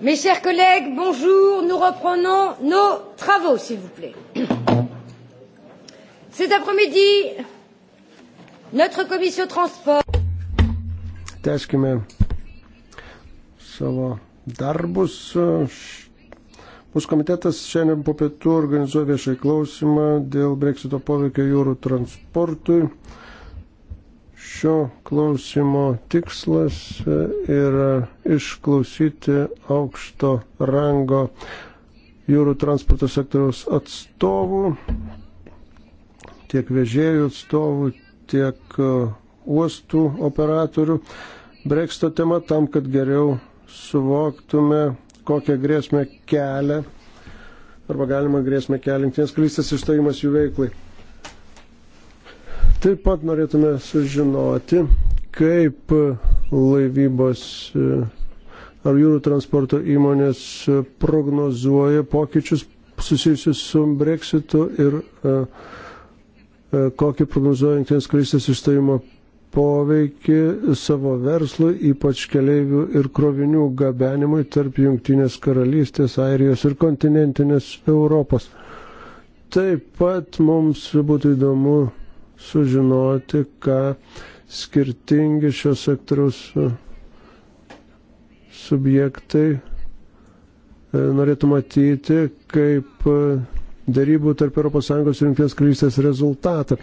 Mes chers collègues, bonjour. Nous reprenons nos travaux, s'il vous plaît. Cet après-midi, notre commission transport. Tęskime savo darbus. Mūsų komitetas šiandien po pietų organizuoja viešai klausimą dėl breksito poveikio jūrų transportui. Šio klausimo tikslas e, yra išklausyti aukšto rango jūrų transporto sektoriaus atstovų, tiek vežėjų atstovų, tiek e, uostų operatorių. Breksto tema tam, kad geriau suvoktume, kokią grėsmę kelia arba galima grėsmę kelia jungtinės kalystės išstojimas jų veiklai. Taip pat norėtume sužinoti, kaip laivybos e, ar jūrų transporto įmonės prognozuoja pokyčius susijusius su breksitu ir e, e, kokį prognozuoja Junktinės karalystės išstojimo poveikį savo verslui, ypač keleivių ir krovinių gabenimui tarp Junktinės karalystės, Airijos ir kontinentinės Europos. Taip pat mums būtų įdomu sužinoti, ką skirtingi šios sektoriaus e, subjektai e, norėtų matyti kaip e, darybų tarp ES ir Junktinės karalystės rezultatą.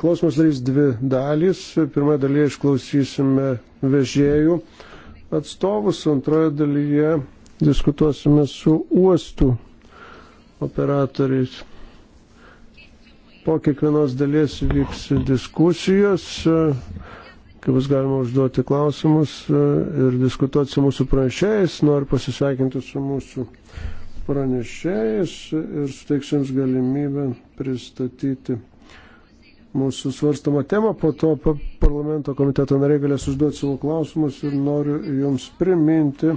Klausimas darys dvi dalys. Pirmoje dalyje išklausysime vežėjų atstovus, antroje dalyje diskutuosime su uostų operatoriais. Po kiekvienos dalies vyks diskusijos, kai bus galima užduoti klausimus ir diskutuoti su mūsų pranešėjais. Noriu pasisveikinti su mūsų pranešėjais ir suteiksiu jums galimybę pristatyti mūsų svarstamą temą, po to parlamento komiteto nariai galės užduoti savo klausimus ir noriu Jums priminti,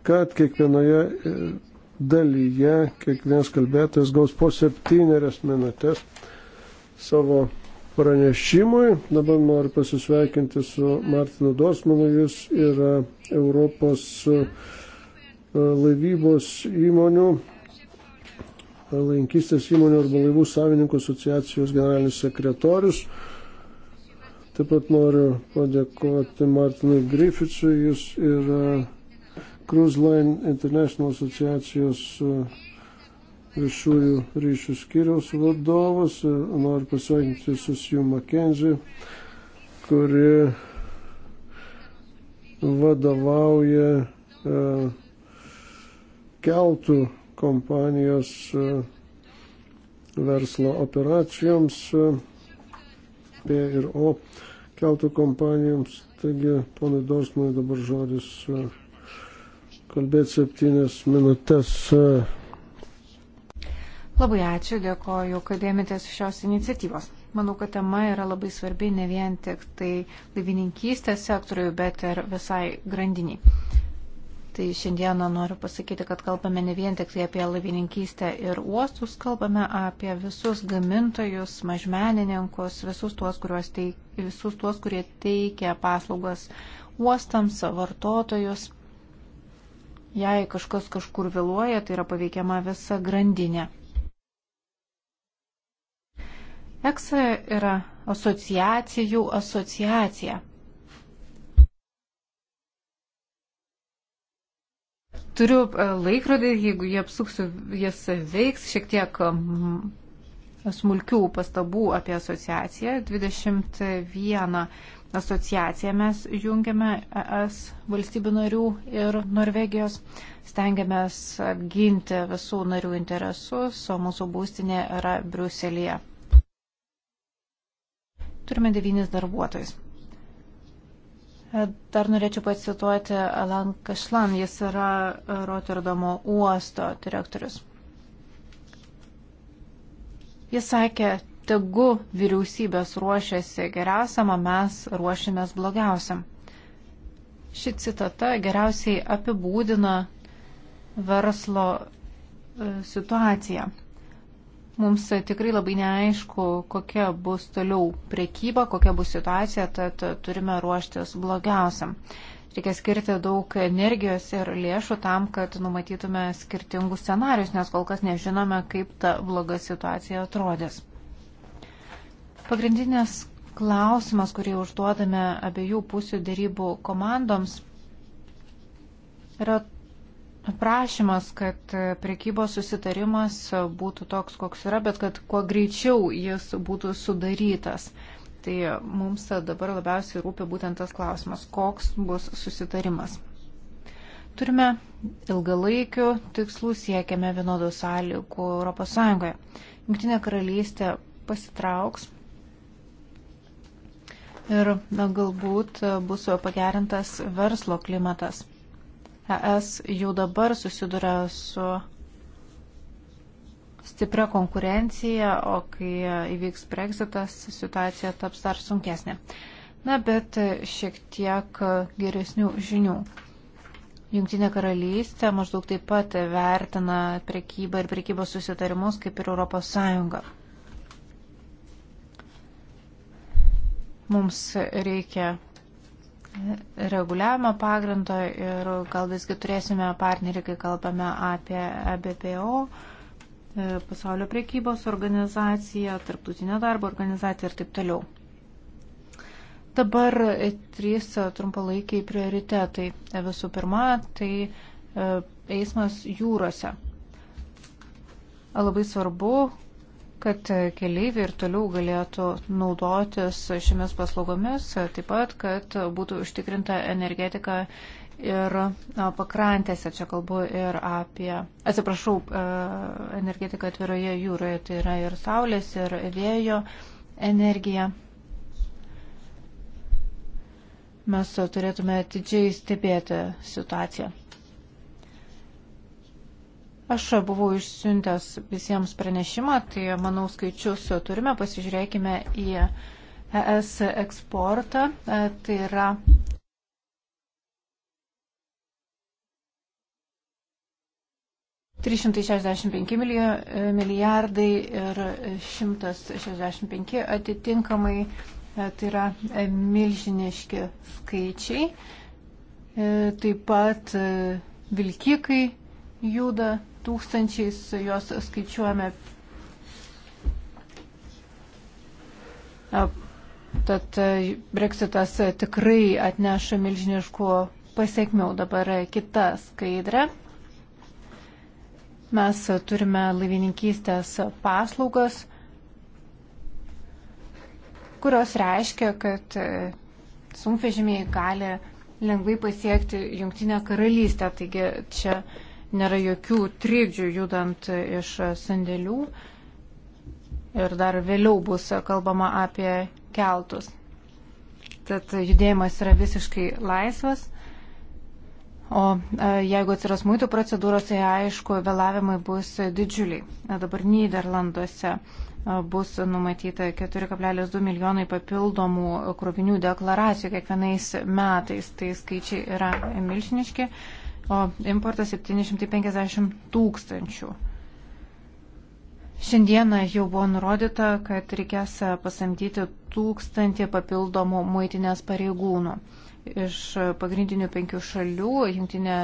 kad kiekvienoje e, dalyje kiekvienas kalbėtojas gaus po septynerias minutės savo pranešimui. Dabar noriu pasisveikinti su Martinu Dosmanu. Jis yra Europos e, laivybos įmonių, e, lankystės įmonių arba laivų savininkų asociacijos generalinis sekretorius. Taip pat noriu padėkoti Martinui Grificui. Jis yra Cruise Line International asociacijos e, viešųjų ryšių skyriaus vadovus. Noriu pasveikinti Susijų Makenzį, kuri vadovauja e, keltų kompanijos e, verslo operacijoms e, P ir O keltų kompanijoms. Taigi, ponai Dorsmanai, dabar žodis e, kalbėti septynias minutės. E, Labai ačiū, dėkoju, kad ėmėtės šios iniciatyvos. Manau, kad tema yra labai svarbi ne vien tik tai laivininkystės sektoriui, bet ir visai grandiniai. Tai šiandieną noriu pasakyti, kad kalbame ne vien tik tai apie laivininkystę ir uostus, kalbame apie visus gamintojus, mažmenininkus, visus tuos, teik, visus tuos kurie teikia paslaugas uostams, vartotojus. Jei kažkas kažkur vėluoja, tai yra paveikiama visa grandinė. EXA yra asociacijų asociacija. Turiu e, laikrodį, jeigu jie apsuksiu, jis veiks šiek tiek smulkių pastabų apie asociaciją. 21 asociaciją mes jungiame ES valstybių narių ir Norvegijos. Stengiamės apginti visų narių interesus, o mūsų būstinė yra Briuselėje. Turime devynis darbuotojus. E, dar norėčiau pacituoti Alan Kašlan, jis yra Rotterdamo uosto direktorius. Jis sakė, tegu vyriausybės ruošiasi geriausiam, o mes ruošimės blogiausiam. Ši citata geriausiai apibūdina verslo e, situaciją. Mums tikrai labai neaišku, kokia bus toliau prekyba, kokia bus situacija, tad turime ruoštis blogiausiam. Reikia skirti daug energijos ir lėšų tam, kad numatytume skirtingus scenarius, nes kol kas nežinome, kaip ta bloga situacija atrodys. Pagrindinės klausimas, kurį užduodame abiejų pusių dėrybų komandoms, yra prašymas, kad prekybos susitarimas būtų toks, koks yra, bet kad kuo greičiau jis būtų sudarytas. Tai mums dabar labiausiai rūpi būtent tas klausimas, koks bus susitarimas. Turime ilgalaikių tikslų, siekiame vienodų sąlygų ES. Junktinė karalystė pasitrauks ir na, galbūt bus pagerintas verslo klimatas. ES jau dabar susiduria su stipria konkurencija, o kai įvyks Brexitas, situacija taps dar sunkesnė. Na, bet šiek tiek geresnių žinių. Junktinė karalystė maždaug taip pat vertina prekybą ir prekybos susitarimus kaip ir Europos Sąjunga. Mums reikia reguliavimo pagrindo ir gal visgi turėsime partnerį, kai kalbame apie ABPO, e e, pasaulio priekybos organizaciją, tarptautinę darbo organizaciją ir taip toliau. Dabar trys trumpalaikiai prioritetai. E, visų pirma, tai eismas jūrose. Labai svarbu, kad keleiviai ir toliau galėtų naudotis šiomis paslaugomis, taip pat, kad būtų užtikrinta energetika ir pakrantėse. Čia kalbu ir apie, atsiprašau, energetika atviroje jūroje, tai yra ir saulės, ir vėjo energija. Mes turėtume atidžiai stebėti situaciją. Aš buvau išsiuntęs visiems pranešimą, tai manau skaičius turime, pasižiūrėkime į ES eksportą. E, tai yra trys šimtai šešiasdešimt penki e, milijardai ir šimtas šešiasdešimt penki atitinkamai e, tai yra milžiniški skaičiai. Taip pat vilkikai juda tūkstančiais juos skaičiuojame. Tad e, breksitas tikrai atneša milžiniškų pasiekmių. Dabar kita skaidrė. Mes turime laivininkystės paslaugas, kurios reiškia, kad e, sunkvežimiai gali lengvai pasiekti Junktinę karalystę. Taigi čia uh, nėra jokių trikdžių judant iš sandėlių ir dar vėliau bus kalbama apie keltus. Tad judėjimas yra visiškai laisvas. O e, jeigu atsiras muitų procedūros, tai aišku, vėlavimai bus didžiuliai. E, dabar Niderlanduose e, bus numatyta 4,2 milijonai papildomų krovinių deklaracijų kiekvienais metais. Tai skaičiai yra milžiniški o importas 750 tūkstančių. Šiandieną jau buvo nurodyta, kad reikės pasamdyti tūkstantį papildomų muitinės pareigūnų. Iš pagrindinių penkių šalių, jungtinė,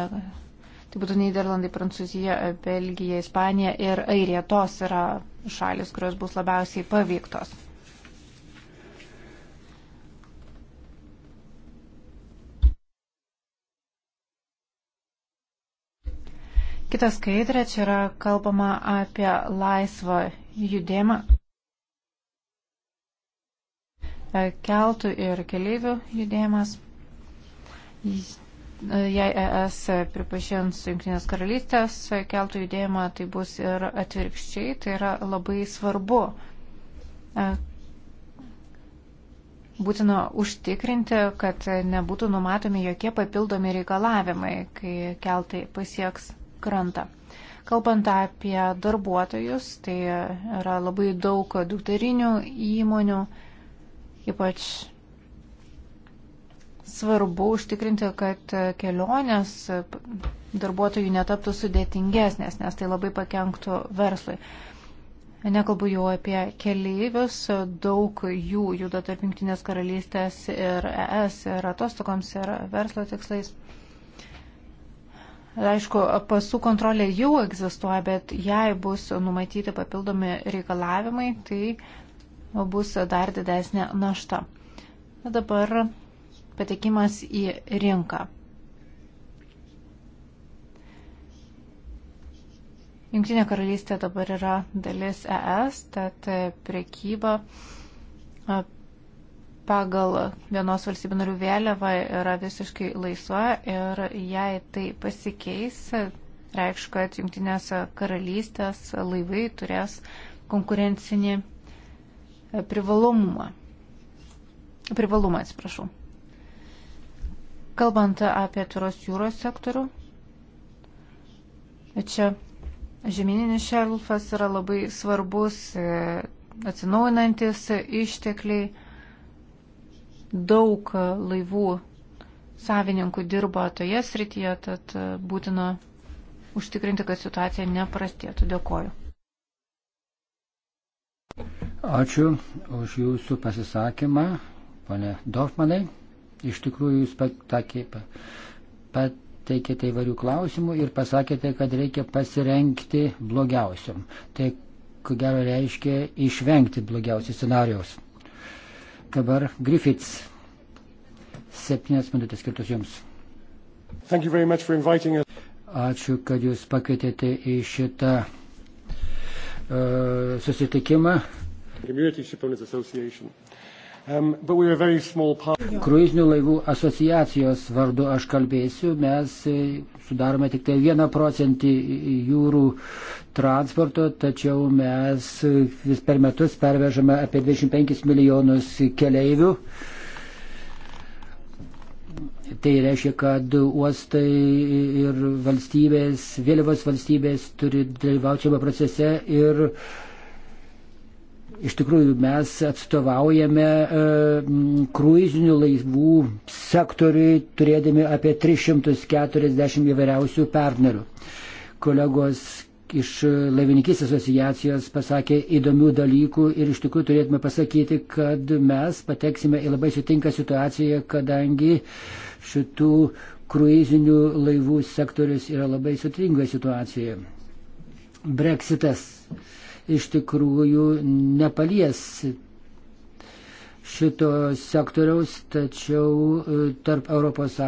tai būtų Niderlandai, Prancūzija, Belgija, Ispanija ir Airija, tos yra šalis, kurios bus labiausiai paveiktos. Kita skaidrė, čia yra kalbama apie laisvą judėjimą e, keltų ir keleivių judėjimas. Jei ES pripažins Junktinės karalystės keltų judėjimą, tai bus ir atvirkščiai, tai yra labai svarbu. E, būtina užtikrinti, kad nebūtų numatomi jokie papildomi reikalavimai, kai keltai pasieks krantą. Kalbant apie darbuotojus, tai yra labai daug dukterinių įmonių, ypač svarbu užtikrinti, kad kelionės darbuotojų netaptų sudėtingesnės, nes tai labai pakenktų verslui. Nekalbu jau apie keleivius, daug jų juda tarp Junktinės karalystės ir ES ir atostogoms ir verslo tikslais. Aišku, pasų kontrolė jau egzistuoja, bet jei bus numatyti papildomi reikalavimai, tai bus dar didesnė našta. Dabar patekimas į rinką. Junktinė karalystė dabar yra dalis ES, tad priekyba pagal vienos valstybių narių vėliavą yra visiškai laisva ir jei tai pasikeis, reikš, kad jungtinės karalystės laivai turės konkurencinį privalumą. Privalumą, atsiprašau. Kalbant apie atviros jūros sektorių, čia žemyninis šelfas yra labai svarbus, atsinaujinantis ištekliai Daug laivų savininkų dirba toje srityje, tad e, būtina užtikrinti, kad situacija neprastėtų. Dėkoju. Ačiū už jūsų pasisakymą, pane Dorfmanai. Iš tikrųjų, jūs patakė, pateikėte įvairių klausimų ir pasakėte, kad reikia pasirenkti blogiausiam. Tai, ko gero, reiškia išvengti blogiausių scenarijaus. Dabar Griffiths. Septynės minutės skirtos jums. Ačiū, kad jūs pakvietėte į šitą uh, susitikimą. Community Shipowners Association. Um, part... Kruizinių laivų asociacijos vardu aš kalbėsiu, mes e, sudarome tik tai vieną procentį jūrų transporto, tačiau mes e, vis per metus pervežame apie 25 milijonus keleivių. Tai reiškia, kad uostai ir valstybės, vėliavos valstybės turi dalyvauti šiame procese ir uh, Iš tikrųjų, mes atstovaujame e, kruizinių laivų sektoriui, turėdami apie 340 įvairiausių partnerių. Kolegos iš laivininkės asociacijos pasakė įdomių dalykų ir iš tikrųjų turėtume pasakyti, kad mes pateksime į labai sutinką situaciją, kadangi šitų kruizinių laivų sektorius yra labai sutringoje situacijoje. Brexitas iš tikrųjų nepalies šito sektoriaus, tačiau e, tarp ES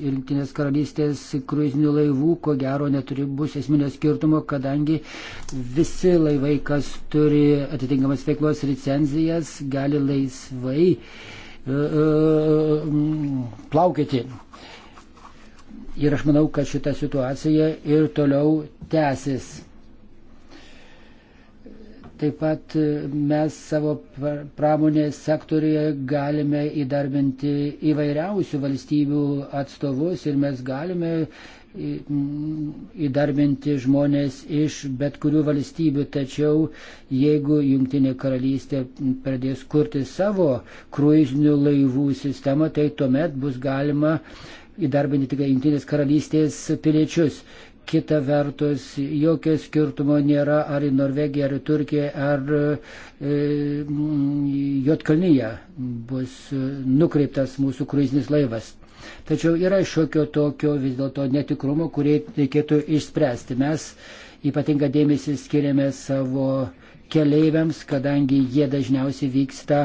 ir Junktinės karalystės kruizinių laivų, ko gero, neturi bus esminio skirtumo, kadangi visi laivai, kas turi atitinkamas veiklos licenzijas, gali laisvai e, e, mm, plaukėti. Ir aš manau, kad šita situacija ir toliau tęsis. Taip pat e, mes savo pramonės sektoriuje galime įdarbinti įvairiausių valstybių atstovus ir mes galime e, įdarbinti žmonės iš bet kurių valstybių, tačiau jeigu Junktinė karalystė pradės kurti savo kruizinių laivų sistemą, tai tuomet bus galima įdarbinti tik Junktinės karalystės piliečius. Kita vertus, jokio skirtumo nėra ar į Norvegiją, ar į Turkiją, ar e, mm, Jotkalnyje bus nukreiptas mūsų kruizinis laivas. Tačiau yra šiokio tokio vis dėlto netikrumo, kurį reikėtų išspręsti. Mes ypatingą dėmesį skiriame savo keleiviams, kadangi jie dažniausiai vyksta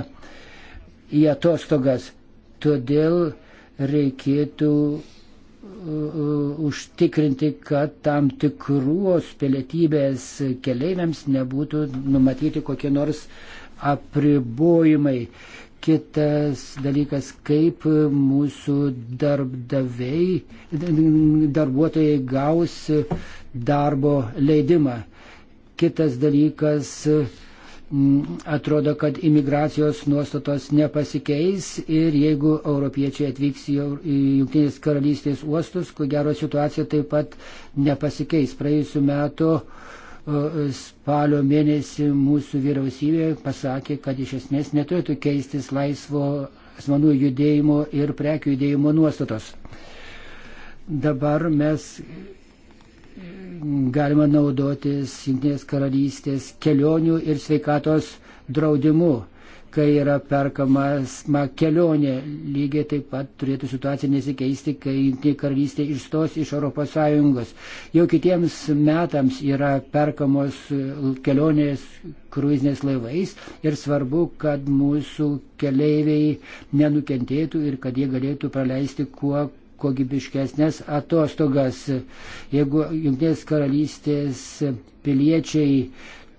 į atostogas. Todėl reikėtų užtikrinti, kad tam tikruos pilietybės keleiviams nebūtų numatyti kokie nors apribojimai. Kitas dalykas, kaip mūsų darbdaviai, darbuotojai gaus darbo leidimą. Kitas dalykas, Mm, atrodo, kad imigracijos nuostatos nepasikeis ir jeigu europiečiai atvyks į Junktinės karalystės uostus, ko gero situacija taip pat nepasikeis. Praėjusiu metu spalio mėnesį mūsų vyriausybė pasakė, kad iš esmės neturėtų keistis laisvo asmenų judėjimo ir prekių judėjimo nuostatos. Dabar mes galima naudotis Junktinės karalystės kelionių ir sveikatos draudimu, kai yra perkamas ma, kelionė. Lygiai taip pat turėtų situacija nesikeisti, kai Junktinė karalystė išstos iš ES. Jau kitiems metams yra perkamos kelionės kruizinės laivais ir svarbu, kad mūsų keleiviai nenukentėtų ir kad jie galėtų praleisti kuo kokybiškesnės atostogas. Jeigu Junktinės karalystės piliečiai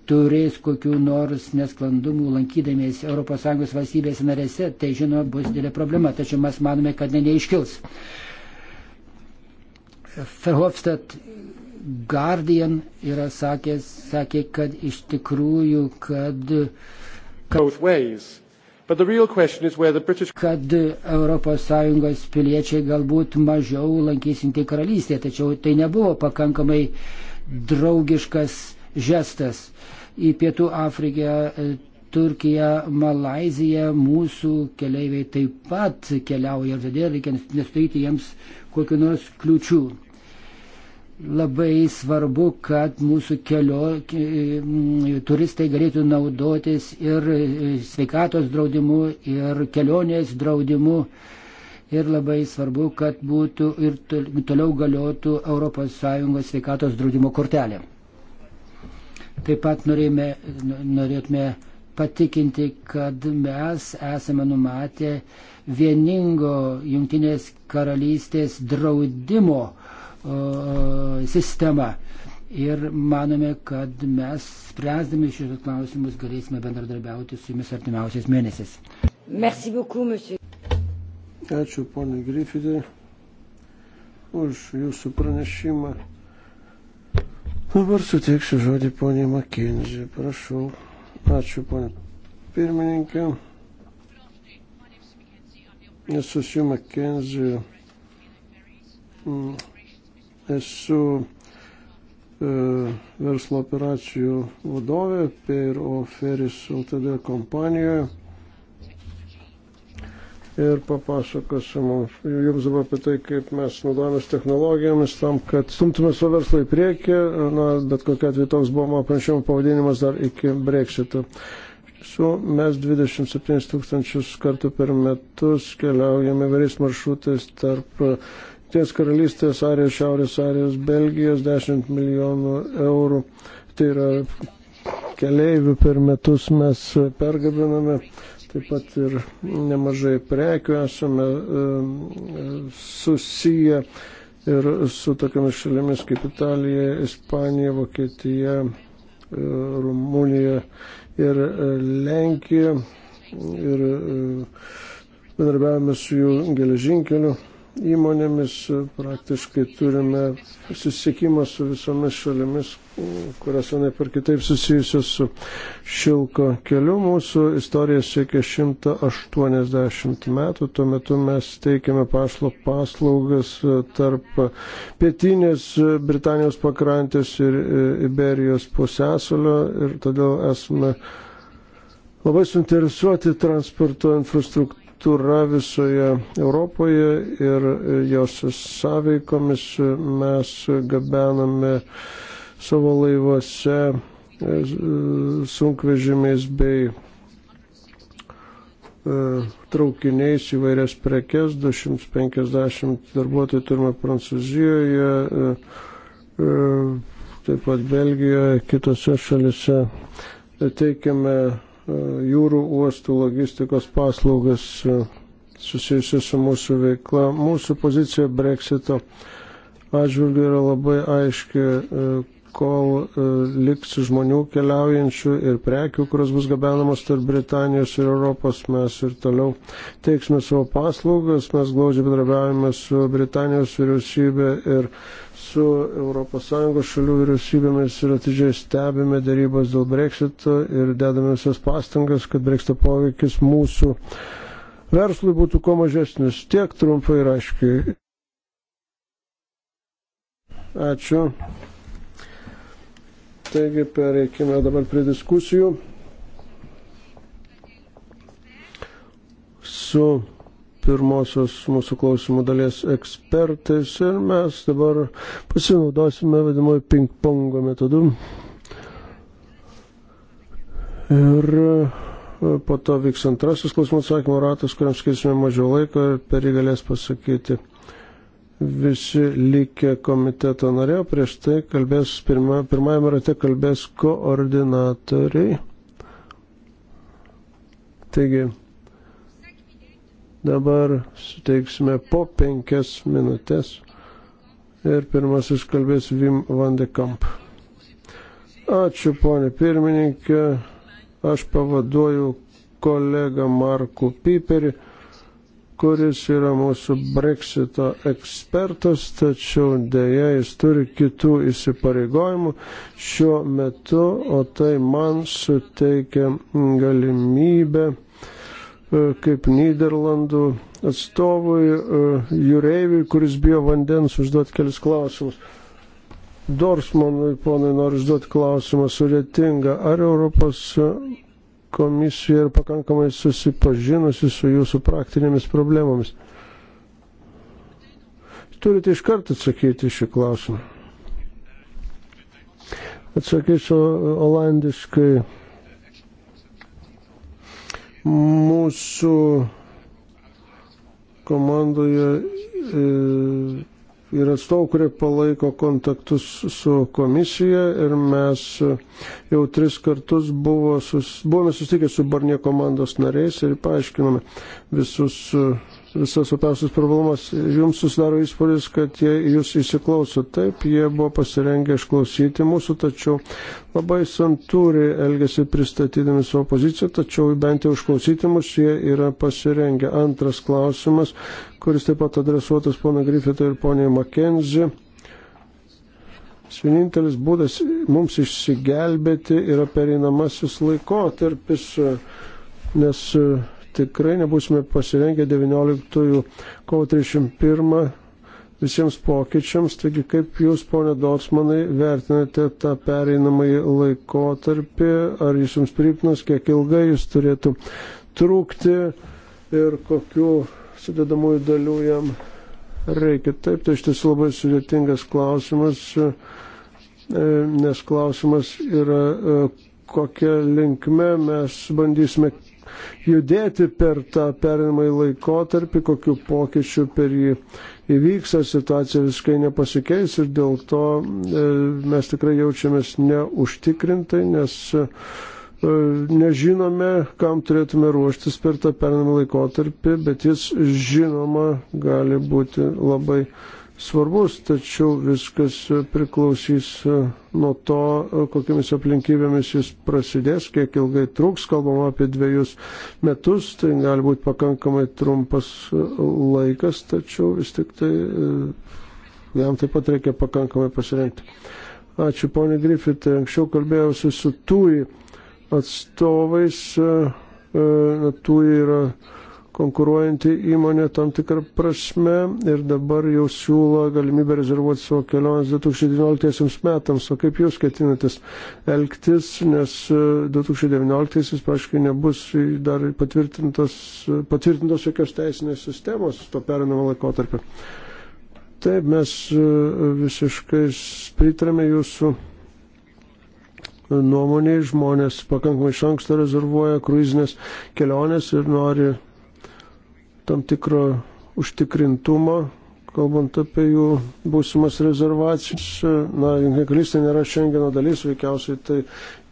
turės kokių nors nesklandumų lankydamiesi ES valstybės narėse, tai žinoma bus didelė problema, tačiau mes manome, kad ne neiškils. Verhofstadt Guardian yra sakęs, sakė, kad iš tikrųjų, kad. kad British... kad ES piliečiai galbūt mažiau lankys Jungtinė karalystė, tačiau tai nebuvo pakankamai draugiškas žestas. Į Pietų Afriką, e, Turkiją, Malaziją mūsų keleiviai taip pat keliauja ir todėl reikia nesudaryti jiems kokiu nors kliučiu. Labai svarbu, kad mūsų kelio e, turistai galėtų naudotis ir e, sveikatos draudimu, ir kelionės draudimu. Ir labai svarbu, kad būtų ir toliau galiotų ES sveikatos draudimo kortelė. Taip pat norėjome, norėtume patikinti, kad mes esame numatę vieningo jungtinės karalystės draudimo sistema. Ir manome, kad mes spręsdami šios klausimus galėsime bendradarbiauti su jumis artimiausiais mėnesiais. Merci beaucoup, monsieur. Ačiū, ponė Grifidė, už jūsų pranešimą. Dabar suteiksiu žodį ponė Makindžiai, prašau. Ačiū, ponė pirmininkė. Esu Sue Makindžiai. Mm Esu e, verslo operacijų vadovė PRO Feris LTD kompanijoje. Ir papasakosiu jums dabar apie tai, kaip mes naudojamės technologijomis tam, kad stumtume savo verslą į priekį. Na, bet kokia atveju toks buvo mano pranešimo pavadinimas dar iki Brexito. Su mes 27 tūkstančius kartų per metus keliaujame vairiais maršrutais tarp uh, Jungtinės karalystės, Arijos, Šiaurės Arijos, Belgijos 10 milijonų eurų. Tai yra keleivių per metus mes pergabiname, taip pat ir nemažai prekių esame e, susiję ir su tokiamis šalimis kaip Italija, Ispanija, Vokietija, e, Rumunija ir e, Lenkija. Ir bendarbiavame su jų geležinkeliu įmonėmis, praktiškai turime susisiekimą su visomis šalimis, kurios vienai per kitaip susijusios su šilko keliu. Mūsų istorija siekia 180 metų, tuo metu mes teikiame pašlo paslaugas tarp pietinės Britanijos pakrantės ir Iberijos pusėsulio ir todėl esame labai suinteresuoti transporto infrastruktūrą struktūra visoje Europoje ir jos sąveikomis mes gabename savo laivuose e, sunkvežimiais bei e, traukiniais įvairias prekes, 250 darbuotojų turime Prancūzijoje, e, taip pat Belgijoje, kitose šalise teikiame E, jūrų uostų logistikos paslaugas e, susijusiu su mūsų veikla. Mūsų pozicija Brexito atžvilgiu yra labai aiški, e, kol liks žmonių keliaujančių ir prekių, kurios bus gabenamos tarp Britanijos ir Europos, mes ir toliau teiksime savo paslaugas, mes glaudžiai bendrabiavime su Britanijos vyriausybė ir su ES šalių vyriausybėmis ir atidžiai stebime darybas dėl breksito ir dedame visas pastangas, kad breksito poveikis mūsų verslui būtų kuo mažesnis. Tiek trumpai ir aiškiai. Ačiū. Taigi pereikime dabar prie diskusijų su pirmosios mūsų klausimų dalies ekspertais ir mes dabar pasinaudosime vadimoju ping-pongo metodu. Ir e, po to vyks antrasis klausimų atsakymo ratas, kuriam skirsime mažiau laiko ir per jį galės pasakyti visi likę komiteto norėjo, prieš tai kalbės, pirma, pirmajame rate kalbės koordinatoriai. Taigi, Dabar suteiksime po penkias minutės ir pirmasis kalbės Vim van de Kamp. Ačiū, ponė pirmininkė. Aš pavaduoju kolegą Marku Piperį, kuris yra mūsų breksito ekspertas, tačiau dėja jis turi kitų įsipareigojimų šiuo metu, o tai man suteikia galimybę E, kaip Niderlandų atstovui e, jūreiviui, kuris bijo vandens užduoti kelis klausimus. Dorsmanui, ponai, noriu užduoti klausimą sudėtingą. Ar Europos komisija yra pakankamai susipažinusi su jūsų praktinėmis problemomis? Turite iš karto atsakyti šį klausimą. Atsakysiu olandiškai Mūsų komandoje e, yra atstovų, kurie palaiko kontaktus su komisija ir mes jau tris kartus buvo sus, buvome susitikę su Barnie komandos nariais ir paaiškinome visus visas opiausias problemas. Jums susidaro įspūdis, kad jie jūs įsiklauso. Taip, jie buvo pasirengę išklausyti mūsų, tačiau labai santūriai elgesi pristatydami savo poziciją, tačiau bent jau išklausyti mus jie yra pasirengę. Antras klausimas, kuris taip pat adresuotas pono Griffito ir ponė Makenzi. Vienintelis būdas mums išsigelbėti yra pereinamasis laikotarpis, nes tikrai nebūsime pasirengę 19. kovo 31 visiems pokyčiams. Taigi, kaip Jūs, ponė Dotsmanai, vertinate tą pereinamąjį laikotarpį, ar Jis Jums priipnas, kiek ilgai Jis turėtų trūkti ir kokiu sudėdamųjų dalių jam reikia. Taip, tai iš tiesų labai sudėtingas klausimas, e, nes klausimas yra, e, kokią linkmę mes bandysime judėti per tą perinamąjį laikotarpį, kokiu pokyčiu per jį įvyks, ar situacija visiškai nepasikeis ir dėl to e, mes tikrai jaučiamės neužtikrintai, nes e, nežinome, kam turėtume ruoštis per tą perinamą laikotarpį, bet jis žinoma gali būti labai svarbus, tačiau viskas priklausys e, nuo to, e, kokiamis aplinkybėmis jis prasidės, kiek ilgai truks, kalbam apie dviejus metus, tai gali būti pakankamai trumpas e, laikas, tačiau vis tik tai jam taip pat reikia pakankamai pasirengti. Ačiū, ponė Grifitai, anksčiau kalbėjausi su TUI atstovais, TUI yra konkuruojanti įmonė tam tikrą prasme ir dabar jau siūlo galimybę rezervuoti savo keliones 2019 metams. O kaip jūs ketinatės elgtis, nes 2019 e, praškai nebus dar patvirtintos, e, patvirtintos jokios teisinės sistemos to perinamo laikotarpio. Taip, mes e, visiškai pritarėme jūsų nuomonė, žmonės pakankamai iš anksto rezervuoja kruizinės keliones ir nori tam tikro užtikrintumo, kalbant apie jų būsimas rezervacijas. Na, Junkinė karalystė nėra Šengeno dalis, veikiausiai tai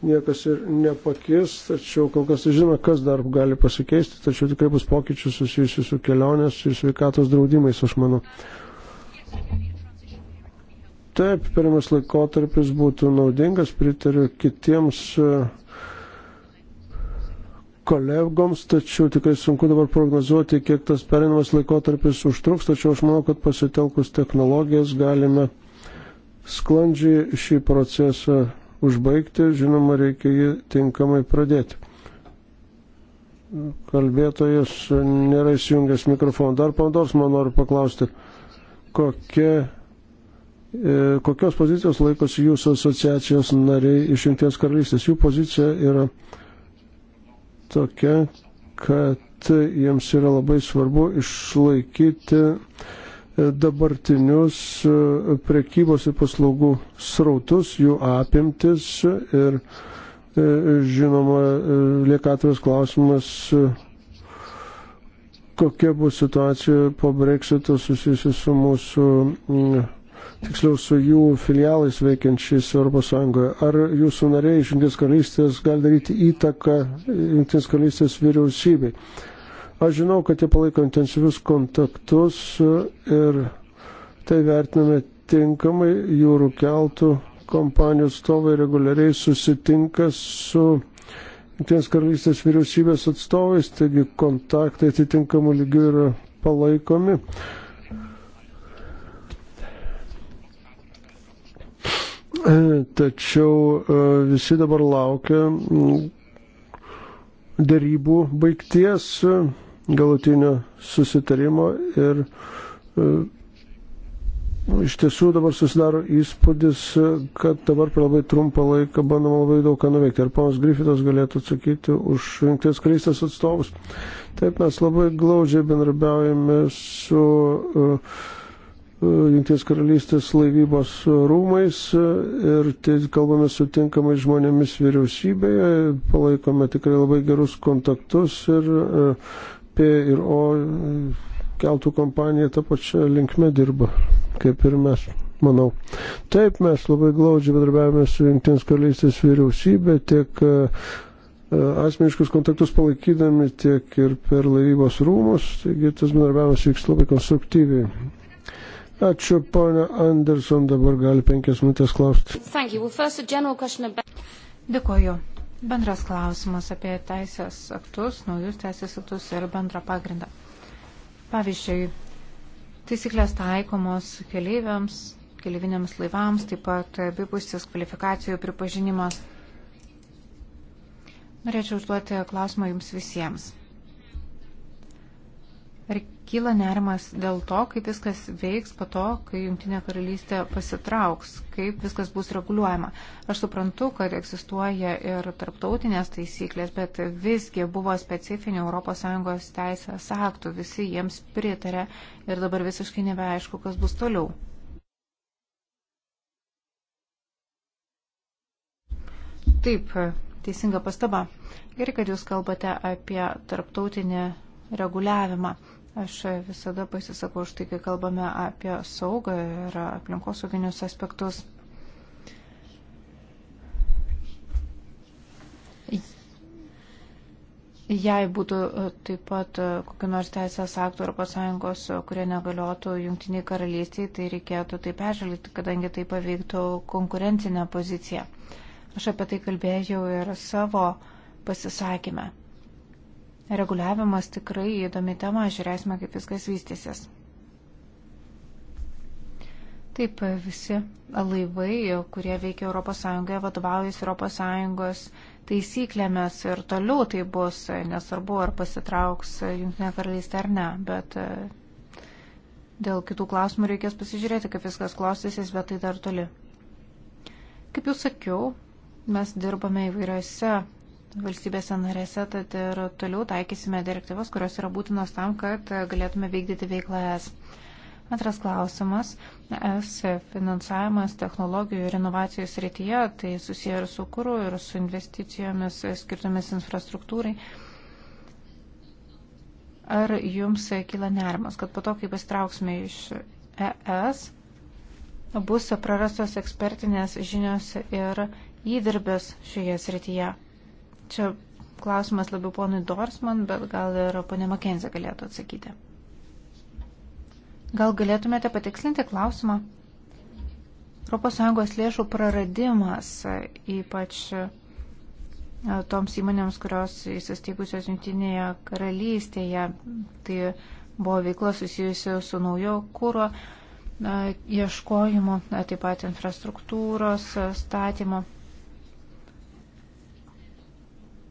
niekas ir nepakis, tačiau kol kas žinome, kas dar gali pasikeisti, tačiau tikrai bus pokyčių susijusių su kelionės ir sveikatos draudimais, aš manau. Taip, pirmas laikotarpis būtų naudingas, pritariu kitiems. Uh, kolegoms, tačiau tikrai sunku dabar prognozuoti, kiek tas perinamas laikotarpis užtruks, tačiau aš manau, kad pasitelkus technologijas galime sklandžiai šį procesą užbaigti, žinoma, reikia jį tinkamai pradėti. Kalbėtojas nėra įsijungęs mikrofoną. Dar pandos man noriu paklausti, kokia, e, kokios pozicijos laikosi jūsų asociacijos nariai iš Junktinės karalystės. Jų pozicija yra tokia, kad jiems yra labai svarbu išlaikyti e, dabartinius e, prekybos ir paslaugų srautus, jų apimtis ir e, žinoma, lieka atviras klausimas, kokia bus situacija po breksito susijusi su mūsų tiksliau su jų filialais veikiančiais ES. Ar jūsų nariai iš Junktinės karalystės gali daryti įtaką Junktinės karalystės vyriausybei? Aš žinau, kad jie palaiko intensyvius kontaktus ir tai vertiname tinkamai jūrų keltų kompanijų atstovai reguliariai susitinka su Junktinės karalystės vyriausybės atstovais, taigi kontaktai atitinkamų lygių yra palaikomi. Tačiau e, visi dabar laukia mm, darybų baigties galutinio susitarimo ir e, iš tiesų dabar susidaro įspūdis, kad dabar per labai trumpą laiką bandoma labai daug ką nuveikti. Ar ponas Grifitas galėtų atsakyti už Junktinės karalystės atstovus? Taip, mes labai glaudžiai bendrabiaujame su uh, E, Junktinės karalystės laivybos rūmais e, ir kalbame su tinkamai žmonėmis vyriausybėje, palaikome tikrai labai gerus kontaktus ir e, P ir O keltų kompanija tą pačią linkmę dirba, kaip ir mes, manau. Taip, mes labai glaudžiai bedarbiavame su Junktinės karalystės vyriausybė, tiek asmeniškus kontaktus palaikydami, tiek ir per laivybos rūmus, taigi tas bendarbiavimas vyks labai konstruktyviai. Ačiū, ponia Anderson, dabar gali penkias minutės klausti. Dėkuoju. Bendras klausimas apie teisės aktus, naujus teisės aktus ir bendrą pagrindą. Pavyzdžiui, taisyklės taikomos keleiviams, keleiviniams laivams, taip pat abipusis kvalifikacijų pripažinimas. Norėčiau užduoti klausimą jums visiems. Ar Kyla nerimas dėl to, kaip viskas veiks po to, kai Junktinė karalystė pasitrauks, kaip viskas bus reguliuojama. Aš suprantu, kad egzistuoja ir tarptautinės taisyklės, bet visgi buvo specifinių ES teisės aktų, visi jiems pritarė ir dabar visiškai nebeaišku, kas bus toliau. Taip, teisinga pastaba. Gerai, kad jūs kalbate apie tarptautinį reguliavimą. Aš visada pasisakau už tai, kai kalbame apie saugą ir aplinkosauginius aspektus. Jei būtų taip pat kokiu nors teisės aktų Europos Sąjungos, kurie negaliotų jungtiniai karalystiai, tai reikėtų tai peržvelgti, kadangi tai paveiktų konkurencinę poziciją. Aš apie tai kalbėjau ir savo pasisakymę. Reguliavimas tikrai įdomi tema, žiūrėsime, kaip viskas vystysis. Taip, visi laivai, kurie veikia ES, vadovaujasi ES taisyklėmis ir toliau tai bus, nesvarbu, ar pasitrauks Junktinė karalystė ar ne, bet e, dėl kitų klausimų reikės pasižiūrėti, kaip viskas klostysis, bet tai dar toli. Kaip jau sakiau, mes dirbame įvairiose valstybėse narėse, tad ir toliau taikysime direktyvas, kurios yra būtinos tam, kad galėtume vykdyti veiklą ES. Antras klausimas. ES finansavimas technologijų ir inovacijų srityje, tai susiję ir su kūru, ir su investicijomis skirtomis infrastruktūrai. Ar jums kyla nerimas, kad po to, kai pastrauksime iš ES, bus prarastos ekspertinės žinios ir įdirbės šioje srityje? Čia klausimas labiau ponui Dorsman, bet gal ir ponė Makenzė galėtų atsakyti. Gal galėtumėte patikslinti klausimą? ES lėšų praradimas, ypač e, toms įmonėms, kurios įsisteigusios Junktinėje karalystėje, tai buvo veikla susijusi su naujo kūro e, ieškojimu, taip pat infrastruktūros e, statymu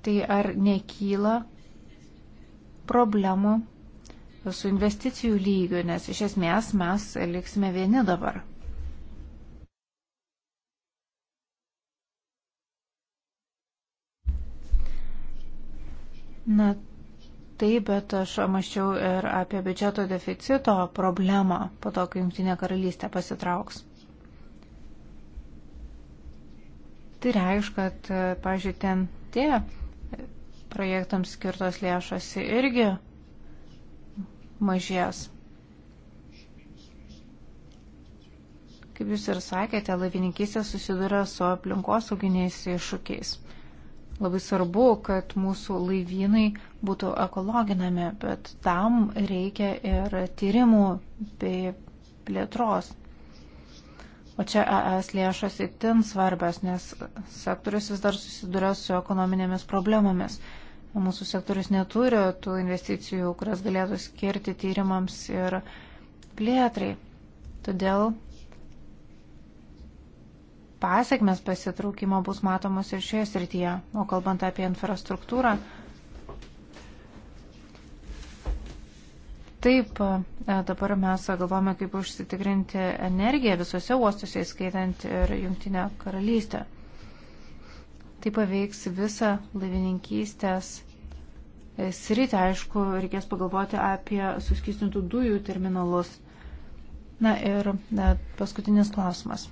tai ar nekyla problemų su investicijų lygiu, nes iš esmės mes liksime vieni dabar. Na, taip, bet aš mačiau ir apie biudžeto deficito problemą po to, kai Junktinė karalystė pasitrauks. Tai reiškia, kad, pažiūrėjau, ten tie projektams skirtos lėšos irgi mažės. Kaip jūs ir sakėte, laivininkystė susiduria su aplinkosauginiais iššūkiais. Labai svarbu, kad mūsų laivynai būtų ekologinami, bet tam reikia ir tyrimų bei plėtros. O čia ES lėšos itin svarbios, nes sektorius vis dar susiduria su ekonominėmis problemomis. Mūsų sektorius neturi tų investicijų, kurias galėtų skirti tyrimams ir plėtrai. Todėl pasiekmes pasitraukimo bus matomos ir šioje srityje. O kalbant apie infrastruktūrą, Taip, e, dabar mes galvome, kaip užsitikrinti energiją visose uostuose, skaitant ir Jungtinę karalystę. Tai paveiks visą laivininkystės e, sritį. Aišku, reikės pagalvoti apie suskistintų dujų terminalus. Na ir na, paskutinis klausimas.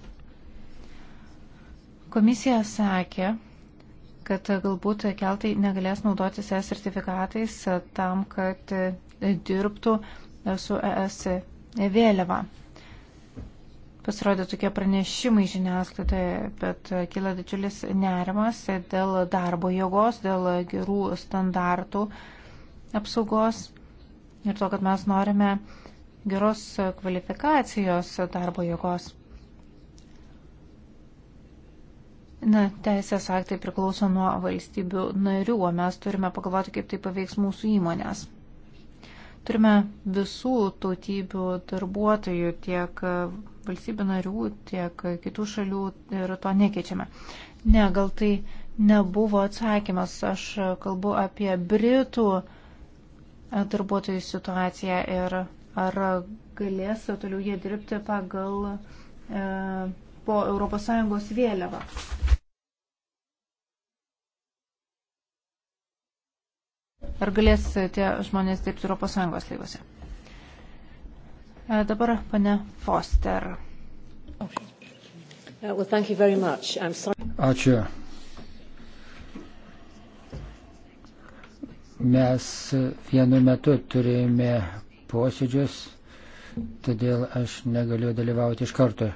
Komisija sakė, kad galbūt keltai negalės naudotis ES sertifikatais tam, kad dirbtų su ES vėliava. Pasirodė tokie pranešimai žiniasklaidoje, bet kila didžiulis nerimas dėl darbo jėgos, dėl gerų standartų apsaugos ir to, kad mes norime geros kvalifikacijos darbo jėgos. Na, teisės aktai priklauso nuo valstybių narių, o mes turime pagalvoti, kaip tai paveiks mūsų įmonės. Turime visų tautybių darbuotojų tiek valstybių narių, tiek kitų šalių ir to nekeičiame. Ne, gal tai nebuvo atsakymas. Aš kalbu apie Britų darbuotojų situaciją ir ar galės toliau jie dirbti pagal e, po ES vėliavą. ar galės tie žmonės dirbti Europos Sąjungos laivuose. E, dabar pane Foster. Uh, Ačiū. Mes vienu metu turėjome posėdžius, todėl aš negaliu dalyvauti iš karto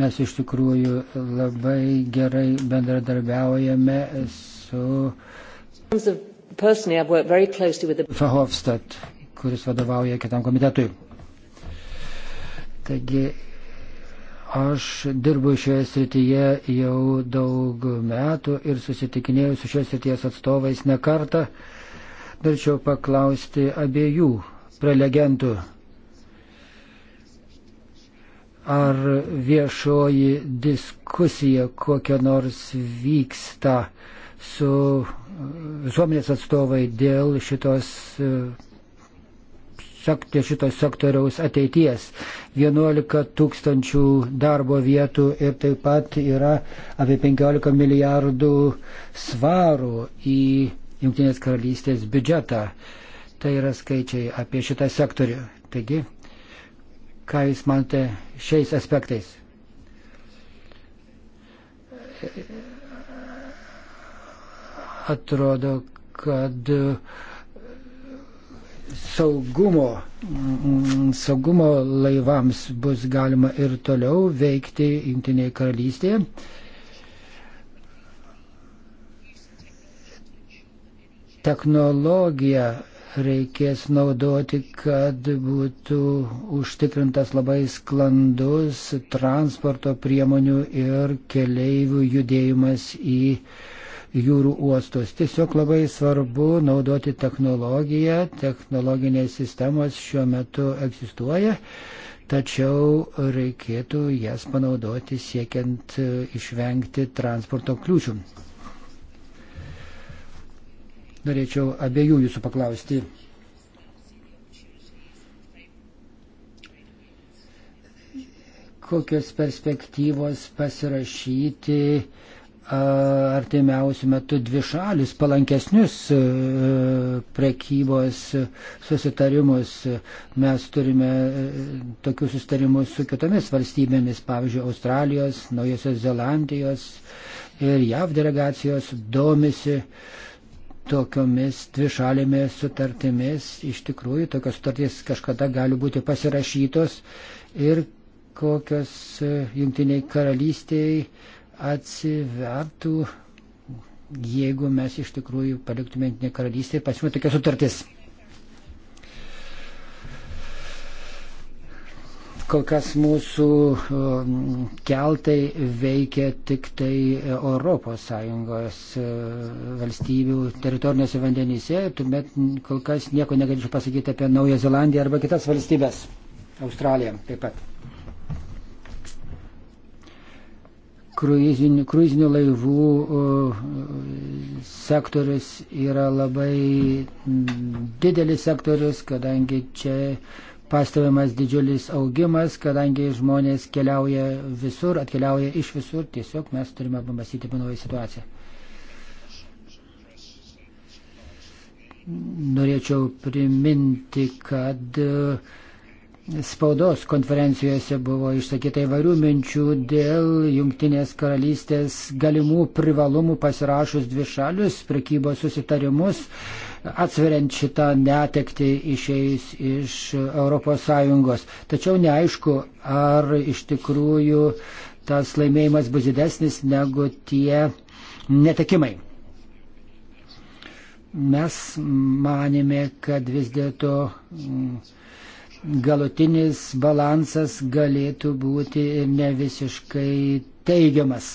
mes iš tikrųjų labai gerai bendradarbiaujame su Verhofstadt, kuris vadovauja kitam komitetui. Taigi aš dirbu šioje srityje jau daug metų ir susitikinėjau su šios srities atstovais ne kartą. Norėčiau paklausti abiejų prelegentų. Ar viešoji diskusija kokia nors vyksta? Uh, su visuomenės atstovai dėl šitos, e, dėl šitos sektoriaus ateities. 11 tūkstančių darbo vietų ir taip pat yra apie 15 milijardų svarų į Junktinės karalystės biudžetą. Tai yra skaičiai apie šitą sektorių. Taigi, ką Jūs manote šiais aspektais? atrodo, kad saugumo, saugumo laivams bus galima ir toliau veikti Junktinėje karalystėje. Technologiją reikės naudoti, kad būtų užtikrintas labai sklandus transporto priemonių ir keleivių judėjimas į uh, jūrų uostus. Tiesiog labai svarbu naudoti technologiją, technologinės sistemos šiuo metu egzistuoja, tačiau reikėtų jas panaudoti siekiant e, išvengti transporto kliūčių. Norėčiau abiejų jūsų paklausti. Kokios perspektyvos pasirašyti uh, artimiausių metų dvi šalis palankesnius e, prekybos susitarimus. Mes turime e, tokius susitarimus su kitomis valstybėmis, pavyzdžiui, Australijos, Naujosios Zelandijos ir JAV delegacijos domisi tokiomis dvišalėmis sutartimis. Iš tikrųjų, tokios sutartys kažkada gali būti pasirašytos ir kokios e, jungtiniai karalystiai atsivertų, jeigu mes iš tikrųjų paliktume Jungtinę karalystę ir pasiūlytume tokias sutartis. Kol kas mūsų um, keltai veikia tik tai ES uh, valstybių teritoriniuose vandenyse, tuomet kol kas nieko negalėčiau pasakyti apie Naują Zelandiją arba kitas valstybės, Australiją taip pat. kruizinių, kruizinių laivų sektorius yra labai didelis sektorius, kadangi čia pastebimas didžiulis augimas, kadangi žmonės keliauja visur, atkeliauja iš visur, tiesiog mes turime pamastyti apie naują situaciją. Norėčiau priminti, kad uh, spaudos konferencijose buvo išsakyta įvairių minčių dėl Junktinės karalystės galimų privalumų pasirašus dvišalius prekybos susitarimus, atsveriant šitą netekti išeis iš ES. Tačiau neaišku, ar iš tikrųjų tas laimėjimas bus didesnis negu tie netekimai. Mes manėme, kad vis dėlto mm, galutinis balansas galėtų būti ne visiškai teigiamas,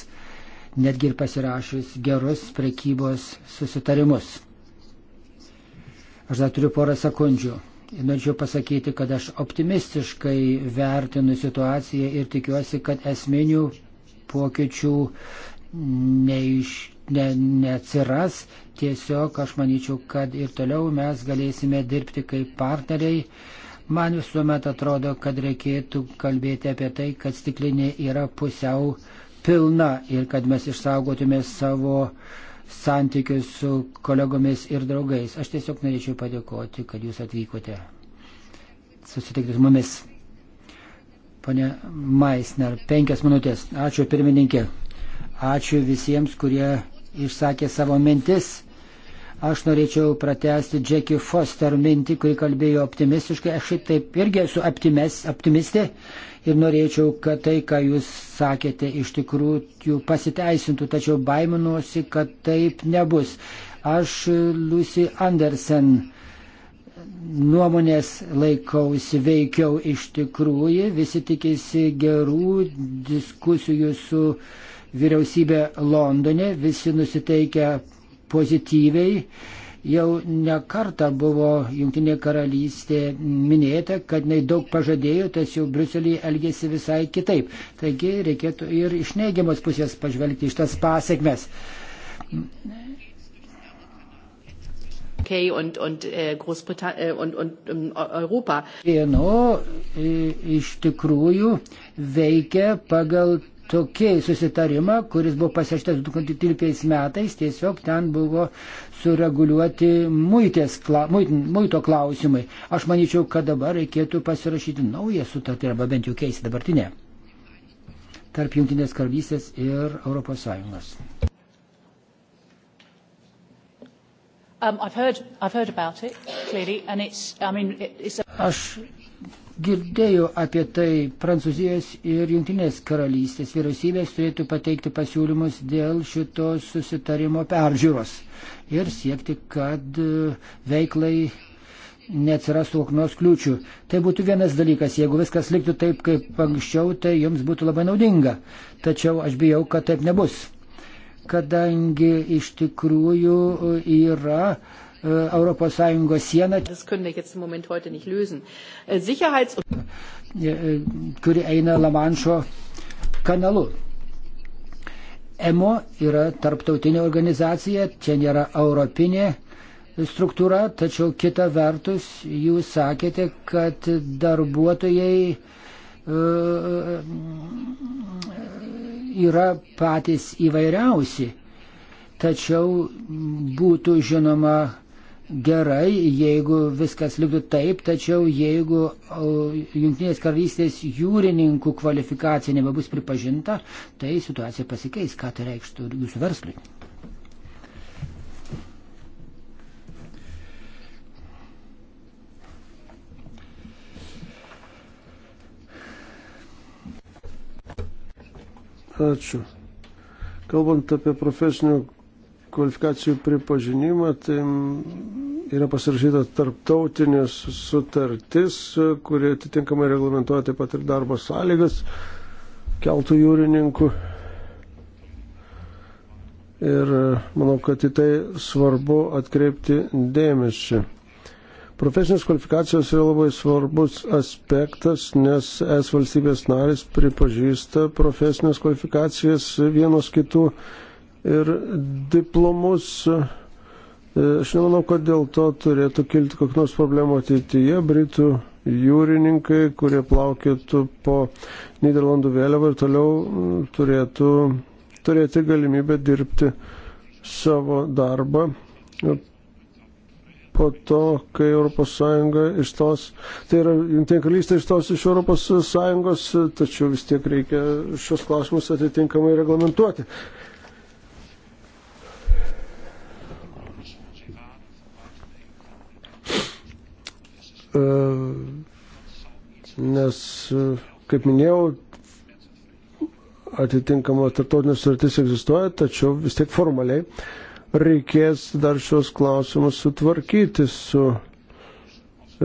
netgi ir pasirašus gerus prekybos susitarimus. Aš dar turiu porą sekundžių. Ir norėčiau pasakyti, kad aš optimistiškai vertinu situaciją ir tikiuosi, kad esminių pokyčių neiš, ne, neatsiras. Tiesiog aš manyčiau, kad ir toliau mes galėsime dirbti kaip partneriai Man visuomet atrodo, kad reikėtų kalbėti apie tai, kad stiklinė yra pusiau pilna ir kad mes išsaugotume savo santykius su kolegomis ir draugais. Aš tiesiog norėčiau padėkoti, kad jūs atvykote susitikti su mumis. Pane Maisner, penkias minutės. Ačiū pirmininkė. Ačiū visiems, kurie išsakė savo mintis. Aš norėčiau pratesti Jackie Foster mintį, kuri kalbėjo optimistiškai. Aš taip irgi esu optimis, optimistė ir norėčiau, kad tai, ką jūs sakėte, iš tikrųjų pasiteisintų, tačiau baiminuosi, kad taip nebus. Aš Lucy Andersen nuomonės laikausi veikiau iš tikrųjų, visi tikisi gerų diskusijų su vyriausybė Londone, visi nusiteikia pozityviai. Jau nekarta buvo Junktinė karalystė minėta, kad jinai daug pažadėjo, tačiau Bruselėje elgėsi visai kitaip. Taigi reikėtų ir iš neigiamos pusės pažvelgti iš tas pasiekmes. UK und, und, äh, Großbritann äh, und, und, und ähm, Europa. Vieno iš tikrųjų veikia pagal tokį susitarimą, kuris buvo pasieštas 2013 metais, tiesiog ten buvo sureguliuoti muitės, muit, muito klausimai. Aš manyčiau, kad dabar reikėtų pasirašyti naują sutartį arba bent jau keisti dabartinę tarp Junktinės karalystės ir ES. Um, I've heard, I've heard it, clearly, I mean, a... Aš Girdėjau apie tai, Prancūzijos ir Junktinės karalystės vyriausybės turėtų pateikti pasiūlymus dėl šito susitarimo peržiūros ir siekti, kad e, veiklai neatsirastų koknos kliūčių. Tai būtų vienas dalykas, jeigu viskas liktų taip, kaip anksčiau, tai jums būtų labai naudinga. Tačiau aš bijau, kad taip nebus. Kadangi iš tikrųjų yra uh, ES sieną, äh, e, e, kuri eina Lamanšo kanalu. EMO yra tarptautinė organizacija, čia nėra europinė struktūra, tačiau kita vertus jūs sakėte, kad darbuotojai e, yra patys įvairiausi. Tačiau būtų žinoma gerai, jeigu viskas liktų taip, tačiau jeigu Junktinės karalystės jūrininkų kvalifikacija nebebus pripažinta, tai situacija pasikeis. Ką tai reikštų jūsų verslui? Ačiū. Kalbant apie profesinių kvalifikacijų pripažinimą, tai yra pasirašyta tarptautinės sutartis, kurie atitinkamai reglamentuoja taip pat ir darbo sąlygas keltų jūrininkų. Ir e, manau, kad į tai svarbu atkreipti dėmesį. Profesinės kvalifikacijos yra labai svarbus aspektas, nes es valstybės narės pripažįsta profesinės kvalifikacijas vienos kitų ir diplomus. E, aš nemanau, kad dėl to turėtų kilti kokios problemų ateityje. Britų jūrininkai, kurie plaukėtų po Niderlandų vėliavą ir toliau turėtų turėti galimybę dirbti savo darbą. Po to, kai ES išstos, tai yra Junktinė karalystė išstos iš ES, tačiau vis tiek reikia šios klausimus atitinkamai reglamentuoti. E, nes, e, kaip minėjau, atitinkama tarptautinė sutartis egzistuoja, tačiau vis tiek formaliai reikės dar šios klausimus sutvarkyti su e,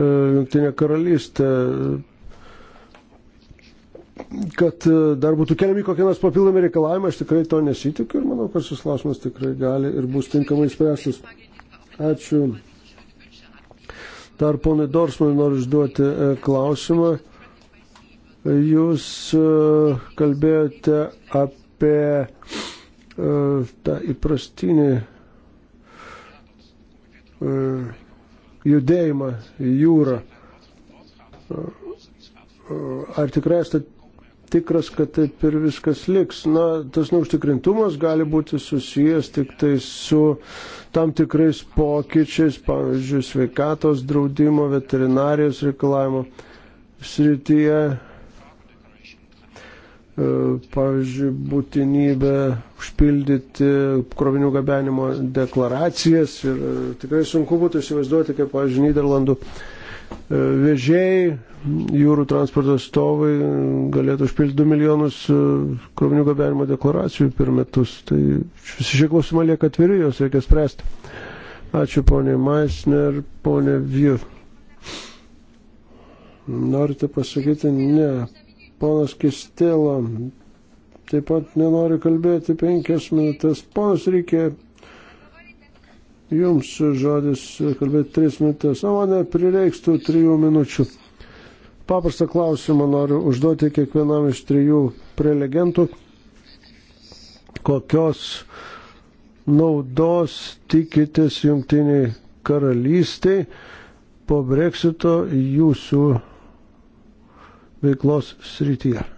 Junktinė karalystė, kad dar būtų keliami kokie nors papildomi reikalavimai, aš tikrai to nesitikiu ir manau, kad šis klausimas tikrai gali ir bus tinkamai spręstas. Ačiū. Dar ponai Dorsmanui noriu užduoti e, klausimą. Jūs e, kalbėjote apie e, tą įprastinį judėjimą į jūrą. Ar tikrai esate tikras, kad taip ir viskas liks. Na, tas neužtikrintumas gali būti susijęs tik tai su tam tikrais pokyčiais, pavyzdžiui, sveikatos draudimo, veterinarijos reikalavimo srityje. E, pavyzdžiui, būtinybė užpildyti krovinių gabenimo deklaracijas ir e, tikrai sunku būtų įsivaizduoti, kaip, pavyzdžiui, Niderlandų uh, E, vežėjai, jūrų transporto stovai e, galėtų užpildyti 2 milijonus e, krovinių gabenimo deklaracijų per metus. Tai visi šie klausimai lieka atviri, juos reikia spręsti. Ačiū ponė Maisner, ponė Vyr. Norite pasakyti, ne. Ponas Kistėla taip pat nenori kalbėti penkias minutės. Ponas reikia Jums žodis kalbėti tris minutės, o mane prireikstų trijų minučių. Paprastą klausimą noriu užduoti kiekvienam iš trijų prelegentų. Kokios naudos tikitės jungtiniai karalystiai po breksito jūsų veiklos srityje?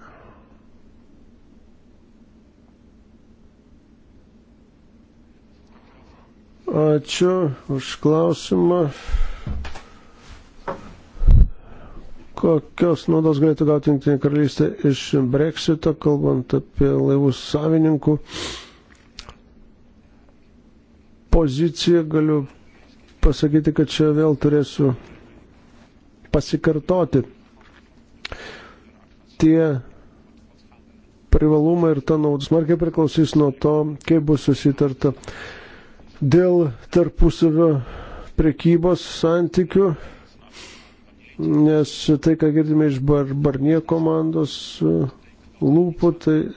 Ačiū už klausimą. Kokios naudos galėtų gauti Junktinė karalystė iš Brexito, kalbant apie laivų savininkų poziciją, galiu pasakyti, kad čia vėl turėsiu pasikartoti. Tie privalumai ir ta nauda smarkiai priklausys nuo to, kaip bus susitarta dėl tarpusavio prekybos santykių, nes tai, ką girdime iš bar, Barnie komandos e, lūpų, tai e,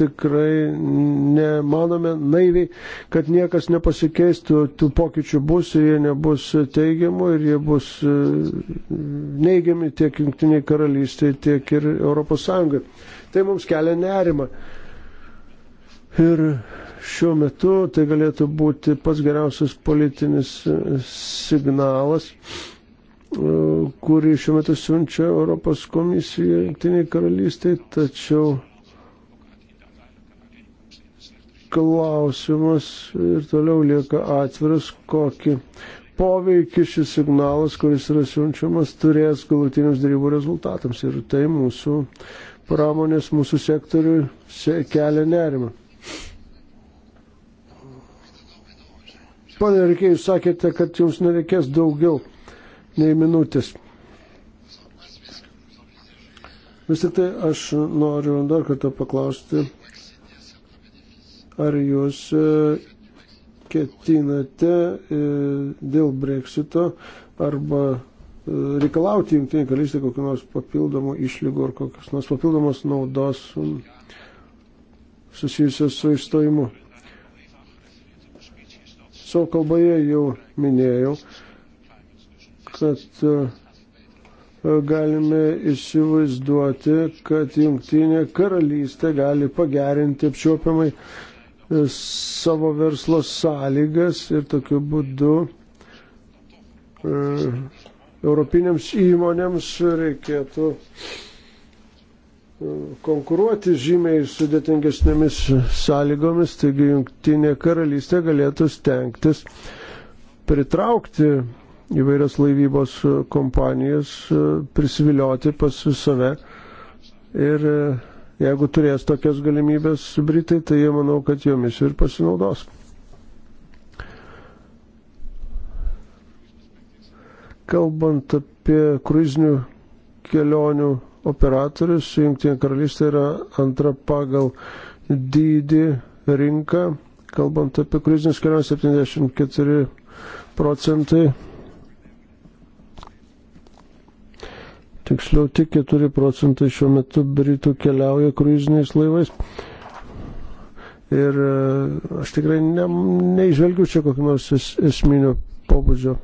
tikrai nemanome naiviai, kad niekas nepasikeistų, tų pokyčių bus ir jie nebus teigiamų ir jie bus e, neigiami tiek Junktiniai karalystiai, tiek ir ES. Tai mums kelia nerima. E, Ir šiuo metu tai galėtų būti pats geriausias politinis e, signalas, e, kurį šiuo metu siunčia Europos komisija Junktiniai karalystiai, tačiau klausimas ir toliau lieka atviras, kokį poveikį šis signalas, kuris yra siunčiamas, turės galutiniams darybų rezultatams. Ir tai mūsų pramonės, mūsų sektoriui kelia nerimą. Pane Reikėjai, jūs sakėte, kad jums nereikės daugiau nei minutės. Vis tik tai aš noriu dar kartą paklausti, ar jūs e, ketinate e, dėl breksito arba e, reikalauti jungtinį karalystę kokiu nors papildomu išlygu ar kokios nors papildomos naudos susijusios su įstojimu savo kalboje jau minėjau, kad e, galime įsivaizduoti, kad jungtinė karalystė gali pagerinti apčiopiamai e, savo verslo sąlygas ir tokiu būdu e, europinėms įmonėms reikėtų e, konkuruoti žymiai sudėtingesnėmis sąlygomis, taigi jungtinė karalystė galėtų stengtis pritraukti įvairias laivybos kompanijas, prisivilioti pas save. Ir e, jeigu turės tokias galimybės Britai, tai jie manau, kad jomis ir pasinaudos. Kalbant apie kruizinių kelionių operatorius. Junktinė karalystė yra antra pagal dydį rinka, kalbant apie kruizinius keliones 74 procentai. Tiksliau tik 4 procentai šiuo metu Britų keliauja kruiziniais laivais. Ir e, aš tikrai ne, neižvelgiu čia kokio nors es, esminio pobūdžio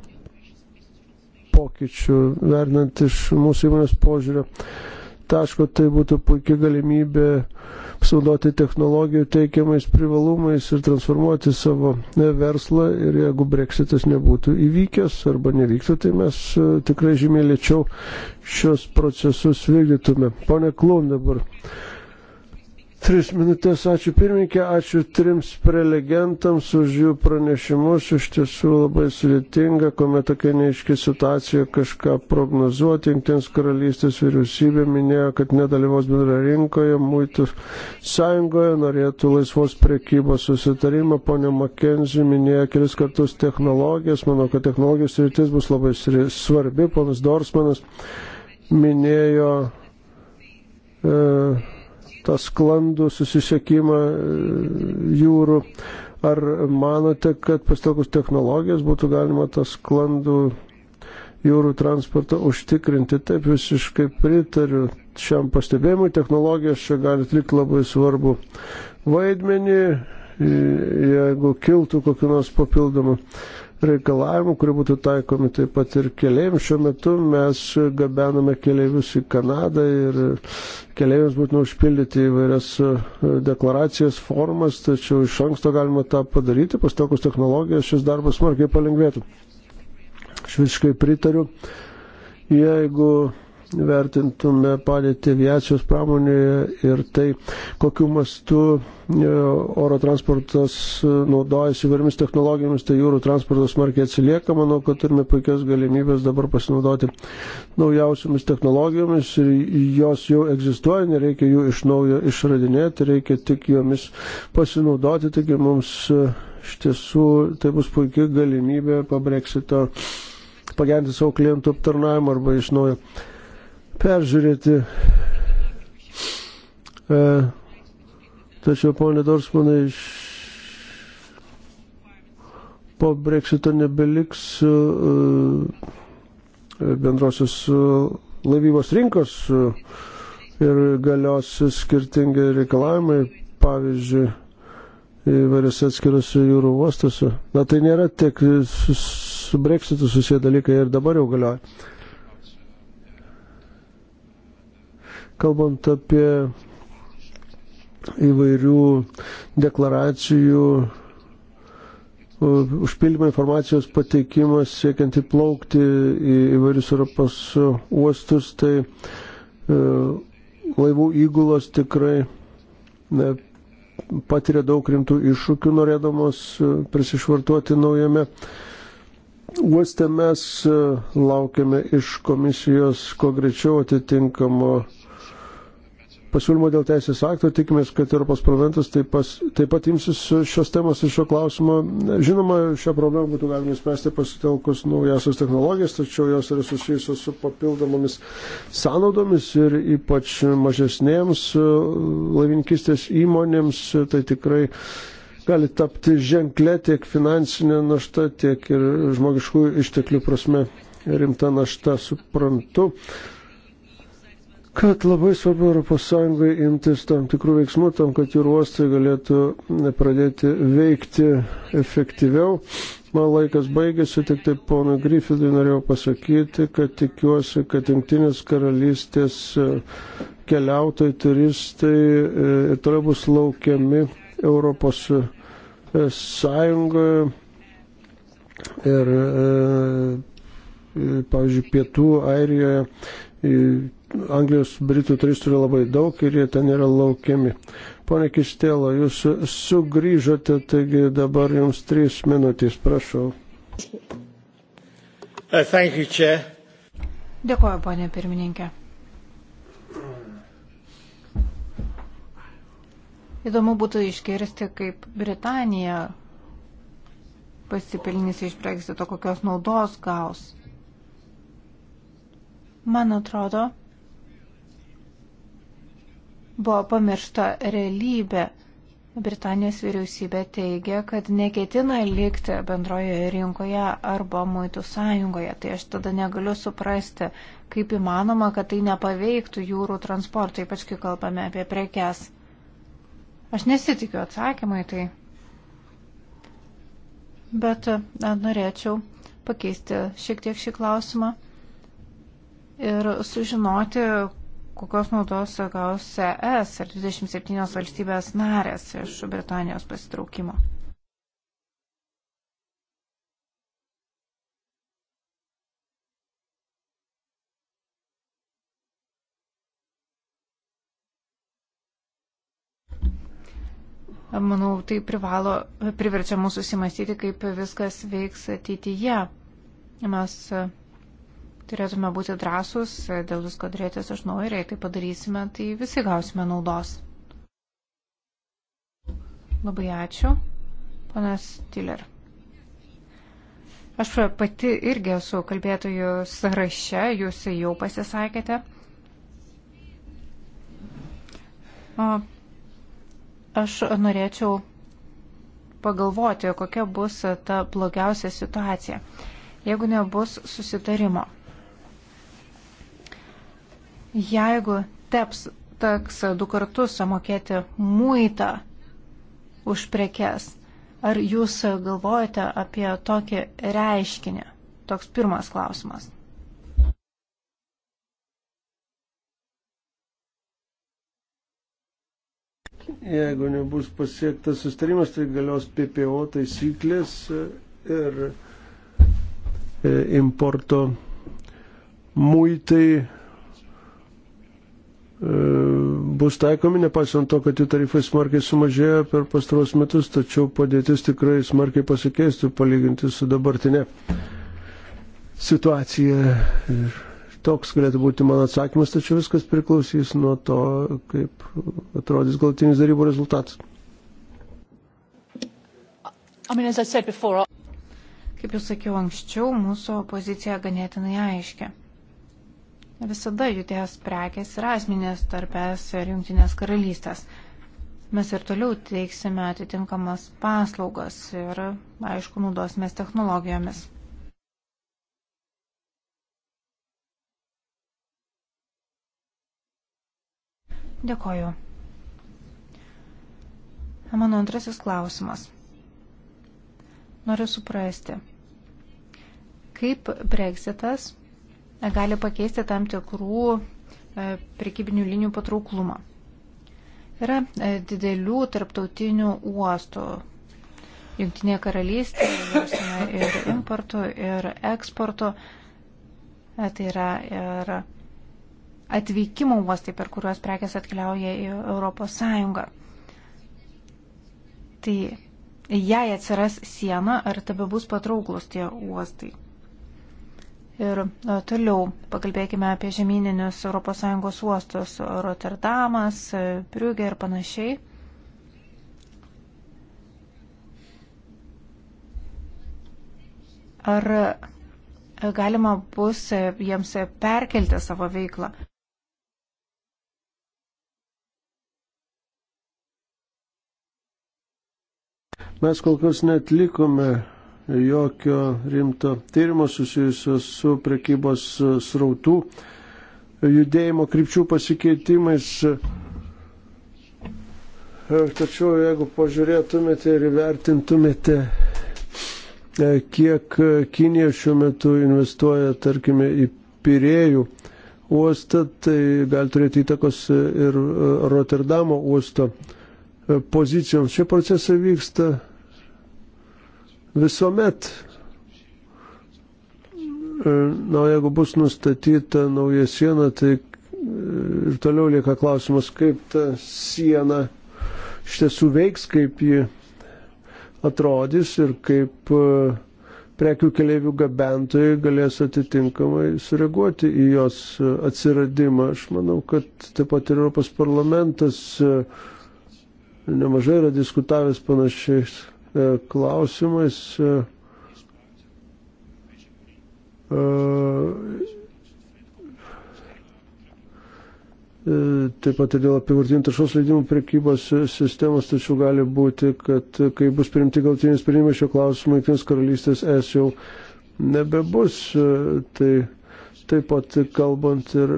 pokyčių, vernant iš mūsų įmonės požiūrio taško, tai būtų puikia galimybė pasinaudoti technologijų teikiamais privalumais ir transformuoti savo verslą. Ir jeigu breksitas nebūtų įvykęs arba nevyktų, tai mes e, tikrai žymiai lėčiau šios procesus vykdytume. Pone Klum dabar Tris minutės, ačiū pirmininkė, ačiū trims prelegentams už jų pranešimus. Iš tiesų labai sudėtinga, kuomet tokia neiški situacija kažką prognozuoti. Junktinės karalystės vyriausybė minėjo, kad nedalyvaus bendra rinkoje, muitų sąjungoje, norėtų laisvos priekybos susitarimą. Pone Makenzi minėjo kelis kartus technologijas. Manau, kad technologijos rytis bus labai svarbi. Ponas Dorsmanas minėjo. E, tą sklandų susisiekimą e, jūrų. Ar manote, kad pasitokus technologijas būtų galima tą sklandų jūrų transportą užtikrinti? Taip visiškai pritariu šiam pastebėjimui. Technologijos čia gali atlikti labai svarbu vaidmenį, e, jeigu kiltų kokiu nors papildomu reikalavimų, kurie būtų taikomi taip pat ir keliaiviams. Šiuo metu mes gabename keliaivius į Kanadą ir keliaiviams būtina užpildyti įvairias e, deklaracijas, formas, tačiau iš anksto galima tą padaryti, pastokus technologijas šis darbas smarkiai palengvėtų. Aš visiškai pritariu, jeigu vertintume padėti aviacijos pramonėje ir tai, kokiu mastu e, oro transportas e, naudojasi įvairiomis technologijomis, tai jūrų transportas smarkiai atsilieka. Manau, kad turime puikias galimybės dabar pasinaudoti naujausiamis technologijomis ir jos jau egzistuoja, nereikia jų iš naujo išradinėti, reikia tik jomis pasinaudoti, taigi mums e, iš tiesų tai bus puikia galimybė pabreksito pagerinti savo klientų aptarnavimą arba iš naujo peržiūrėti. E, tačiau, ponė Dorsmanai, po breksito nebeliks e, e, bendrosios e, laivybos rinkos ir galios skirtingi reikalavimai, pavyzdžiui, įvairiose atskirose jūrų uostose. Na tai nėra tiek su, su breksitu susiję dalykai ir dabar jau galioja. Kalbant apie įvairių deklaracijų užpildymą informacijos pateikimas siekiant įplaukti į įvairius Europos uostus, tai e, laivų įgulos tikrai ne, patiria daug rimtų iššūkių, norėdamos e, prisišvartuoti naujame uoste. Mes e, laukiame iš komisijos kuo greičiau atitinkamo pasiūlymo dėl teisės akto, tikimės, kad Europos parlamentas taip, pas, taip pat imsis šios temos ir šio klausimo. Žinoma, šią problemą būtų galima spręsti pasitelkus naujasios technologijas, tačiau jos yra susijusios su papildomomis sąnaudomis ir ypač mažesnėms e, laivininkistės įmonėms. Tai tikrai gali tapti ženklė tiek finansinė našta, tiek ir žmogiškųjų išteklių prasme rimta našta, suprantu kad labai svarbu ES imtis tam tikrų veiksmų, tam, kad jūrų uostai galėtų pradėti veikti efektyviau. Man laikas baigėsi, tik tai ponui Griffithui norėjau pasakyti, kad tikiuosi, kad Junktinės karalystės e, keliautojai, turistai e, ir toliau bus laukiami Europos e, Sąjungoje. Ir, pavyzdžiui, pietų Airijoje Anglijos britų turistų yra labai daug ir jie ten yra laukiami. Pone Kistėlo, jūs sugrįžote, taigi dabar jums trys minutės, prašau. Uh, Dėkuoju, ponė pirmininkė. Įdomu būtų iškirsti, kaip Britanija pasipelnys iš Brexito, kokios naudos gaus. Man atrodo, buvo pamiršta realybė. Britanijos vyriausybė teigia, kad neketina likti bendroje rinkoje arba muitų sąjungoje. Tai aš tada negaliu suprasti, kaip įmanoma, kad tai nepaveiktų jūrų transportą, ypač kai kalbame apie prekes. Aš nesitikiu atsakymai tai. Bet na, norėčiau pakeisti šiek tiek šį klausimą ir sužinoti, kokios naudos gaus ES ir 27 valstybės narės iš Britanijos pasitraukimo. manau, tai privalo, priverčia mūsų susimastyti, kaip viskas veiks ateityje. Mes Turėtume būti drąsūs, dėl visko drėtis aš noriu ir jei tai padarysime, tai visi gausime naudos. Labai ačiū, panas Tiller. Aš pati irgi esu kalbėtojų sąraše, jūs jau pasisakėte. Aš norėčiau pagalvoti, kokia bus ta blogiausia situacija, jeigu nebus susitarimo. Jeigu teps, teks du kartus mokėti muitą už prekes, ar jūs galvojate apie tokį reiškinį? Toks pirmas klausimas. Jeigu nebus pasiektas sustarimas, tai galios PPO taisyklės ir e, importo muitai E, bus taikomi, nepaisant to, kad jų tarifai smarkiai sumažėjo per pastaros metus, tačiau padėtis tikrai smarkiai pasikeistų palyginti su dabartinė situacija. Ir toks galėtų būti mano atsakymas, tačiau viskas priklausys nuo to, kaip atrodys galtinis darybų rezultatas. I mean, before... Kaip jau sakiau anksčiau, mūsų pozicija ganėtinai aiškia visada judės prekės ir asmenės tarp es ir Junktinės karalystės. Mes ir toliau teiksime atitinkamas paslaugas ir, aišku, naudosime technologijomis. Dėkoju. Mano antrasis klausimas. Noriu suprasti, kaip Brexitas gali pakeisti tam tikrų e, prekybinių linijų patrauklumą. Yra e, didelių tarptautinių uostų. Junktinėje karalystėje ir importo, ir eksporto. E, tai yra ir atvykimo uostai, per kuriuos prekes atkeliauja į Europos Sąjungą. Tai jei atsiras siena, ar tebe bus patrauklus tie uostai? Ir e, toliau pakalbėkime apie žemyninius ES uostus - Rotterdamas, e, Briugė ir panašiai. Ar e, galima bus jiems perkelti savo veiklą? Mes kol kas netlikome jokio rimto tyrimo susijusio su prekybos srautų judėjimo krypčių pasikeitimais. Tačiau jeigu pažiūrėtumėte ir vertintumėte, e, kiek Kinija šiuo metu investuoja, tarkime, į Pirėjų uostą, tai gali turėti įtakos ir e, Rotterdamo uosto e, pozicijoms. Šie procesai vyksta visuomet e, Na, jeigu bus nustatyta nauja siena, tai e, ir toliau lieka klausimas, kaip ta siena iš tiesų veiks, kaip ji atrodys ir kaip e, prekių keliaivių gabentojai galės atitinkamai sureaguoti į jos atsiradimą. Aš manau, kad taip pat ir Europos parlamentas nemažai yra diskutavęs panašiais E, klausimais. E, e, taip pat ir dėl apivartinių taršos leidimų prekybos sistemos, tačiau gali būti, kad kai bus priimti galtiniai sprendimai šio klausimo, Junktinės karalystės es jau nebebus. Tai taip pat kalbant ir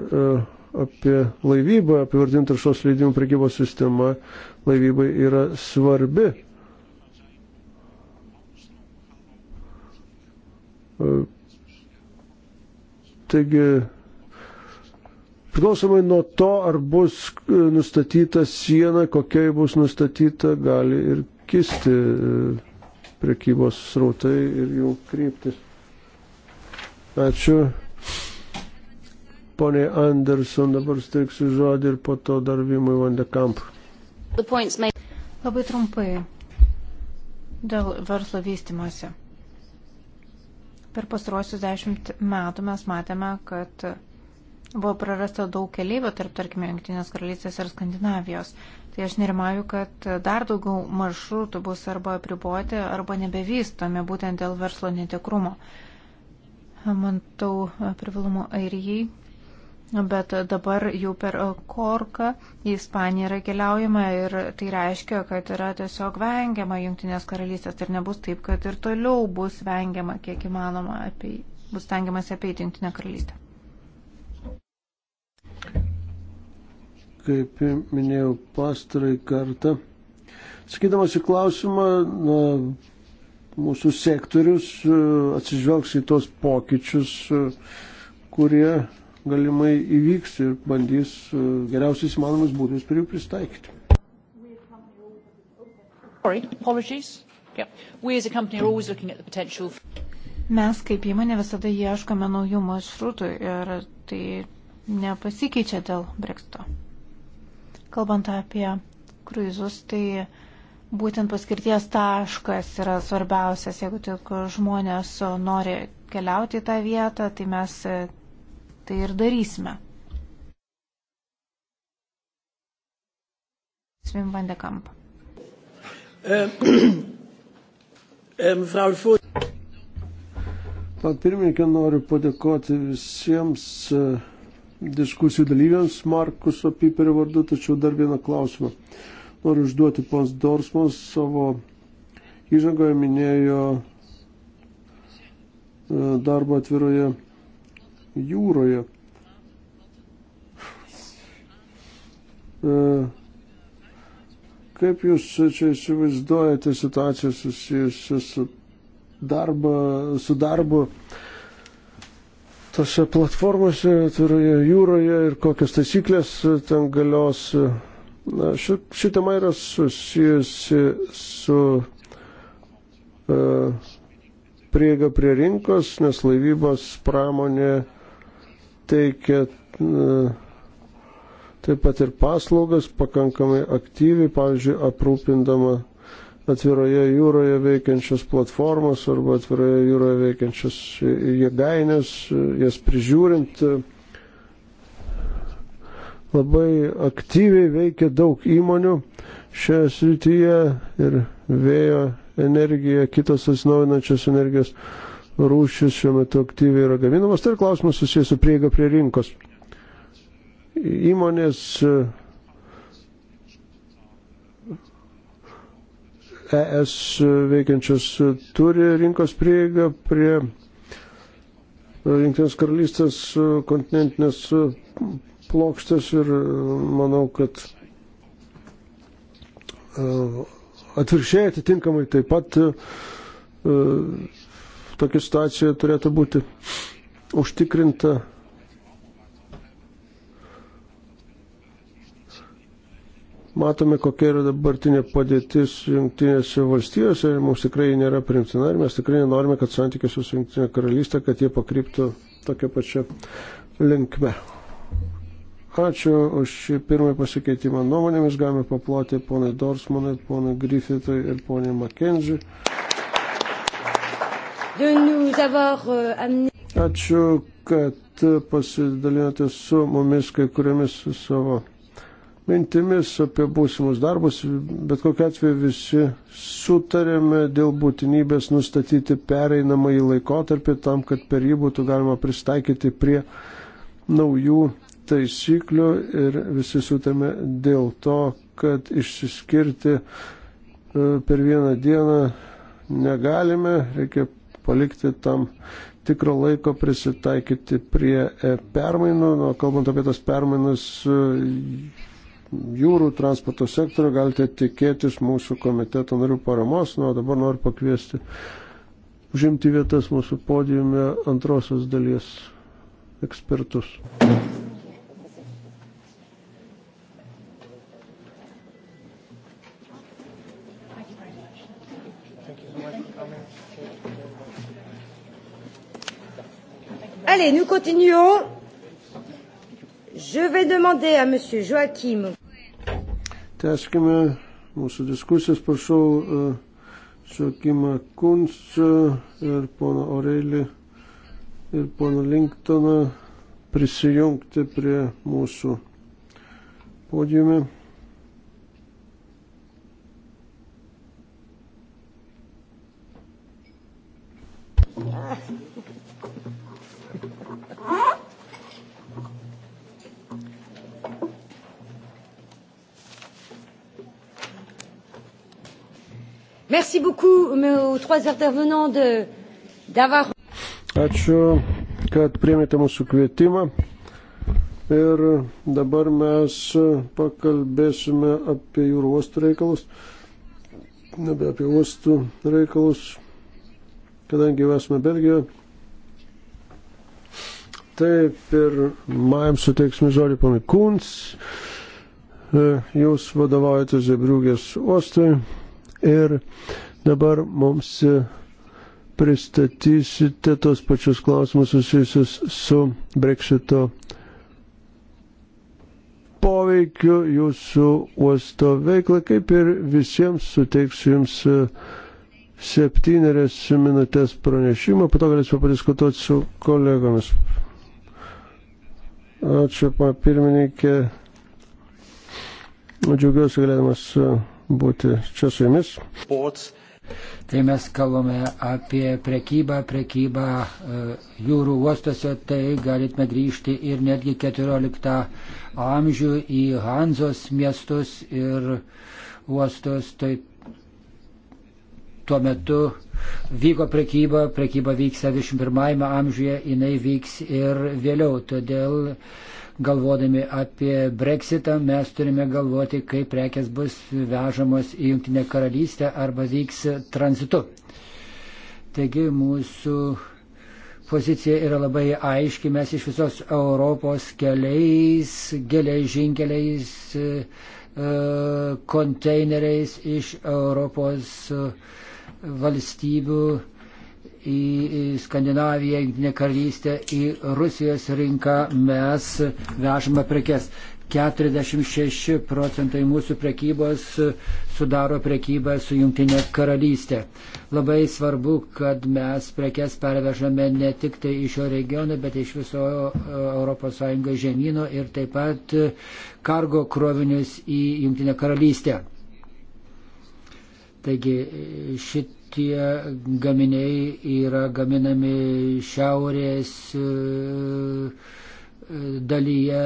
apie laivybą, apivartinių taršos leidimų prekybos sistema laivybai yra svarbi Taigi, priklausomai nuo to, ar bus e, nustatyta siena, kokia bus nustatyta, gali ir kisti e, prekybos srautai ir jų kryptis. Ačiū. Pone Anderson, dabar steiksiu žodį ir po to dar Vimui Vandekamp. Labai trumpai dėl verslo vystimosi. Per pastaruosius dešimt metų mes matėme, kad buvo prarasta daug keliaivių tarp, tarkime, Junktinės karalystės ir Skandinavijos. Tai aš nerimauju, kad dar daugiau maršrutų bus arba apriboti, arba nebevystomi būtent dėl verslo netikrumo. Mantau privalumų airijai Bet dabar jau per Korką į Ispaniją yra keliaujama ir tai reiškia, kad yra tiesiog vengiama Junktinės karalystės ir nebus taip, kad ir toliau bus vengiama, kiek įmanoma, apie, bus tengiamas apeiti Junktinę karalystę. Kaip minėjau pastarai kartą, sakydamas į klausimą, na, mūsų sektorius e, atsižvelgs į tos pokyčius, e, kurie galimai įvyks ir bandys e, geriausiais įmanomais būdais prie jų pristaikyti. Mes kaip įmonė visada ieškome naujų maršrutų ir tai nepasikeičia dėl Brexito. Kalbant apie kruizus, tai būtent paskirties taškas yra svarbiausias. Jeigu tik žmonės nori keliauti į tą vietą, tai mes tai ir darysime. Svim van de Kamp. Pat pirmininkė noriu padėkoti visiems e, diskusijų dalyviams Markuso Piperio vardu, tačiau dar vieną klausimą. Noriu užduoti pons Dorsmos savo įžangoje minėjo e, darbą atviroje jūroje. E, kaip jūs čia įsivaizduojate situaciją susijusią su, darba, su darbu tose platformose, atviroje jūroje ir kokias taisyklės ten galios? Na, ši, ši tema yra susijusi su uh, prieiga prie rinkos, nes laivybos pramonė uh, teikia e, taip pat ir paslaugas pakankamai aktyviai, pavyzdžiui, aprūpindama atviroje jūroje veikiančias platformas arba atviroje jūroje veikiančias jėgainės, jas prižiūrint. Labai aktyviai veikia daug įmonių šioje srityje ir vėjo energija, kitos atsinaujinančios energijos rūšis šiuo metu aktyviai yra gaminamos. Tai ir klausimas susijęs su prieiga prie rinkos. Įmonės e, ES veikiančios turi rinkos prieigą prie Rinktinės karalystės kontinentinės plokštės ir manau, kad e, atvirkščiai atitinkamai taip pat e, tokia situacija turėtų būti užtikrinta. Matome, kokia yra dabartinė padėtis jungtinėse valstijose ir mums tikrai nėra primtina ir mes tikrai nenorime, kad santykiai su jungtinė karalystė, kad jie pakryptų tokia pačia linkme. Ačiū už šį pirmąjį pasikeitimą nuomonėmis. Galime paploti ponai Dorsmanai, ponai Griffithui ir ponai McKenzie. Euh, Ačiū, kad pasidalinote su mumis kai kuriamis savo mintimis apie būsimus darbus. Bet kokia atveju visi sutarėme dėl būtinybės nustatyti pereinamąjį laikotarpį tam, kad per jį būtų galima pristaikyti prie naujų taisyklių ir visi sutarėme dėl to, kad išsiskirti e, per vieną dieną negalime, reikia palikti tam tikro laiko prisitaikyti prie e, permainų. Nu, kalbant apie tas permainas e, jūrų transporto sektoriu, galite tikėtis mūsų komiteto narių paramos. Nu, dabar noriu pakviesti užimti vietas mūsų podiume antrosios dalies ekspertus. Allez, nous continuons. Je vais demander à Monsieur Joachim. Tęskime mūsų diskusijas, prašau e, Joachimą Kunz ir pono Orelį ir pono Linktoną prisijungti prie mūsų podiume. Merci beaucoup aux trois intervenants d'avoir. Ačiū, kad priemėte mūsų kvietimą. Ir dabar mes pakalbėsime apie jūrų uostų reikalus, nebe apie uostų reikalus kadangi jau esame Belgijoje. Taip ir Majam suteiksime žodį ponui Kunz. E, jūs vadovaujate Zebriūgės uostui ir dabar mums e, pristatysite tos pačius klausimus susijusius su Brexito poveikiu jūsų uosto veiklą, kaip ir visiems suteiksiu jums uh, septynerias minutės pranešimą, po to galėsime padiskutuoti su kolegomis. Ačiū, pana pirmininkė. Džiaugiuosi galėdamas e, būti čia su jumis. Sports. Tai mes kalbame apie prekybą, prekybą e, jūrų uostose, tai galėtume grįžti ir netgi 14 amžių į Hanzos miestus ir uostus, taip tuo metu vyko prekyba, prekyba vyks 21 amžiuje, jinai vyks ir vėliau. Todėl galvodami apie breksitą mes turime galvoti, kaip prekes bus vežamos į Junktinę karalystę arba vyks tranzitu. Taigi mūsų pozicija yra labai aiški, mes iš visos Europos keliais, geležinkeliais, e, konteineriais iš Europos uh, valstybių į Skandinaviją, Jungtinę karalystę, į Rusijos rinką mes vežame prekes. 46 procentai mūsų prekybos sudaro prekybą su Jungtinė karalystė. Labai svarbu, kad mes prekes pervežame ne tik tai iš šio regiono, bet iš viso ES žemynų ir taip pat kargo krovinius į Jungtinę karalystę. Taigi šitie gaminiai yra gaminami šiaurės e, dalyje,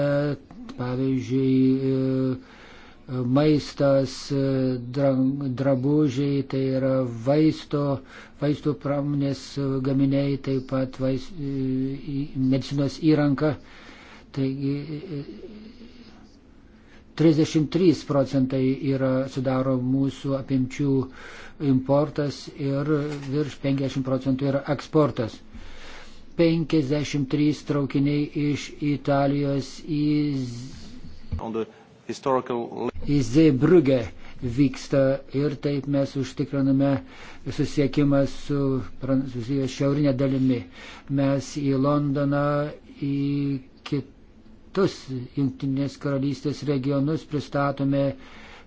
pavyzdžiui, e, maistas, e, drabužiai, tai yra vaisto, vaistų pramonės gaminiai, taip pat vais, medicinos įranka. Taigi 33 procentai yra, sudaro mūsų apimčių importas ir virš 50 procentų yra eksportas. 53 traukiniai iš Italijos į, historical... į Zeebrugę vyksta ir taip mes užtikriname susiekimą su Prancūzijos šiaurinė dalimi. Mes į Londoną, į kitus Junktinės karalystės regionus, pristatome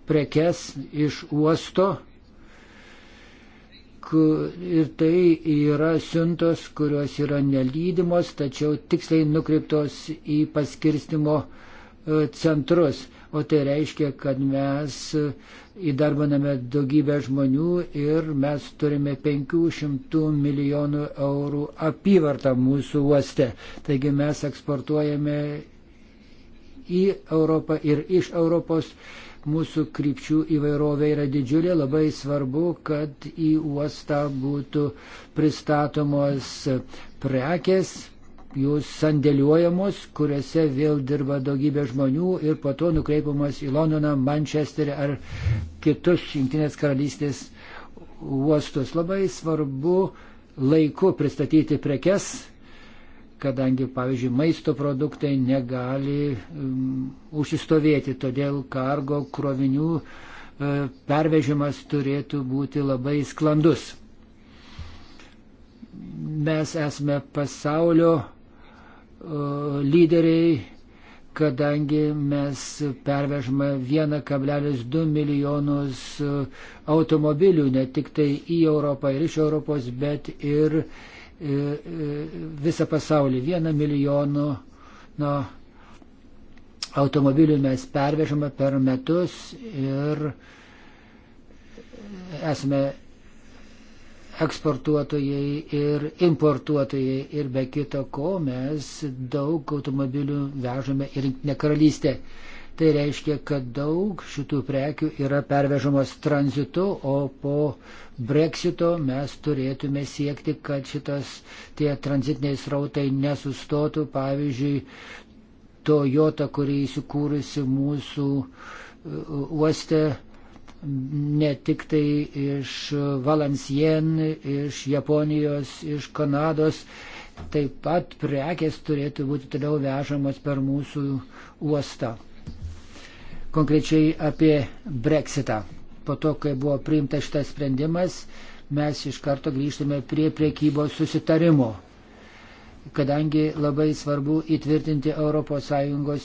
prekes iš uosto. Ir tai yra siuntos, kurios yra nelydimos, tačiau tiksliai nukreiptos į paskirstimo e, centrus. O tai reiškia, kad mes e, įdarbiname daugybę žmonių ir mes turime 500 milijonų eurų apyvartą mūsų uoste. Taigi mes eksportuojame į Europą ir iš Europos. Mūsų krypčių įvairovė yra didžiulė, labai svarbu, kad į uostą būtų pristatomos prekės, jūs sandėliuojamos, kuriuose vėl dirba daugybė žmonių ir po to nukreipiamas į Londoną, Manchesterį ar kitus Junktinės karalystės uostus. Labai svarbu laiku pristatyti prekes, kadangi, pavyzdžiui, maisto produktai negali um, užsistovėti, todėl kargo krovinių uh, pervežimas turėtų būti labai sklandus. Mes esame pasaulio uh, lyderiai, kadangi mes pervežame 1,2 milijonus e, automobilių ne tik tai į Europą ir iš Europos, bet ir uh, visą pasaulį. Vieną milijoną nu, automobilių mes pervežame per metus ir esame eksportuotojai ir importuotojai ir be kito ko mes daug automobilių vežame ir ne karalystė. Tai reiškia, kad daug šitų prekių yra pervežamos tranzitu, o po breksito mes turėtume siekti, kad šitas tie tranzitiniai srautai nesustotų. Pavyzdžiui, Toyota, kuri įsikūrusi mūsų uh, uoste, ne tik tai iš Valencien, iš Japonijos, iš Kanados, taip pat prekės turėtų būti toliau vežamos per mūsų uostą. Konkrečiai apie breksitą po to, kai buvo priimta šitas sprendimas, mes iš karto grįžtume prie priekybos susitarimo. Kadangi labai svarbu įtvirtinti ES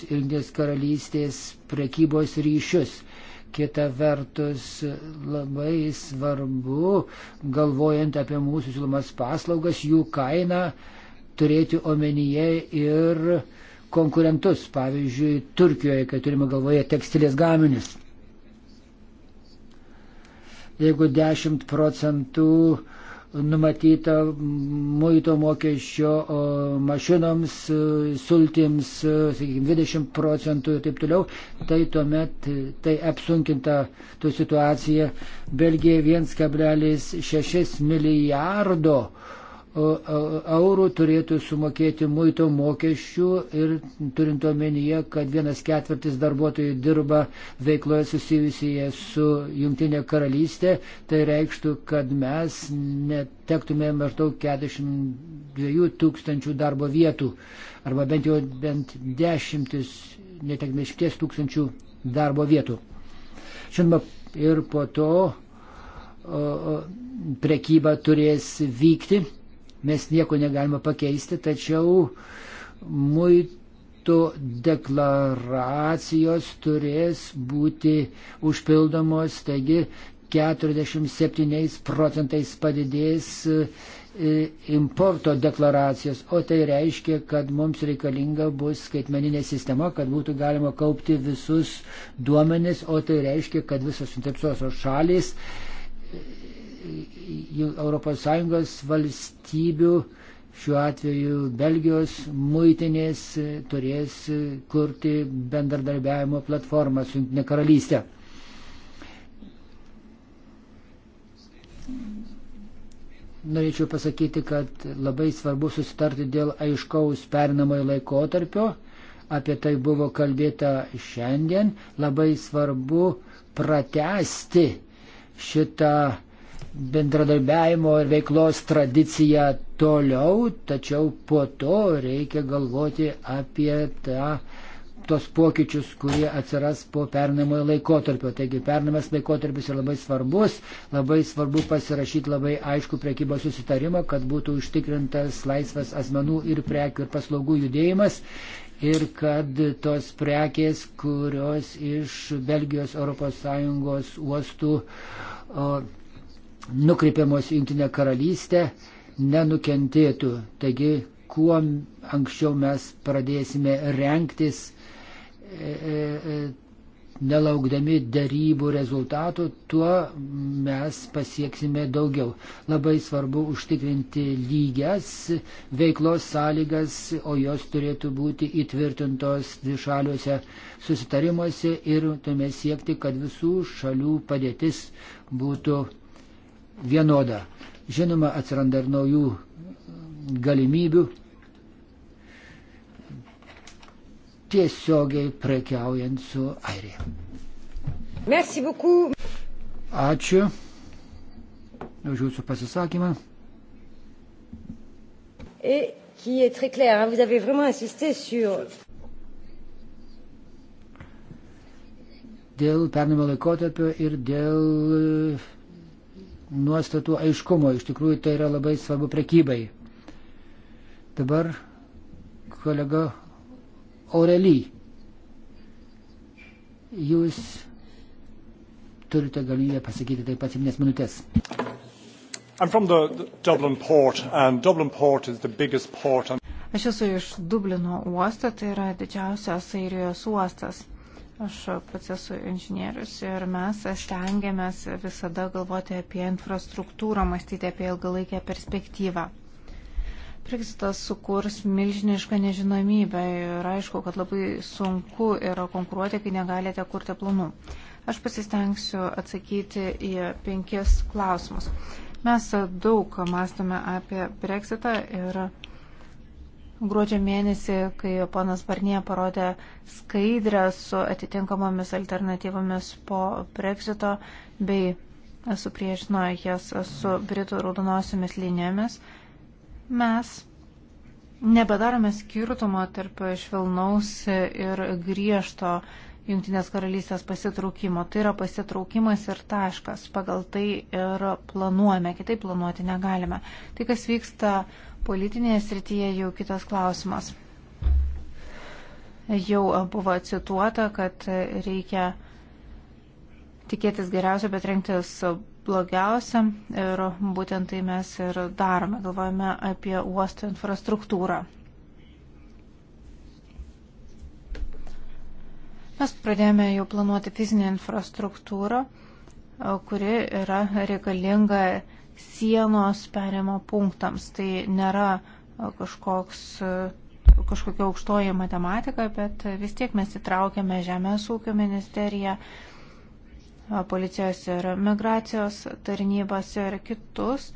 ir Indijos karalystės priekybos ryšius. Kita vertus, labai svarbu, galvojant apie mūsų siūlomas paslaugas, jų kainą turėti omenyje ir konkurentus, pavyzdžiui, Turkijoje, kai turime galvoje tekstilės gaminius. Jeigu 10 procentų numatyta muito mokesčio mašinoms, sultims, sakykime, 20 procentų ir taip toliau, tai tuomet tai apsunkinta tų situacija. Belgija 1,6 milijardo uh, eurų turėtų sumokėti muito mokesčių ir turint omenyje, kad vienas ketvirtis darbuotojų dirba veikloje susijusyje su Junktinė karalystė, tai reikštų, kad mes netektume maždaug 42 tūkstančių darbo vietų arba bent jau bent dešimtis, netektume šimties tūkstančių darbo vietų. Žinoma, ir po to o, o, prekyba turės vykti mes nieko negalime pakeisti, tačiau muitų deklaracijos turės būti užpildomos, taigi 47 procentais padidės e, importo deklaracijos, o tai reiškia, kad mums reikalinga bus skaitmeninė sistema, kad būtų galima kaupti visus duomenis, o tai reiškia, kad visos interesuotos šalis ES valstybių, šiuo atveju Belgijos muitinės, turės kurti bendradarbiavimo platformą su Junktinė karalystė. Norėčiau pasakyti, kad labai svarbu susitarti dėl aiškaus perinamojo laikotarpio. Apie tai buvo kalbėta šiandien. Labai svarbu pratesti šitą bendradarbiavimo ir veiklos tradiciją toliau, tačiau po to reikia galvoti apie tą, tos pokyčius, kurie atsiras po pernamojo laikotarpio. Taigi pernamas laikotarpis yra labai svarbus, labai svarbu pasirašyti labai aišku prekybos susitarimą, kad būtų užtikrintas laisvas asmenų ir prekių ir paslaugų judėjimas. Ir kad tos prekės, kurios iš Belgijos ES uostų o, nukreipiamos į Junktinę karalystę nenukentėtų. Taigi, kuo anksčiau mes pradėsime renktis, e, e, e, nelaukdami darybų rezultatų, tuo mes pasieksime daugiau. Labai svarbu užtikrinti lygias veiklos sąlygas, o jos turėtų būti įtvirtintos dvišaliuose susitarimuose ir tuomet siekti, kad visų šalių padėtis būtų vienoda. Žinoma, atsiranda ir naujų mm, galimybių tiesiogiai prekiaujant su Airija. Merci beaucoup. Ačiū už jūsų pasisakymą. Et qui est très clair, hein, vous avez vraiment insisté sur. Dėl pernamo laikotarpio ir dėl nuostatų aiškumo. Iš tikrųjų tai yra labai svarbu prekybai. Dabar kolega Aurely. Jūs turite galimybę pasakyti taip pat 7 minutės. I'm from the, the Dublin port, and Dublin port is the biggest port. On... Aš esu iš Dublino uosto, tai yra didžiausias Airijos uostas. Aš pats esu inžinierius ir mes stengiamės visada galvoti apie infrastruktūrą, mąstyti apie ilgalaikę perspektyvą. Brexitas sukurs milžinišką nežinomybę ir aišku, kad labai sunku yra konkuruoti, kai negalite kurti planų. Aš pasistengsiu atsakyti į penkis klausimus. Mes daug mąstome apie Brexitą ir gruodžio mėnesį, kai ponas Barnie parodė skaidrę su atitinkamomis alternatyvomis po Brexito bei supriešino jas su Britų raudonosiomis linijomis, mes nebedarome skirtumo tarp švelnaus ir griežto Junktinės karalystės pasitraukimo. Tai yra pasitraukimas ir taškas. Pagal tai ir planuojame, kitaip planuoti negalime. Tai, kas vyksta Politinėje srityje jau kitas klausimas. Jau buvo cituota, kad reikia tikėtis geriausio, bet rinktis blogiausia ir būtent tai mes ir darome, galvojame apie uosto infrastruktūrą. Mes pradėjome jau planuoti fizinę infrastruktūrą, kuri yra reikalinga sienos perėmo punktams. Tai nėra e, kažkoks, e, kažkokia aukštoji matematika, bet vis tiek mes įtraukėme Žemės ūkio ministeriją, e, policijos ir migracijos tarnybas ir kitus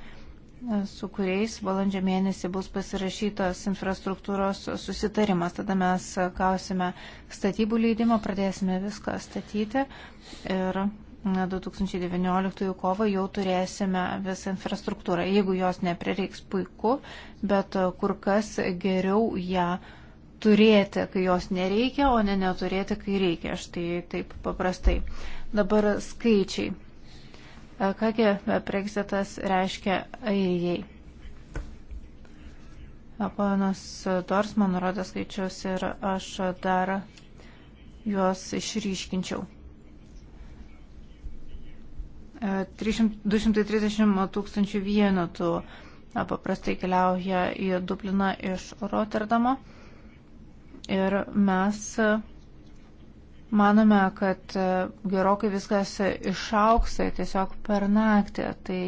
su kuriais balandžio mėnesį bus pasirašytas infrastruktūros susitarimas. Tada mes gausime statybų leidimą, pradėsime viską statyti ir 2019 kovą jau turėsime visą infrastruktūrą. Jeigu jos neprireiks, puiku, bet e, kur kas geriau ją turėti, kai jos nereikia, o ne neturėti, kai reikia. Štai taip paprastai. Dabar skaičiai. E, kągi e, Brexitas reiškia airijai. Ponas Dors man nurodė skaičius ir aš dar juos išryškinčiau. 230 tūkstančių vienetų paprastai keliauja į Dubliną iš Rotterdamo. Ir mes manome, kad gerokai viskas išauks tai tiesiog per naktį, tai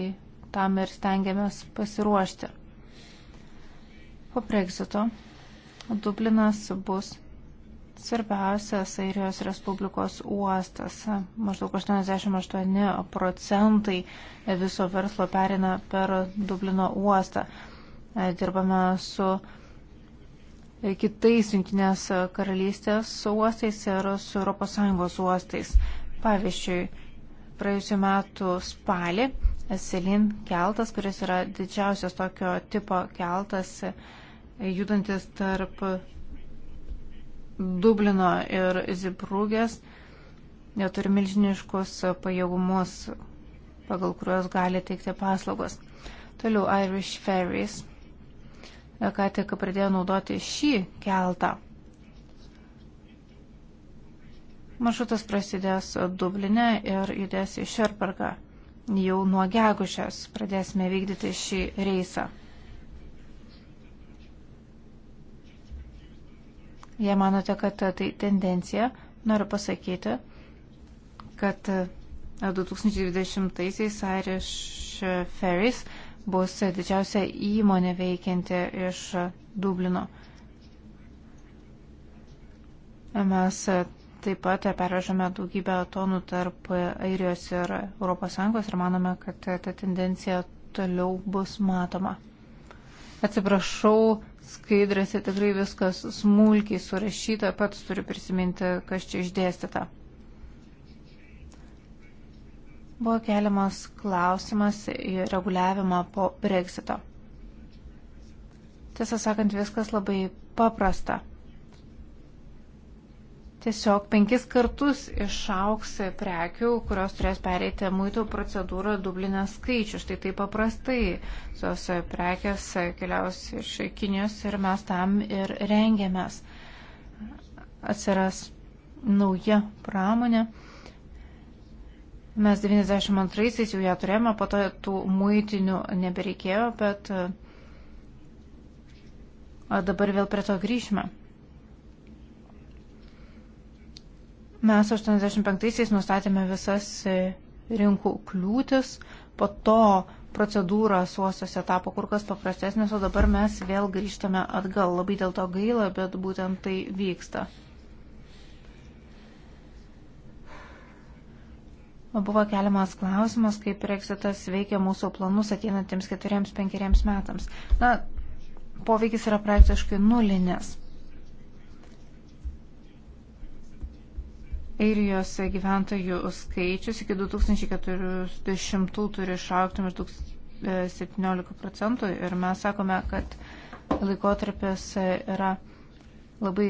tam ir stengiamės pasiruošti. Po Brexito Dublinas bus svarbiausias Airijos Respublikos uostas. Maždaug 88 procentai viso verslo perina per Dublino uostą. Dirbame su kitais Junktinės karalystės uostais ir su ES uostais. Pavyzdžiui, praėjusiu metu spalį Selin keltas, kuris yra didžiausias tokio tipo keltas, judantis tarp Dublino ir Ziprūgės. Jie turi milžiniškus pajėgumus, pagal kuriuos gali teikti paslaugos. Toliau Irish Ferries. Ką tik pradėjo naudoti šį keltą. Maršrutas prasidės Dublinė ir judės į Šerbergą. Jau nuo gegužės pradėsime vykdyti šį reisą. Jei manote, kad tai tendencija, noriu pasakyti, kad 2020-aisiais e, Irish Ferries bus didžiausia įmonė veikianti iš Dublino. Mes e, taip pat pervežame daugybę tonų tarp Airijos ir ES ir manome, kad e, ta tendencija toliau bus matoma. Atsiprašau, skaidrėse tikrai viskas smulkiai surašyta, pats turiu prisiminti, kas čia išdėstyta. Buvo keliamas klausimas į reguliavimą po Brexito. Tiesą sakant, viskas labai paprasta tiesiog penkis kartus išauks prekių, kurios turės pereiti muito procedūrą Dublinę skaičių. Štai taip paprastai tos prekės keliaus iš Kinijos ir mes tam ir rengiamės. Atsiras nauja pramonė. Mes 92-aisiais jau ją turėjome, po to tų muitinių nebereikėjo, bet dabar vėl prie to grįžime. Mes 85-aisiais nustatėme visas e, rinkų kliūtis, po to procedūra suosiuose tapo kur kas paprastesnės, o dabar mes vėl grįžtame atgal. Labai dėl to gaila, bet būtent tai vyksta. Buvo keliamas klausimas, kaip Brexitas veikia mūsų planus ateinantiems keturiems, penkeriems metams. Na, poveikis yra praktiškai nulinis. Airijos gyventojų skaičius iki 2040 turi išaukti maždaug 17 e, procentų ir mes sakome, kad laikotarpis yra labai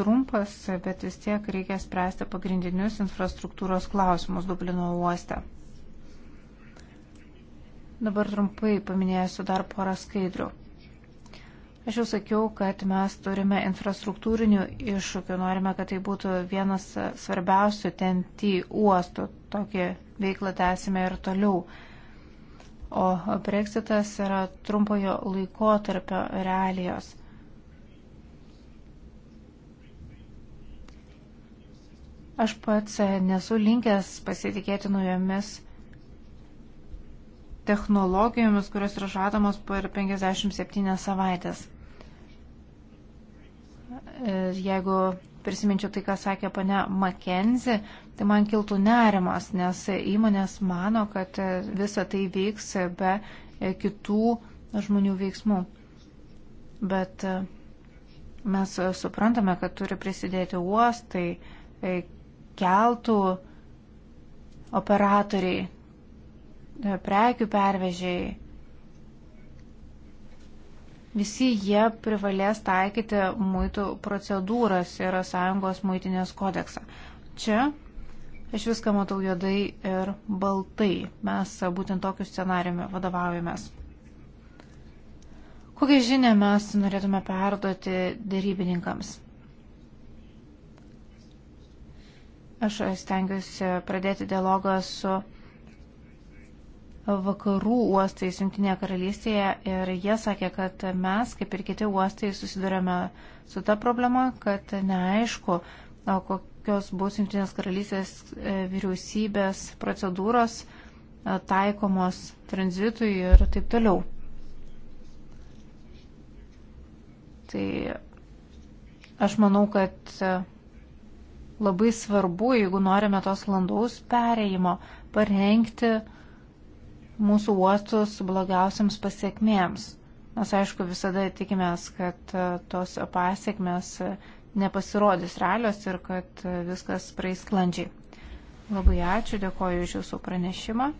trumpas, bet vis tiek reikia spręsti pagrindinius infrastruktūros klausimus Dublino uoste. Dabar trumpai paminėsiu dar porą skaidrių. Aš jau sakiau, kad mes turime infrastruktūrinių iššūkių, norime, kad tai būtų vienas svarbiausių TNT uostų. Tokį veiklą tęsime ir toliau. O Brexitas yra trumpojo laikotarpio realijos. Aš pats nesu linkęs pasitikėti naujomis technologijomis, kurios yra žadamos per 57 savaitės. E, jeigu prisiminčiau tai, ką sakė pane Makenzi, tai man kiltų nerimas, nes įmonės mano, kad visa tai vyks be e, kitų žmonių veiksmų. Bet e, mes suprantame, kad turi prisidėti uostai, keltų operatoriai, prekių pervežėjai. Visi jie privalės taikyti muitų procedūras ir tai sąjungos muitinės kodeksą. Čia aš viską matau juodai ir baltai. Mes būtent tokiu scenariumi vadovaujamės. Kokią žinę mes norėtume perduoti dėrybininkams? Aš stengiuosi pradėti dialogą su vakarų uostais Junktinėje karalystėje ir jie sakė, kad mes, kaip ir kiti uostai, susidurėme su ta problema, kad neaišku, kokios bus Junktinės karalystės e, vyriausybės procedūros e, taikomos tranzitui ir taip toliau. Tai aš manau, kad e, labai svarbu, jeigu norime tos landaus perėjimo, parengti uh, mūsų uostus blogiausiams pasiekmėms. Mes aišku visada tikimės, kad e, tos pasiekmes e, nepasirodys realios ir kad e, viskas praeis sklandžiai. Labai ačiū, dėkoju iš jūsų pranešimą.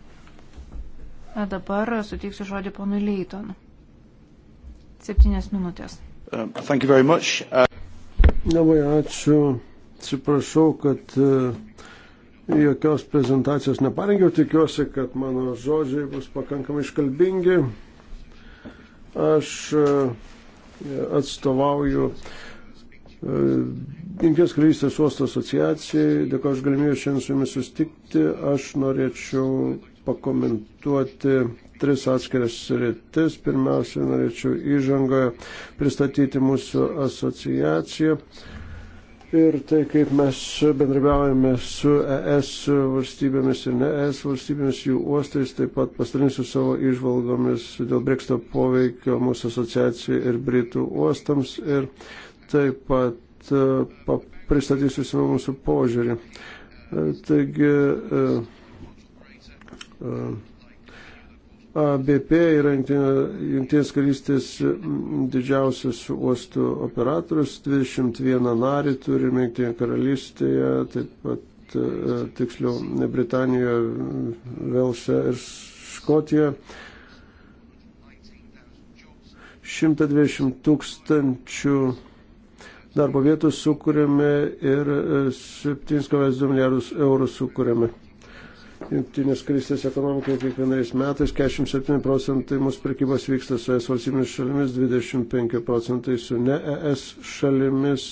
A, dabar sutiksiu žodį ponui Leiton. Septynės minutės. Uh, uh... Labai ačiū. Atsiprašau, kad uh, jokios prezentacijos neparengiau, tikiuosi, kad mano žodžiai bus pakankamai iškalbingi. Aš e, atstovauju e, Junkės karalystės uosto asociacijai, dėkoju už galimybę šiandien su jumis sustikti. Aš norėčiau pakomentuoti tris atskiras rytis. Pirmiausia, norėčiau įžangoje pristatyti mūsų asociaciją ir tai, kaip mes bendrabiaujame su ES valstybėmis ir ne ES valstybėmis, jų uostais, taip pat pastarinsiu savo išvalgomis dėl Brexito poveikio mūsų asociacijai ir Britų uostams ir taip pat e, pristatysiu savo mūsų požiūrį. E, taigi, uh, uh, ABP yra Junktinės karystės didžiausias uostų operatorius, 21 narį turime Junktinėje karalystėje, taip pat e, tiksliau Britanijoje, Velsė ir Škotijoje. 120 tūkstančių darbo vietų sukūrėme ir 7,2 e, milijardus eurų sukūrėme. Junktinės karalystės ekonomikai kiekvienais metais 47 procentai mūsų prekybos vyksta su ES valstybėmis šalimis, 25 procentai su ne ES šalimis.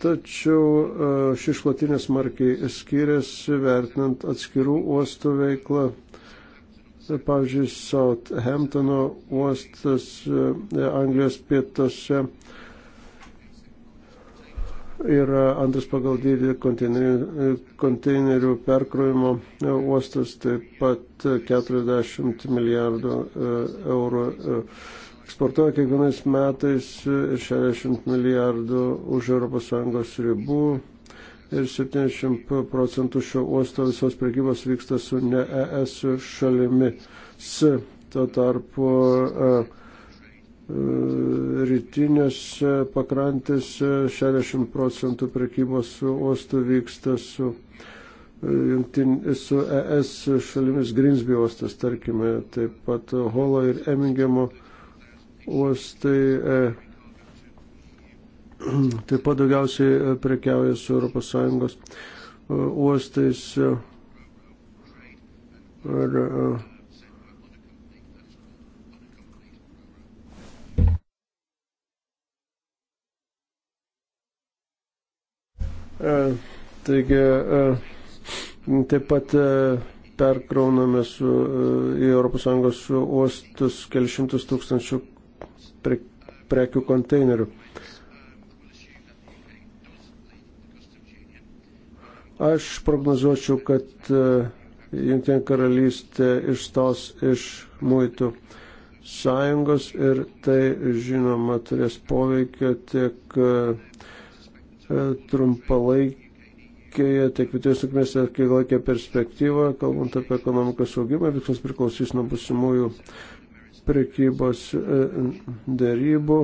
Tačiau e, ši išklotinė smarkiai skiriasi vertinant atskirų uostų veiklą. E, pavyzdžiui, Southamptono uostas e, Anglijos pietose yra antras pagal dydį konteinerių, konteinerių perkrovimo uostas, taip pat 40 milijardų e, eurų e, eksportuoja kiekvienais metais 60 milijardų už ES ribų ir 70 procentų šio uosto visos prekybos vyksta su ne ES šalimi. S. Tuo tarpu uh, rytinėse pakrantėse 60 procentų prekybos su uostu vyksta su, e, jungtin, su ES šalimis Grinsby uostas, tarkime, taip pat Holo ir Emingemo uostai. E, taip pat daugiausiai e, prekiauja su ES e, uostais. Ir, E, taigi e, taip pat e, perkrauname su, į ES uostus kelišimtus tūkstančių pre, prekių konteinerių. Aš prognozuočiau, kad Junktinė karalystė išstos iš muitų sąjungos ir tai, žinoma, turės poveikio tiek E, trumpalaikėje, tiek vidutės trukmės, tiek ilgalaikėje perspektyvoje, kalbant apie ekonomikos augimą, viskas priklausys nuo busimųjų prekybos e, dėrybų.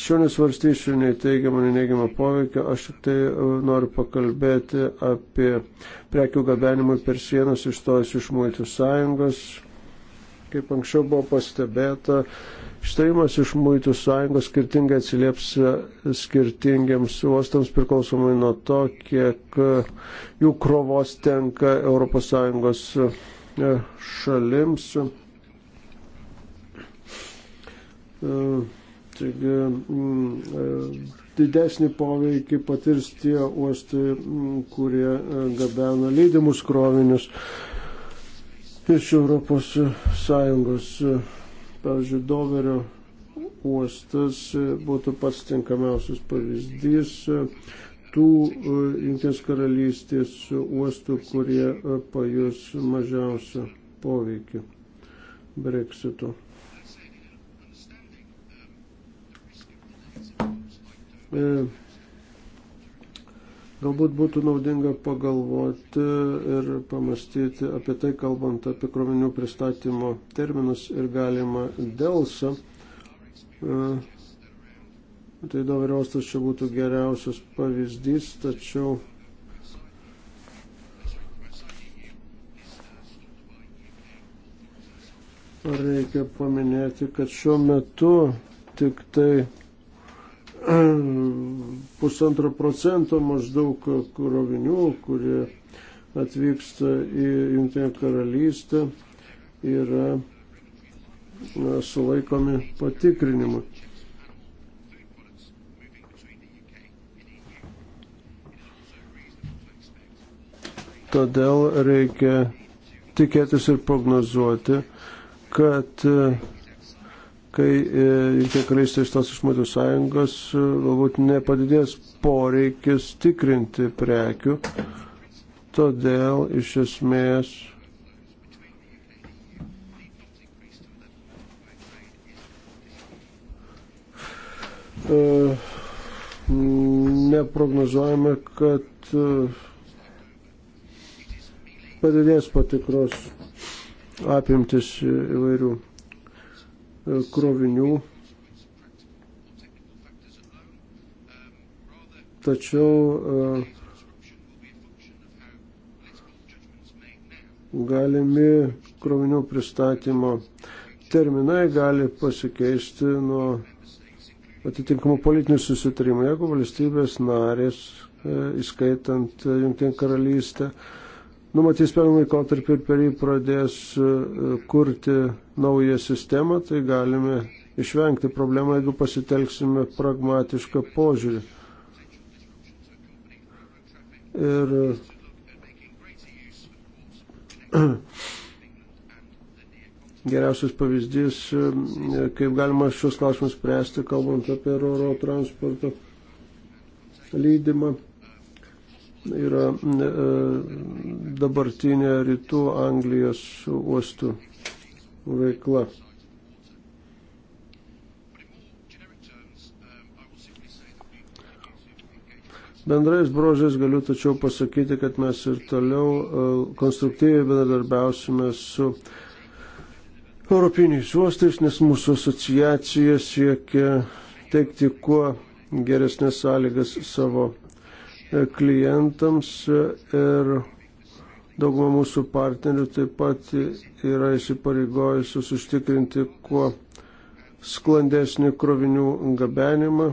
Šiuo nesvarstysiu nei teigiamą, nei neigiamą poveikį, aš tik tai e, noriu pakalbėti apie prekių gabenimą per sienas išstojus iš Muitų sąjungos, Kaip anksčiau buvo pastebėta, ištarimas iš Muitų sąjungos skirtingai atsilieps skirtingiams uostams priklausomai nuo to, kiek e, jų krovos tenka ES e, šalims. E, taigi, mm, didesnį poveikį patirs tie uostai, kurie gabena lydimus krovinius iš Europos Sąjungos. Pavyzdžiui, Doverio uostas būtų pats tinkamiausias pavyzdys tų e, Junktinės karalystės uostų, kurie e, pajus mažiausią poveikį breksito. E, Galbūt būtų naudinga pagalvoti ir pamastyti apie tai, kalbant apie krovinių pristatymo terminus ir galima dėlsą. E, tai Doveriostas čia būtų geriausias pavyzdys, tačiau reikia paminėti, kad šiuo metu tik tai pusantro procento maždaug krovinių, kurie atvyksta į Junktinę karalystę, yra sulaikomi patikrinimui. Todėl reikia tikėtis ir prognozuoti, kad kai e, Junktinė karalystė išstos iš Muitų sąjungos, e, galbūt nepadidės poreikis tikrinti prekių. Todėl iš esmės e, neprognozuojame, kad padidės patikros apimtis įvairių E, krovinių. Tačiau e, galimi krovinių pristatymo terminai gali pasikeisti nuo atitinkamų politinių susitarimų. Jeigu valstybės narės, e, įskaitant Junktinę karalystę, numatys per laikotarpį ir per jį pradės e, kurti naują sistemą, tai galime išvengti problemą, jeigu pasitelksime pragmatišką požiūrį. Ir e, geriausias pavyzdys, e, kaip galima šios klausimus spręsti, kalbant apie oro transporto lydimą yra e, dabartinė rytų Anglijos uostų veikla. Bendrais brožės galiu tačiau pasakyti, kad mes ir toliau e, konstruktyviai bendradarbiausime su Europiniais uostais, nes mūsų asociacija siekia teikti kuo geresnės sąlygas savo E, klientams e, ir dauguma mūsų partnerių taip pat yra įsipareigojusios užtikrinti kuo sklandesnį krovinių gabenimą.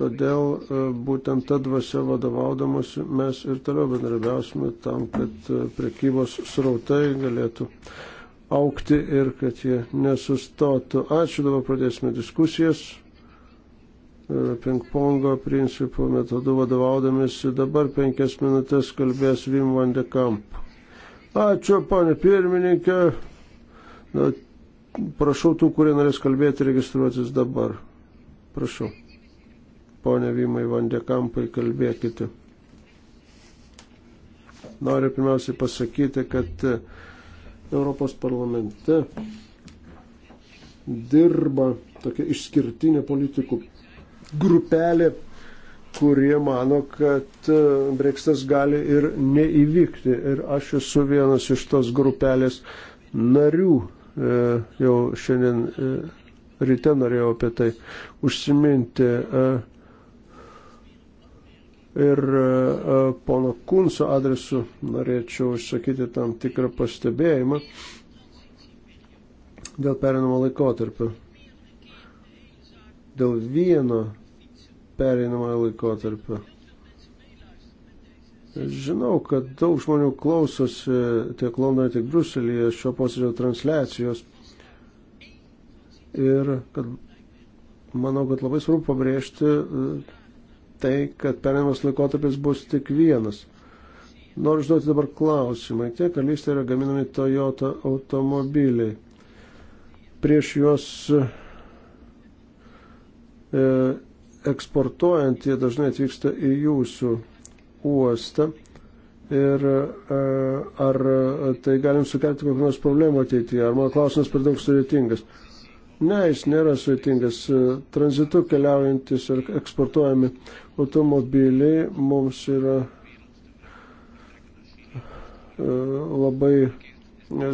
Todėl e, būtent tą dvasę vadovaudamas mes ir toliau bendrabiausime tam, kad prekybos srautai galėtų aukti ir kad jie nesustotų. Ačiū, dabar pradėsime diskusijas. E, pingpongo principų metodų vadovaudamėsi. Dabar penkias minutės kalbės Vim van de Kamp. Ačiū, panė pirmininkė. Na, prašau tų, kurie norės kalbėti, registruotis dabar. Prašau. Pone Vimai van de Kampai, kalbėkite. Noriu pirmiausiai pasakyti, kad e, Europos parlamente dirba tokia išskirtinė politikų grupelė, kurie mano, kad e, breksitas gali ir neįvykti. Ir aš esu vienas iš tos grupelės narių. E, jau šiandien e, ryte norėjau apie tai užsiminti. Ir pono Kunso adresu norėčiau išsakyti tam tikrą pastebėjimą dėl perinamo laikotarpio. Dėl vieno pereinamojo laikotarpio. Žinau, kad daug žmonių klausosi tiek Londone, tiek Bruselėje šio posėdžio transliacijos. Ir kad manau, kad labai svarbu pabrėžti e, tai, kad perinamas laikotarpis bus tik vienas. Noriu užduoti dabar klausimą. Tiek karalystė yra gaminami Toyota automobiliai. Prieš juos e, eksportuojant, jie dažnai atvyksta į jūsų uostą. Ir e, ar tai galim sukelti kokią nors problemą ateityje? Ar mano klausimas per daug sudėtingas? Ne, jis nėra sudėtingas. Tranzitu keliaujantis ir eksportuojami automobiliai mums yra e, labai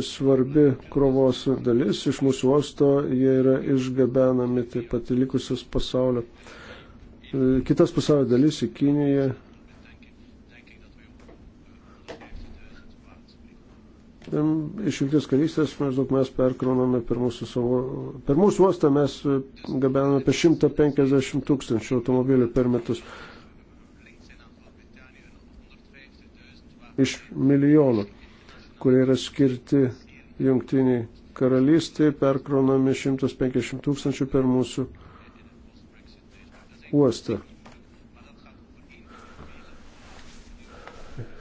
svarbi krovos dalis. Iš mūsų uosto jie yra išgabenami taip pat į likusius pasaulio E, kitas pasaulio dalis į Kiniją. Iš jungtinės karystės maždaug mes perkrauname per mūsų, savo, per mūsų uostą, mes e, gabename apie 150 tūkstančių automobilių per metus. Iš milijonų, kurie yra skirti jungtiniai karalystiai, perkraunami 150 tūkstančių per mūsų uostą uostą.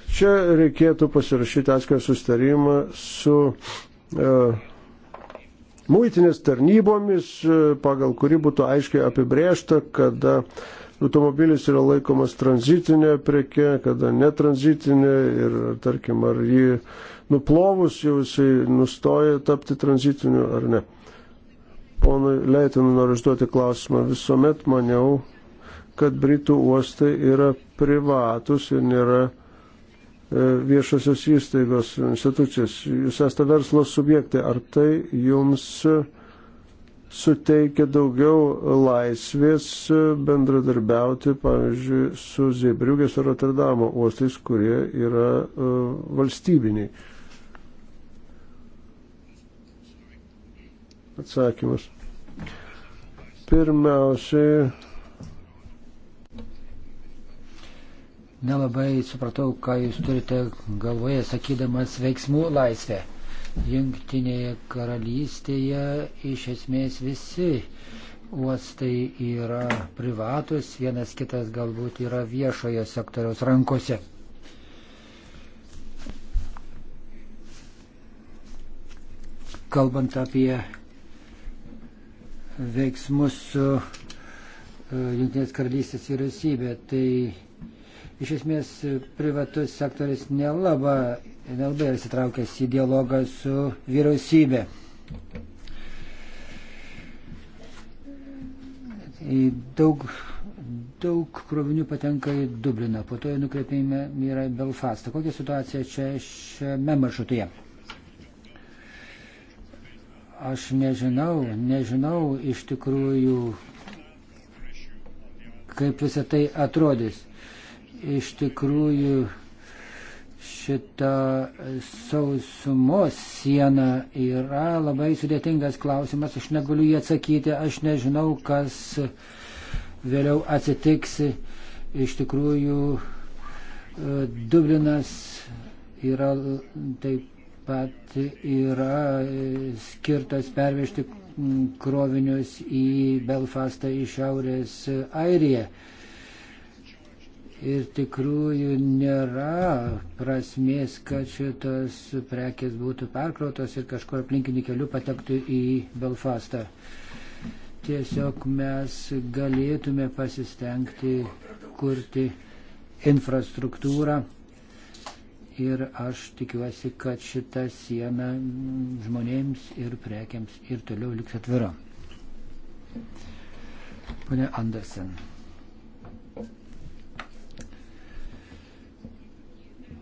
Čia reikėtų pasirašyti atskirą sustarimą su e, muitinės tarnybomis, e, pagal kuri būtų aiškiai apibrėžta, kada automobilis yra laikomas tranzitinė preke, kada netranzitinė ir, tarkim, ar jį nuplovus jau jisai nustoja tapti tranzitiniu ar ne. Ponui Leitinui noriu užduoti klausimą. Visuomet maniau, kad Britų uostai yra privatus ir nėra e, viešosios įstaigos institucijos. Jūs esate verslo subjektai. Ar tai jums suteikia daugiau laisvės bendradarbiauti, pavyzdžiui, su Zebriugės ar Rotterdamo uostais, kurie yra uh, valstybiniai? Atsakymas. Pirmiausiai, Nelabai supratau, ką jūs turite galvoje, sakydamas veiksmų laisvę. Jungtinėje karalystėje iš esmės visi uostai yra privatus, vienas kitas galbūt yra viešojo sektoriaus rankose. Kalbant apie veiksmus su e, Junktinės karalystės vyriausybė, tai Iš esmės privatus sektoris nelaba, nelabai įsitraukęs į dialogą su vyriausybė. Daug, daug krovinių patenka į Dubliną, po to nukreipėme yra į Belfastą. Kokia situacija čia šiame maršrutuje? Aš nežinau, nežinau iš tikrųjų, kaip visą tai atrodys iš tikrųjų šita sausumos siena yra labai sudėtingas klausimas, aš negaliu jį atsakyti, aš nežinau, kas vėliau atsitiks. Iš tikrųjų, Dublinas yra taip pat yra skirtas pervežti krovinius į Belfastą iš Šiaurės Airiją. Ir tikrųjų nėra prasmės, kad šitos prekės būtų perkrautos ir kažkur aplinkiniu keliu patektų į Belfastą. Tiesiog mes galėtume pasistengti kurti infrastruktūrą. Ir aš tikiuosi, kad šita siena žmonėms ir prekiams ir toliau liks atvira. Pone Andersen.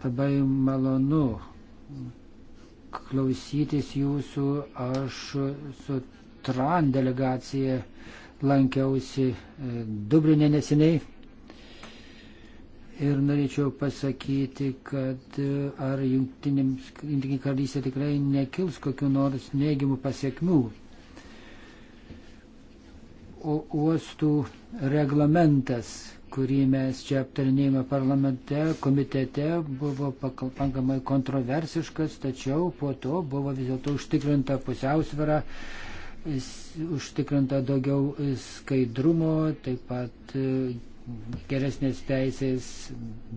Labai malonu klausytis jūsų. Aš su TRAN delegacija lankiausi e, Dublinė neseniai. Ir norėčiau pasakyti, kad e, ar jungtinėms karalystė tikrai nekils kokiu nors neigiamų pasiekmių. O uostų reglamentas kurį mes čia aptarinėjame parlamente, komitete, buvo pakankamai kontroversiškas, tačiau po to buvo vis dėlto užtikrinta pusiausvėra, užtikrinta daugiau skaidrumo, taip pat e, geresnės teisės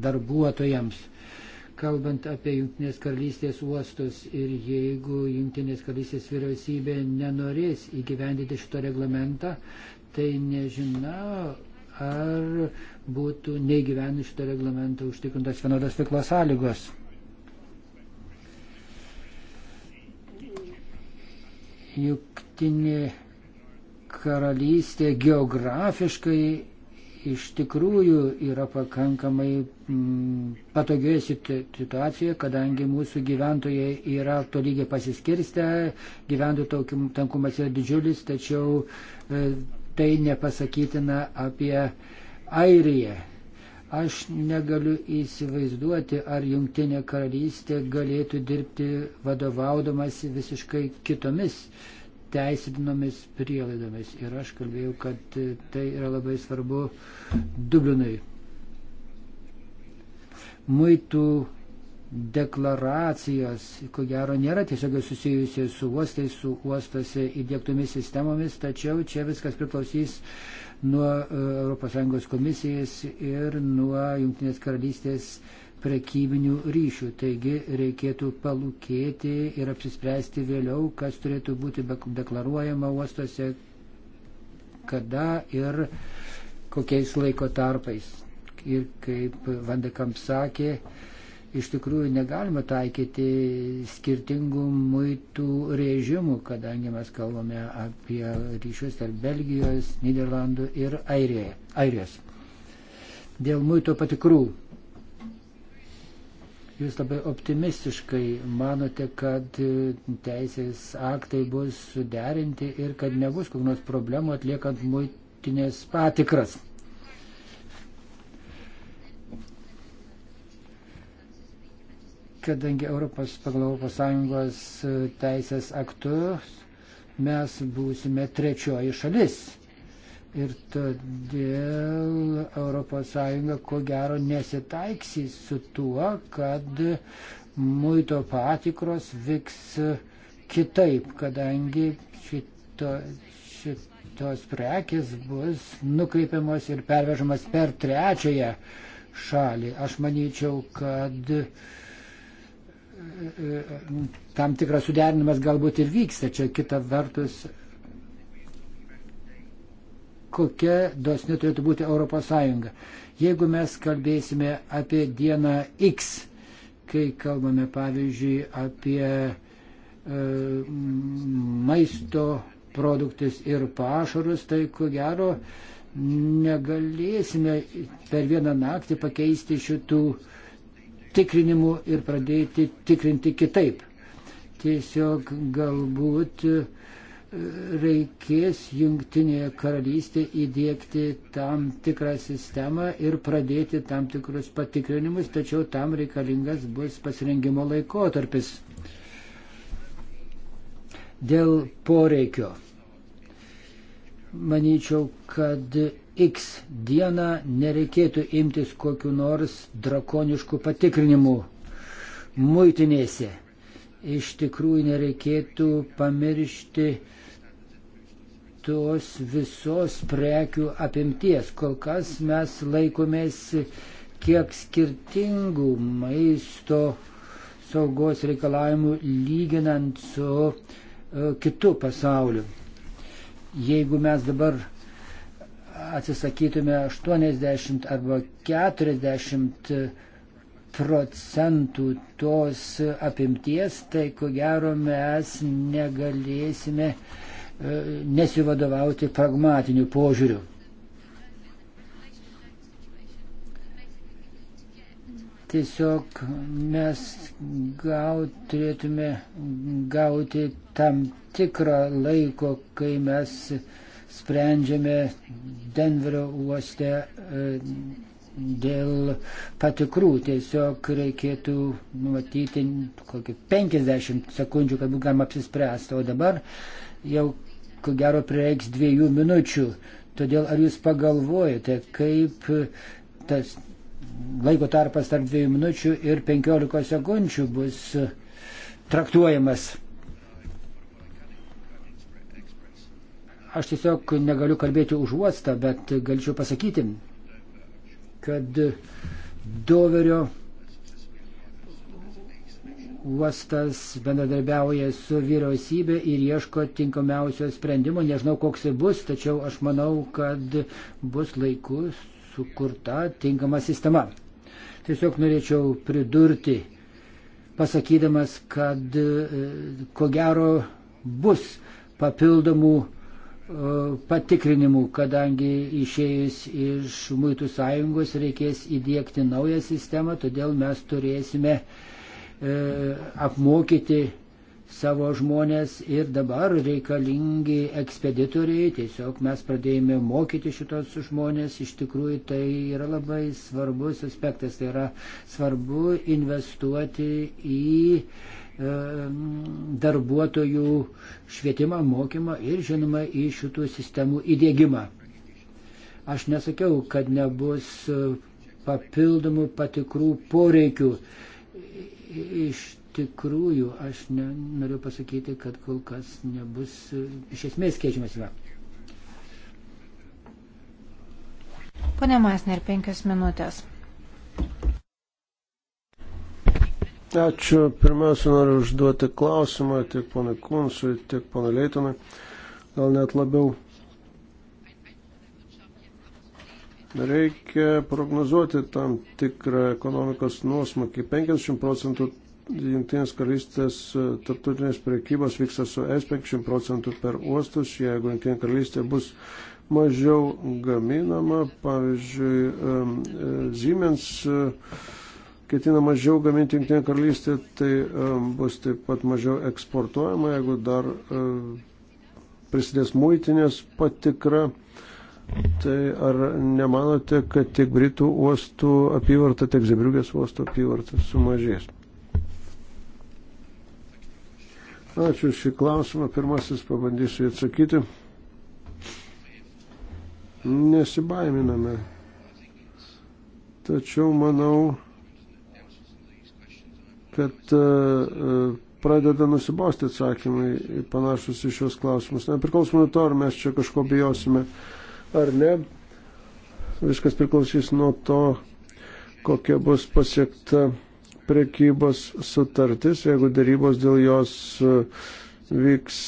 darbuotojams. Kalbant apie Junktinės karalystės uostus ir jeigu Junktinės karalystės vyriausybė nenorės įgyvendyti šito reglamentą, tai nežinau, ar būtų neįgyvenus šito reglamento užtikrintas vienodas veiklos sąlygos. Juktinė karalystė geografiškai iš tikrųjų yra pakankamai mm, patogioje situacijoje, kadangi mūsų gyventojai yra tolygiai pasiskirstę, gyventojų tankumas yra didžiulis, tačiau e, tai nepasakytina apie Airiją. Aš negaliu įsivaizduoti, ar Junktinė karalystė galėtų dirbti vadovaudamasi visiškai kitomis teisinomis prielaidomis. Ir aš kalbėjau, kad tai yra labai svarbu Dublinui. Muitų deklaracijos, ko gero, nėra tiesiogiai susijusios su uostais, su uostose įdėktomis sistemomis, tačiau čia viskas priklausys nuo uh, ES komisijas ir nuo Junktinės karalystės prekybinių ryšių. Taigi reikėtų palūkėti ir apsispręsti vėliau, kas turėtų būti deklaruojama uostose, kada ir kokiais laiko tarpais. Ir kaip Vandekamp sakė, iš tikrųjų negalima taikyti skirtingų muitų režimų, kadangi mes kalbame apie ryšius tarp Belgijos, Niderlandų ir Airijos. Dėl muito patikrų. Jūs labai optimistiškai manote, kad teisės aktai bus suderinti ir kad nebus kokios problemų atliekant muitinės patikras. kadangi Europos, pagal Europos Sąjungos e, teisės aktus mes būsime trečioji šalis. Ir todėl Europos Sąjunga ko gero nesitaiksys su tuo, kad muito patikros vyks kitaip, kadangi šito, šitos prekis bus nukreipiamos ir pervežamas per trečiąją šalį. Aš manyčiau, kad uh, tam tikras suderinimas galbūt ir vyksta. Čia kita vertus, kokia dosni turėtų būti ES. Jeigu mes kalbėsime apie dieną X, kai kalbame pavyzdžiui apie e, maisto produktus ir pašarus, tai ko gero negalėsime per vieną naktį pakeisti šitų uh, tikrinimu ir pradėti tikrinti kitaip. Tiesiog galbūt e, reikės jungtinėje karalystėje įdėkti tam tikrą sistemą ir pradėti tam tikrus patikrinimus, tačiau tam reikalingas bus pasirengimo laikotarpis dėl poreikio. Manyčiau, kad X dieną nereikėtų imtis kokiu nors drakoniškų patikrinimų muitinėse. Iš tikrųjų nereikėtų pamiršti tos visos prekių apimties. Kol kas mes laikomės kiek skirtingų maisto saugos reikalavimų lyginant su uh, kitu pasauliu. Jeigu mes dabar atsisakytume 80 arba 40 procentų tos apimties, tai ko gero mes negalėsime e, nesivadovauti pragmatiniu požiūriu. Tiesiog mes gaut, turėtume gauti tam tikrą laiko, kai mes uh, sprendžiame Denverio uoste e, dėl patikrų. Tiesiog reikėtų numatyti kokį 50 sekundžių, kad būtų galima apsispręsti. O dabar jau ko gero prireiks dviejų minučių. Todėl ar jūs pagalvojate, kaip tas laiko tarpas tarp dviejų minučių ir penkiolikos sekundžių bus traktuojamas? Aš tiesiog negaliu kalbėti už uostą, bet galčiau pasakyti, kad Doverio uostas bendradarbiauja su vyriausybė ir ieško tinkamiausio sprendimo. Nežinau, koks jis bus, tačiau aš manau, kad bus laiku sukurta tinkama sistema. Tiesiog norėčiau pridurti, pasakydamas, kad e, ko gero bus papildomų patikrinimų, kadangi išėjus iš Muitų sąjungos reikės įdėkti naują sistemą, todėl mes turėsime e, apmokyti savo žmonės ir dabar reikalingi ekspeditoriai, tiesiog mes pradėjome mokyti šitos žmonės, iš tikrųjų tai yra labai svarbus aspektas, tai yra svarbu investuoti į darbuotojų švietimą, mokymą ir, žinoma, į šitų sistemų įdėgymą. Aš nesakiau, kad nebus e, papildomų patikrų poreikių. Iš tikrųjų, aš ne, noriu pasakyti, kad kol kas nebus e, iš esmės keičiamas yra. Pone Masner, penkias minutės. Ačiū. Pirmiausia, noriu užduoti klausimą tiek ponai Kunsui, tiek ponai Leitonui. Gal net labiau. Reikia prognozuoti tam tikrą ekonomikos nuosmukį. 50 procentų Junktinės karalystės e, tarptautinės priekybos vyksta su S 50 procentų per uostus, jeigu Junktinė karalystė bus mažiau gaminama, pavyzdžiui, e, Siemens um, ketina mažiau gaminti Junktinė karalystė, tai e, bus taip pat mažiau eksportuojama, jeigu dar e, prisidės muitinės patikra. Tai ar nemanote, kad tiek Britų uostų apyvarta, tiek Zebriugės uostų apyvarta sumažės? Ačiū šį klausimą. Pirmasis pabandysiu atsakyti. Nesibaiminame. Tačiau manau, kad e, e, pradeda nusibosti atsakymai panašus į šios klausimus. Nepriklausomai to, ar mes čia kažko bijosime ar ne, viskas priklausys nuo to, kokia bus pasiekta prekybos sutartis, jeigu darybos dėl jos e, vyks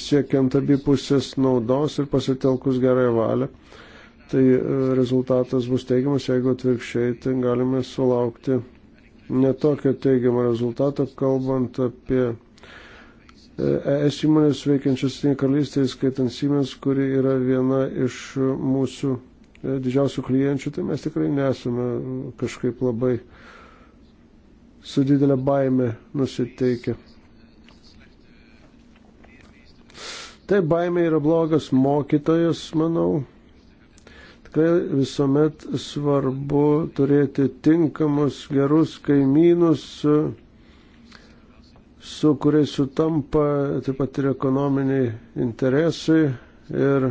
siekiant abipusės naudos ir pasitelkus gerąją valią, tai rezultatas bus teigiamas, jeigu atvirkščiai, tai galime sulaukti netokio teigiamo rezultato, kalbant apie ES e įmonės veikiančias karalystėje, skaitant Siemens, kuri yra viena iš mūsų e, didžiausių klienčių, tai mes tikrai nesame kažkaip labai su didelė baime nusiteikę. Tai baime yra blogas mokytojas, manau, Tikrai visuomet svarbu turėti tinkamus, gerus kaimynus, su kuriais sutampa taip pat ir ekonominiai interesai. Ir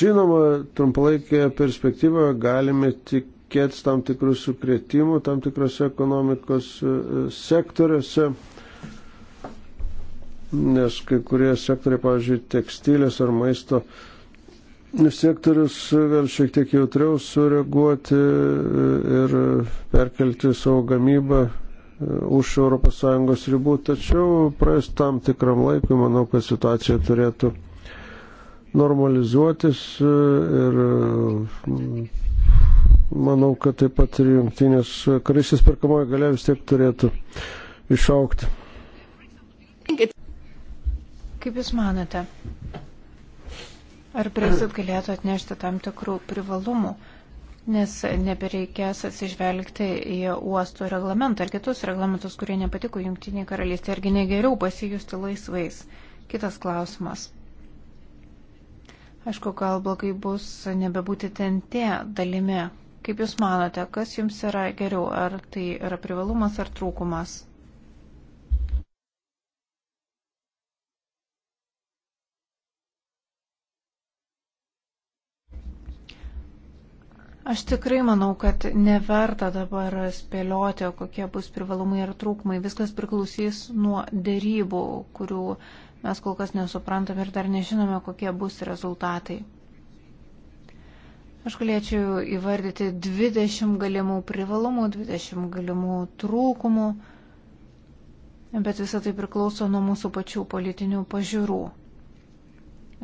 žinoma, trumpalaikėje perspektyvoje galime tik tikėtis tam tikrų sukretimų tam tikrose ekonomikos e, sektoriuose, nes kai kurie sektoriai, pavyzdžiui, tekstilės ar maisto sektorius gal šiek tiek jautriau sureaguoti e, ir perkelti savo gamybą e, už ES ribų, tačiau praėjus tam tikram laikui, manau, kad situacija turėtų normalizuotis e, ir manau, kad taip pat ir jungtinės karysės perkamoji galia vis tiek turėtų išaukti. Kaip Jūs manote, ar Brexit galėtų atnešti tam tikrų privalumų, nes nebereikės atsižvelgti į uostų reglamentą ar kitus reglamentus, kurie nepatiko Junktiniai karalystė, argi negeriau pasijusti laisvais. Kitas klausimas. Aišku, gal blogai bus nebebūti tentė dalimi. Kaip Jūs manote, kas Jums yra geriau, ar tai yra privalumas ar trūkumas? Aš tikrai manau, kad neverta dabar spėlioti, kokie bus privalumai ir trūkumai. Viskas priklausys nuo dėrybų, kurių mes kol kas nesuprantame ir dar nežinome, kokie bus rezultatai. Aš galėčiau įvardyti 20 galimų privalumų, 20 galimų trūkumų, bet visą tai priklauso nuo mūsų pačių politinių pažiūrų.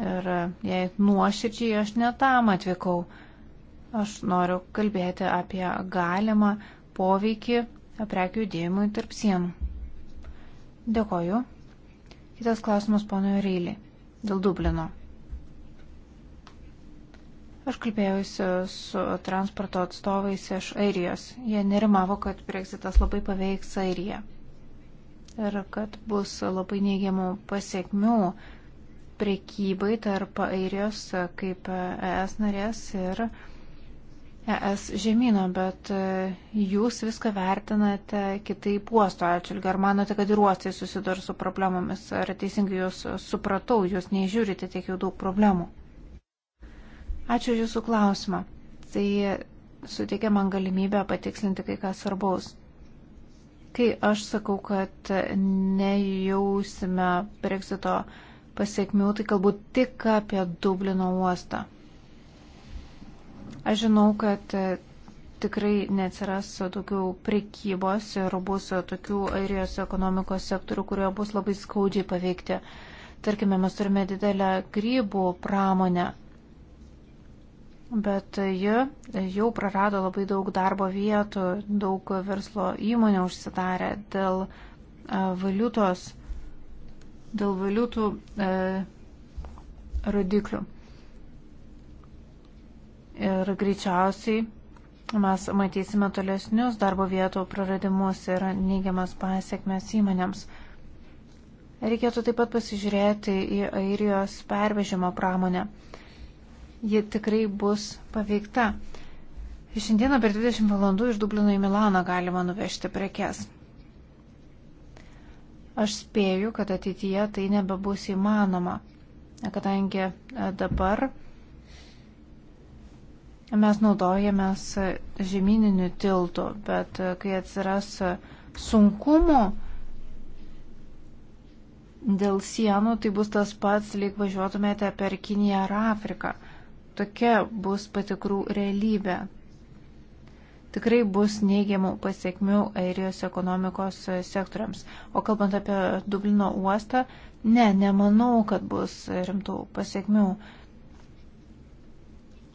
Ir jei nuoširdžiai aš netam atvykau, Aš noriu kalbėti apie galimą poveikį prekių judėjimui tarp sienų. Dėkoju. Kitas klausimas pono Reilį. Dėl Dublino. Aš kalbėjausi su transporto atstovais iš Airijos. Jie nerimavo, kad Brexitas labai paveiks Airiją. Ir kad bus labai neigiamų pasiekmių prekybai tarp Airijos kaip ES narės ir ES ES žemyną, bet e, jūs viską vertinate kitaip uosto atžvilgiu. Ar manote, kad ir uostai susidurs su problemomis? Ar teisingai jūs supratau, jūs nežiūrite tiek jau daug problemų? Ačiū jūsų klausimą. Tai suteikia man galimybę patikslinti kai ką svarbaus. Kai aš sakau, kad nejausime Brexito pasiekmių, tai kalbu tik apie Dublino uostą. Aš žinau, kad e, tikrai neatsiras tokių prekybos ir bus tokių airijos ekonomikos sektorių, kurie bus labai skaudžiai paveikti. Tarkime, mes turime didelę grybų pramonę, bet ji jau prarado labai daug darbo vietų, daug verslo įmonių užsidarė dėl e, valiutos, dėl valiutų e, rodiklių ir greičiausiai mes matysime tolesnius darbo vietų praradimus ir neigiamas pasiekmes įmonėms. Reikėtų taip pat pasižiūrėti į Airijos pervežimo pramonę. Ji tikrai bus paveikta. Šiandieną per 20 valandų iš Dublino į Milaną galima nuvežti prekes. Aš spėju, kad ateityje tai nebebus įmanoma, kadangi dabar mes naudojamės žemyniniu tiltu, bet kai atsiras sunkumų dėl sienų, tai bus tas pats, lyg važiuotumėte per Kiniją ar Afriką. Tokia bus patikrų realybė. Tikrai bus neigiamų pasiekmių airijos ekonomikos sektoriams. O kalbant apie Dublino uostą, ne, nemanau, kad bus rimtų pasiekmių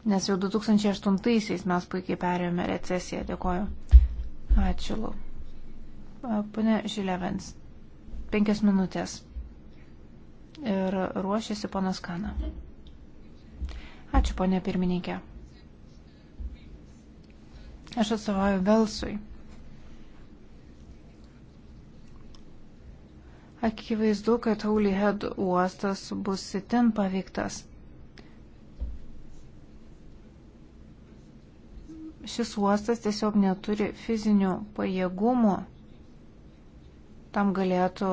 nes jau 2008-aisiais mes puikiai perėjome recesiją. Dėkoju. Ačiū. Pane Žilevens, penkias minutės. Ir ruošiasi panas Kana. Ačiū, ponė pirmininkė. Aš atstovauju Velsui. Akivaizdu, kad Holyhead uostas bus itin paveiktas. šis uostas tiesiog neturi fizinių pajėgumų tam galėtų,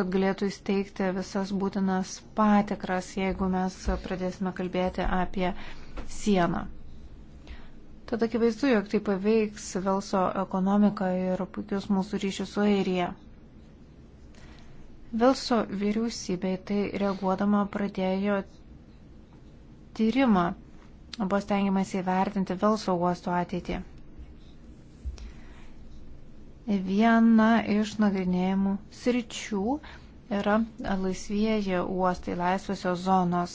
kad galėtų įsteigti visas būtinas patikras, jeigu mes pradėsime kalbėti apie sieną. Tad akivaizdu, jog tai paveiks Velso ekonomiką ir puikius mūsų ryšius su Airija. Velso vyriausybė tai reaguodama pradėjo tyrimą buvo stengiamas įvertinti Velso uosto ateitį. Viena iš nagrinėjimų sričių yra laisvieji uostai, laisvosios zonos.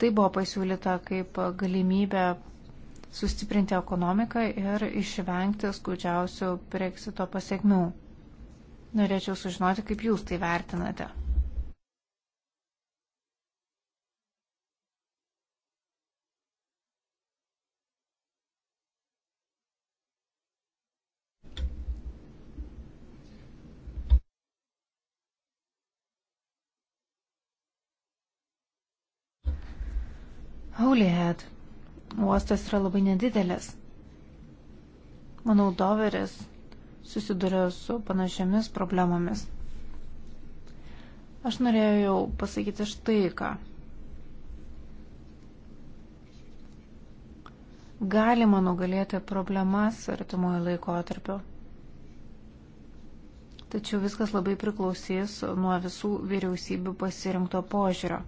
Tai buvo pasiūlyta kaip galimybė sustiprinti ekonomiką ir išvengti skudžiausių Brexito pasiekmių. Norėčiau sužinoti, kaip jūs tai vertinate. Holyhead. Uostas yra labai nedidelis. Manau, Doveris susiduria su panašiamis problemomis. Aš norėjau pasakyti štai ką. Galima nugalėti problemas artimojo laikotarpio. Tačiau viskas labai priklausys nuo visų vyriausybių pasirinkto požiūrio.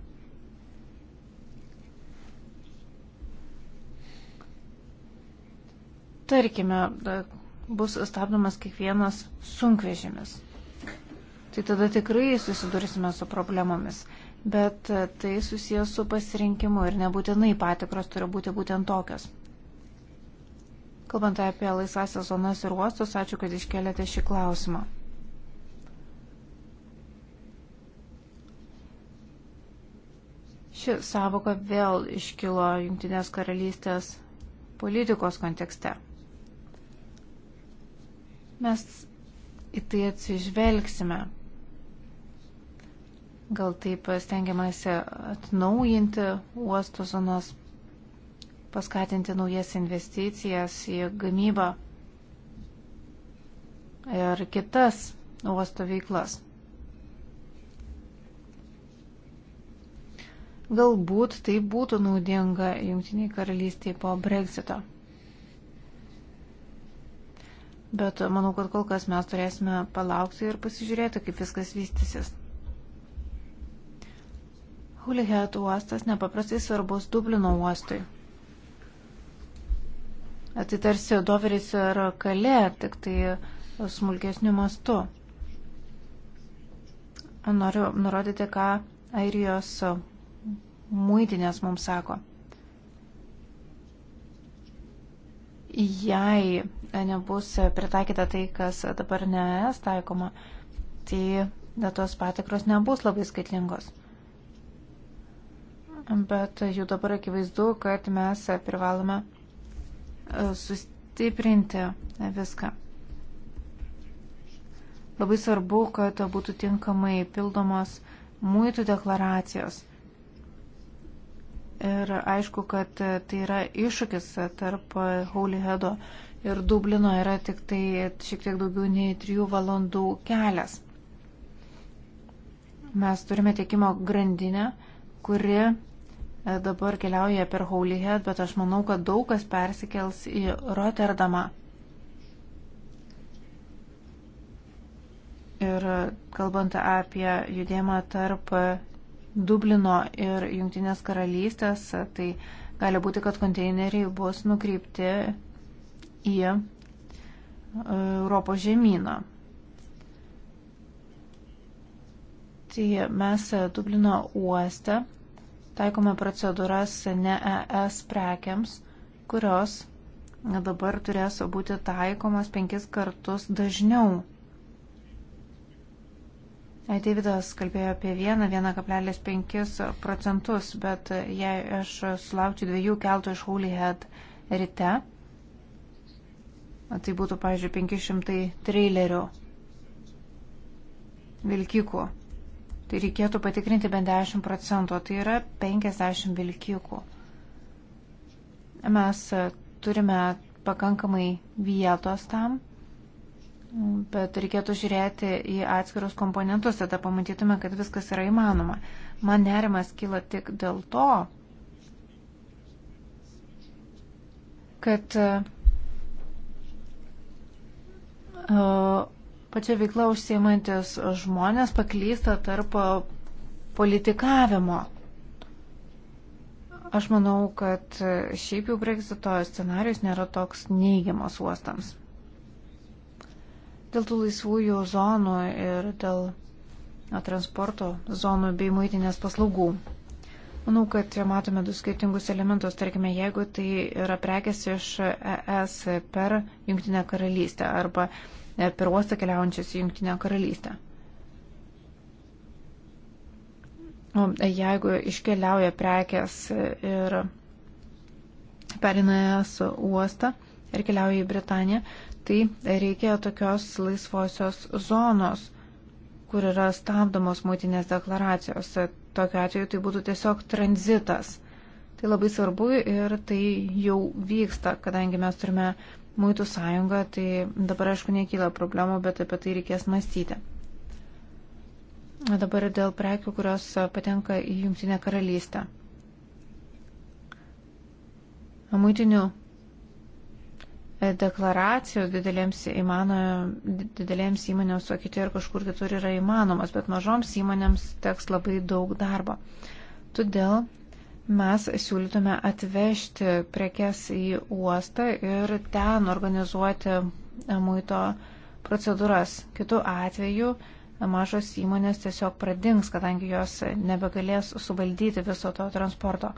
tarkime, e, bus stabdomas kiekvienas sunkvežimis. Tai tada tikrai susidursime su problemomis. Bet e, tai susijęs su pasirinkimu ir nebūtinai patikros turi būti būtent tokios. Kalbant apie laisvasias zonas ir uostus, ačiū, kad iškelėte šį klausimą. Ši savoka vėl iškilo Junktinės karalystės politikos kontekste. Mes į tai atsižvelgsime. Gal taip stengiamasi atnaujinti uosto zonas, paskatinti naujas investicijas į gamybą ir kitas uosto veiklas. Galbūt tai būtų naudinga Junktiniai karalystiai po Brexito. Bet manau, kad kol kas mes turėsime palaukti ir pasižiūrėti, kaip viskas vystysis. Hulihet uostas nepaprastai svarbus Dublino uostui. Tai tarsi Doveris ir Kalė, tik tai smulkesniu mastu. Noriu nurodyti, ką Airijos muitinės mums sako. jei nebus pritaikyta tai, kas dabar ne es taikoma, tai tos patikros nebus labai skaitlingos. Bet jau dabar akivaizdu, kad mes privalome e, sustiprinti viską. Labai svarbu, kad būtų tinkamai pildomos muitų deklaracijos. Ir aišku, kad tai yra iššūkis tarp Holyheado ir Dublino yra tik tai šiek tiek daugiau nei 3 valandų kelias. Mes turime tiekimo grandinę, kuri e, dabar keliauja per Holyhead, bet aš manau, kad daug kas persikels į Rotterdamą. Ir kalbant apie judėjimą tarp Dublino ir Junktinės karalystės, tai gali būti, kad konteineriai bus nukreipti į e, Europos žemyną. Tai mes Dublino uoste taikome procedūras ne ES prekiams, kurios dabar turės būti taikomas penkis kartus dažniau. Davidas kalbėjo apie 1,5 procentus, bet jei aš sulaukčiau dviejų keltų iš Holyhead ryte, tai būtų, pavyzdžiui, 500 trailerių vilkikų. Tai reikėtų patikrinti bent 10 procentų, tai yra 50 vilkikų. Mes turime pakankamai vietos tam Bet reikėtų žiūrėti į atskirus komponentus, tada pamatytume, kad viskas yra įmanoma. Man nerimas kyla tik dėl to, kad e, pačia veikla užsiemantis žmonės paklysta tarp politikavimo. Aš manau, kad šiaip jau Brexito scenarius nėra toks neigiamas uostams. Dėl tų laisvųjų zonų ir dėl na, transporto zonų bei muitinės paslaugų. Manau, kad matome du skirtingus elementus. Tarkime, jeigu tai yra prekes iš ES per Junktinę karalystę arba e, per uostą keliaujančias į Junktinę karalystę. O jeigu iškeliauja prekes ir perina ES uostą ir keliauja į Britaniją, tai reikia tokios laisvosios zonos, kur yra stabdomos muitinės deklaracijos. Tokiu atveju tai būtų tiesiog tranzitas. Tai labai svarbu ir tai jau vyksta, kadangi mes turime muitų sąjungą, tai dabar aišku nekyla problemų, bet apie tai reikės mąstyti. O dabar dėl prekių, kurios patenka į Junktinę karalystę. Muitinių deklaracijos didelėms, įmano, didelėms įmonėms Vokietijoje ir kažkur kitur yra įmanomas, bet mažoms įmonėms teks labai daug darbo. Todėl mes siūlytume atvežti prekes į uostą ir ten organizuoti muito procedūras. Kitu atveju mažos įmonės tiesiog pradings, kadangi jos nebegalės suvaldyti viso to transporto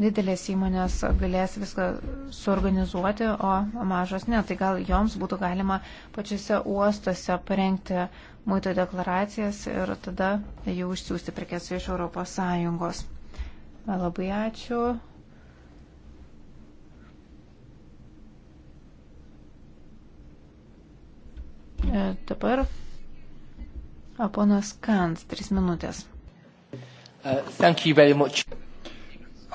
didelės įmonės galės viską suorganizuoti, o mažos ne. Tai gal joms būtų galima pačiuose uostuose parengti muito deklaracijas ir tada jau išsiųsti prekes iš ES. Labai ačiū. Ir e, dabar ponas Kant, tris minutės. Uh,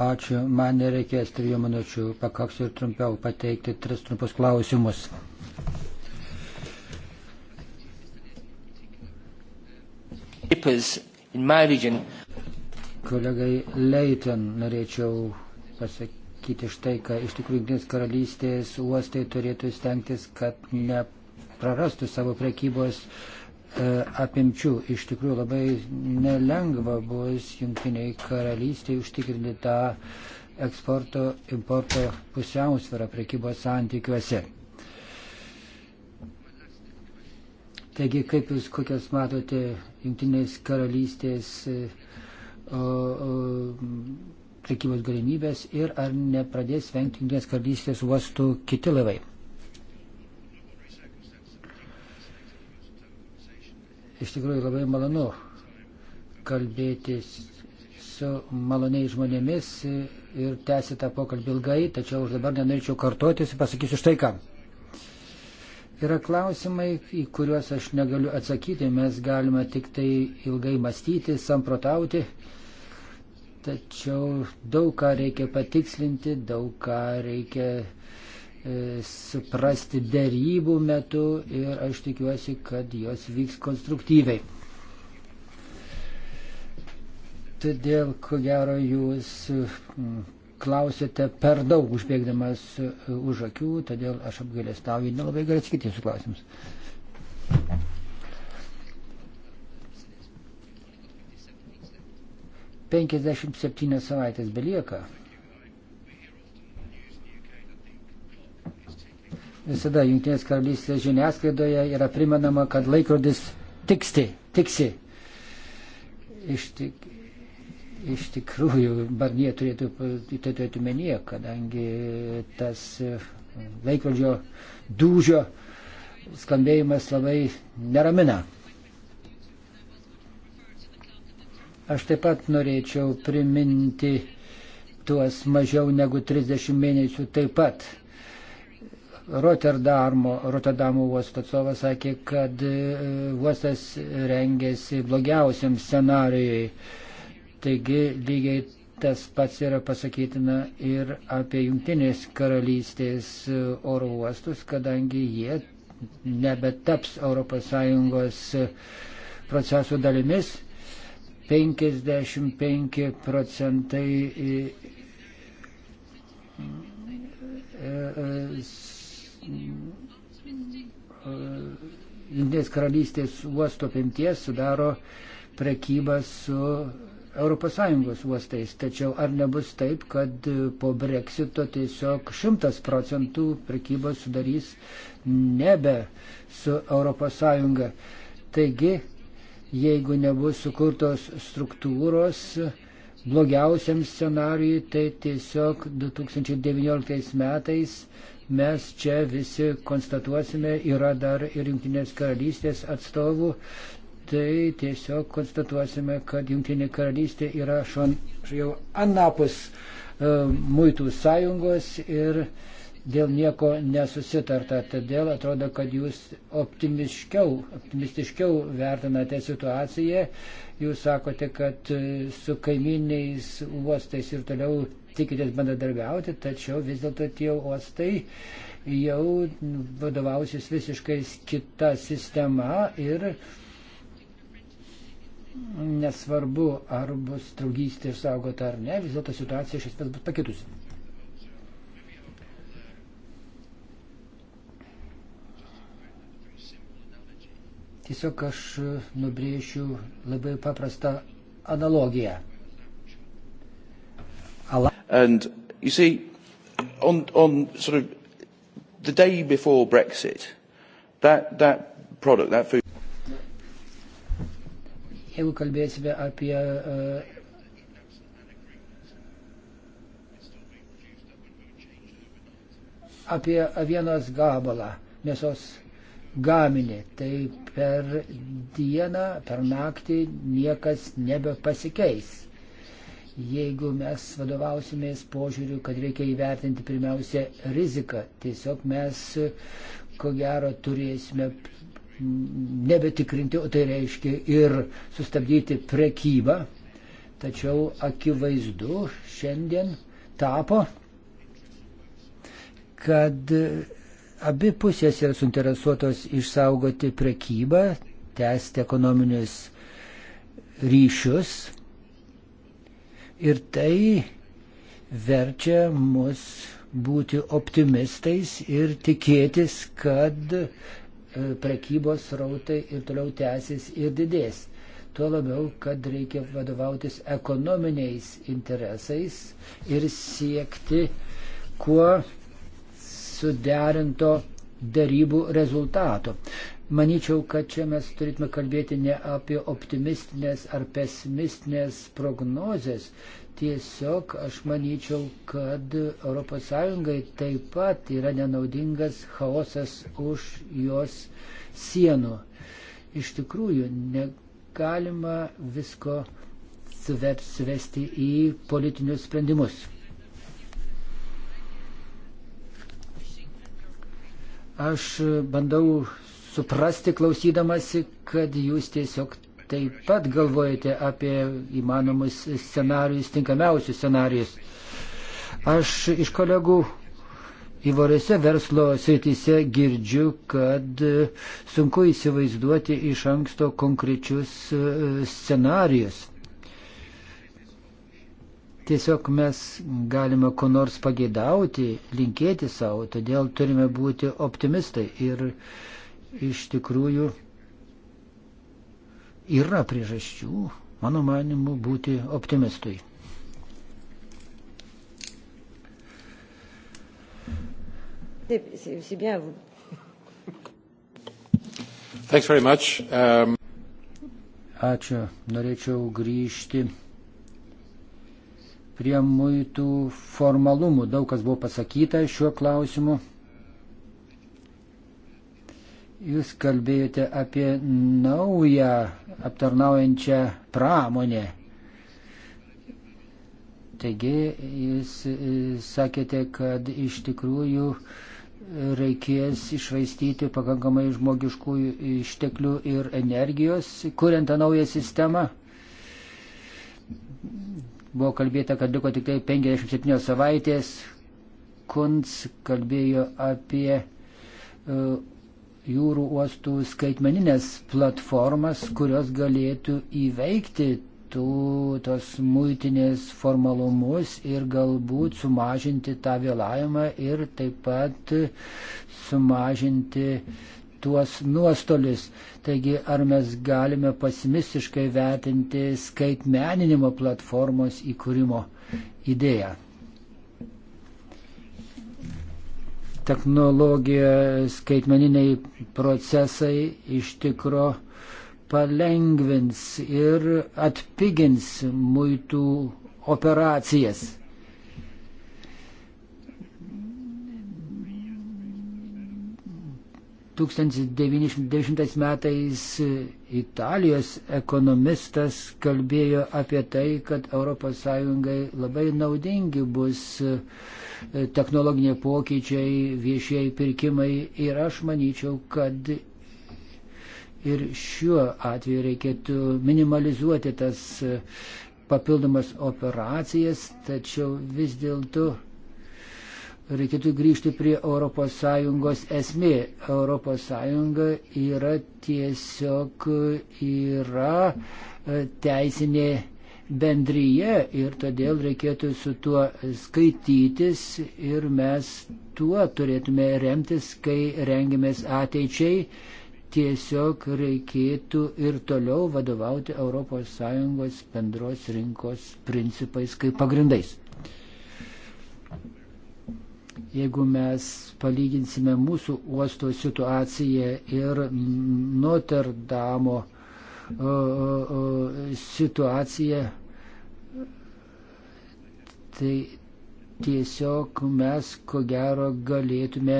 Ačiū, man nereikės trijų minučių, pakaks ir trumpiau pateikti tris trumpus klausimus. Kolegai Leiton norėčiau pasakyti štai, kad iš tikrųjų Junktinės karalystės uostai turėtų stengtis, kad neprarastų savo prekybos uh, E, apimčių. Iš tikrųjų labai nelengva bus jungtiniai karalystiai užtikrinti tą eksporto, importo pusiausvyrą prekybos santykiuose. Taigi, kaip jūs kokias matote jungtinės karalystės e, o, o, prekybos galimybės ir ar nepradės vengti jungtinės karalystės uostų kiti laivai? Iš tikrųjų labai malonu kalbėtis su maloniais žmonėmis ir tęsi tą pokalbį ilgai, tačiau aš dabar nenorėčiau kartotis ir pasakysiu štai ką. Yra klausimai, į kuriuos aš negaliu atsakyti, mes galime tik tai ilgai mąstyti, samprotauti, tačiau daug ką reikia patikslinti, daug ką reikia E, suprasti dėrybų metu ir aš tikiuosi, kad jos vyks konstruktyviai. Todėl, ko gero, jūs klausėte per daug užbėgdamas e, už akių, todėl aš apgailestauju, nelabai galiu atsakyti jūsų klausimus. Penkiasdešimt septynias savaitės belieka Visada Junktinės karalystės žiniasklaidoje yra primenama, kad laikrodis tiksti, tiksi. Iš, tik, iš tikrųjų, Barnie turėtų tai turėti menyje, kadangi tas laikrodžio dūžio skambėjimas labai neramina. Aš taip pat norėčiau priminti tuos mažiau negu 30 mėnesių taip pat Rotterdamo, Rotterdamo uosto atstovas sakė, kad e, uostas rengėsi blogiausiam scenarijui. Taigi lygiai tas pats yra pasakytina ir apie jungtinės karalystės e, oro uostus, kadangi jie nebetaps ES e, procesų dalimis. 55 procentai Jungtinės karalystės uosto pimties sudaro prekybą su ES uostais. Tačiau ar nebus taip, kad po breksito tiesiog 100 procentų prekybos sudarys nebe su ES? Taigi, jeigu nebus sukurtos struktūros, blogiausiam scenarijui tai tiesiog 2019 metais mes čia visi konstatuosime, yra dar ir Junktinės karalystės atstovų, tai tiesiog konstatuosime, kad Junktinė karalystė yra šion, jau anapus e, muitų sąjungos ir dėl nieko nesusitarta. Todėl atrodo, kad jūs optimiškiau, optimistiškiau vertinate situaciją. Jūs sakote, kad e, su kaiminiais uostais ir toliau tikitės bendradarbiauti, tačiau vis dėlto tie uostai jau vadovausis visiškai kita sistema ir nesvarbu, ar bus draugystė išsaugota ar ne, vis dėlto situacija iš esmės bus pakitusi. Tiesiog aš nubrėšiu labai paprastą analogiją. Allah. And you see, on, on sort of the day before Brexit, that, that product, that food. Jeigu kalbėsime apie uh, apie avienos gabalą mėsos gaminį. Tai per dieną, per naktį niekas nebepasikeis. Jeigu mes vadovausimės požiūriu, kad reikia įvertinti pirmiausia riziką, tiesiog mes ko gero turėsime nebetikrinti, o tai reiškia ir sustabdyti prekybą. Tačiau akivaizdu šiandien tapo, kad Abi pusės yra suinteresuotos išsaugoti prekybą, tęsti ekonominius ryšius ir tai verčia mus būti optimistais ir tikėtis, kad e, prekybos rautai ir toliau tęsis ir didės. Tuo labiau, kad reikia vadovautis ekonominiais interesais ir siekti kuo suderinto darybų rezultato. Maničiau, kad čia mes turėtume kalbėti ne apie optimistinės ar pesimistinės prognozes. Tiesiog aš manyčiau, kad ES taip pat yra nenaudingas chaosas už jos sienų. Iš tikrųjų, negalima visko suvesti į politinius sprendimus. Aš bandau suprasti klausydamasi, kad jūs tiesiog taip pat galvojate apie įmanomus scenarius, tinkamiausius scenarius. Aš iš kolegų įvairiose verslo srityse girdžiu, kad sunku įsivaizduoti iš anksto konkrečius e, scenarius. Tiesiog mes galime ko nors pagėdauti, linkėti savo, todėl turime būti optimistai. Ir iš tikrųjų yra priežasčių, mano manimu, būti optimistui. C'est bien à vous. Thanks very much. Um... Ačiū. Norėčiau grįžti prie muitų formalumų. Daug kas buvo pasakyta šiuo klausimu. Jūs kalbėjote apie naują aptarnaujančią pramonę. Taigi jūs e, sakėte, kad iš tikrųjų reikės išvaistyti pakankamai žmogiškųjų išteklių ir energijos, kuriant tą naują sistemą. Buvo kalbėta, kad liko tik tai 57 savaitės. Kunz kalbėjo apie uh, jūrų uostų skaitmeninės platformas, kurios galėtų įveikti tų, tos muitinės formalumus ir galbūt sumažinti tą vėlavimą ir taip pat sumažinti uh, tuos nuostolius. Taigi, ar mes galime pesimistiškai vertinti skaitmeninimo platformos įkūrimo idėją? Technologija, skaitmeniniai procesai iš tikro palengvins ir atpigins muitų operacijas. 1990 metais Italijos ekonomistas kalbėjo apie tai, kad ES labai naudingi bus e, technologiniai pokyčiai, viešieji pirkimai ir aš manyčiau, kad ir šiuo atveju reikėtų minimalizuoti tas e, papildomas operacijas, tačiau vis dėlto reikėtų grįžti prie ES esmė. ES yra tiesiog yra e, teisinė bendryje ir todėl reikėtų su tuo skaitytis ir mes tuo turėtume remtis, kai rengiamės ateičiai. Tiesiog reikėtų ir toliau vadovauti ES bendros rinkos principais kaip pagrindais. Jeigu mes palyginsime mūsų uosto situaciją ir Noterdamo uh, uh, uh, situaciją, tai tiesiog mes ko gero galėtume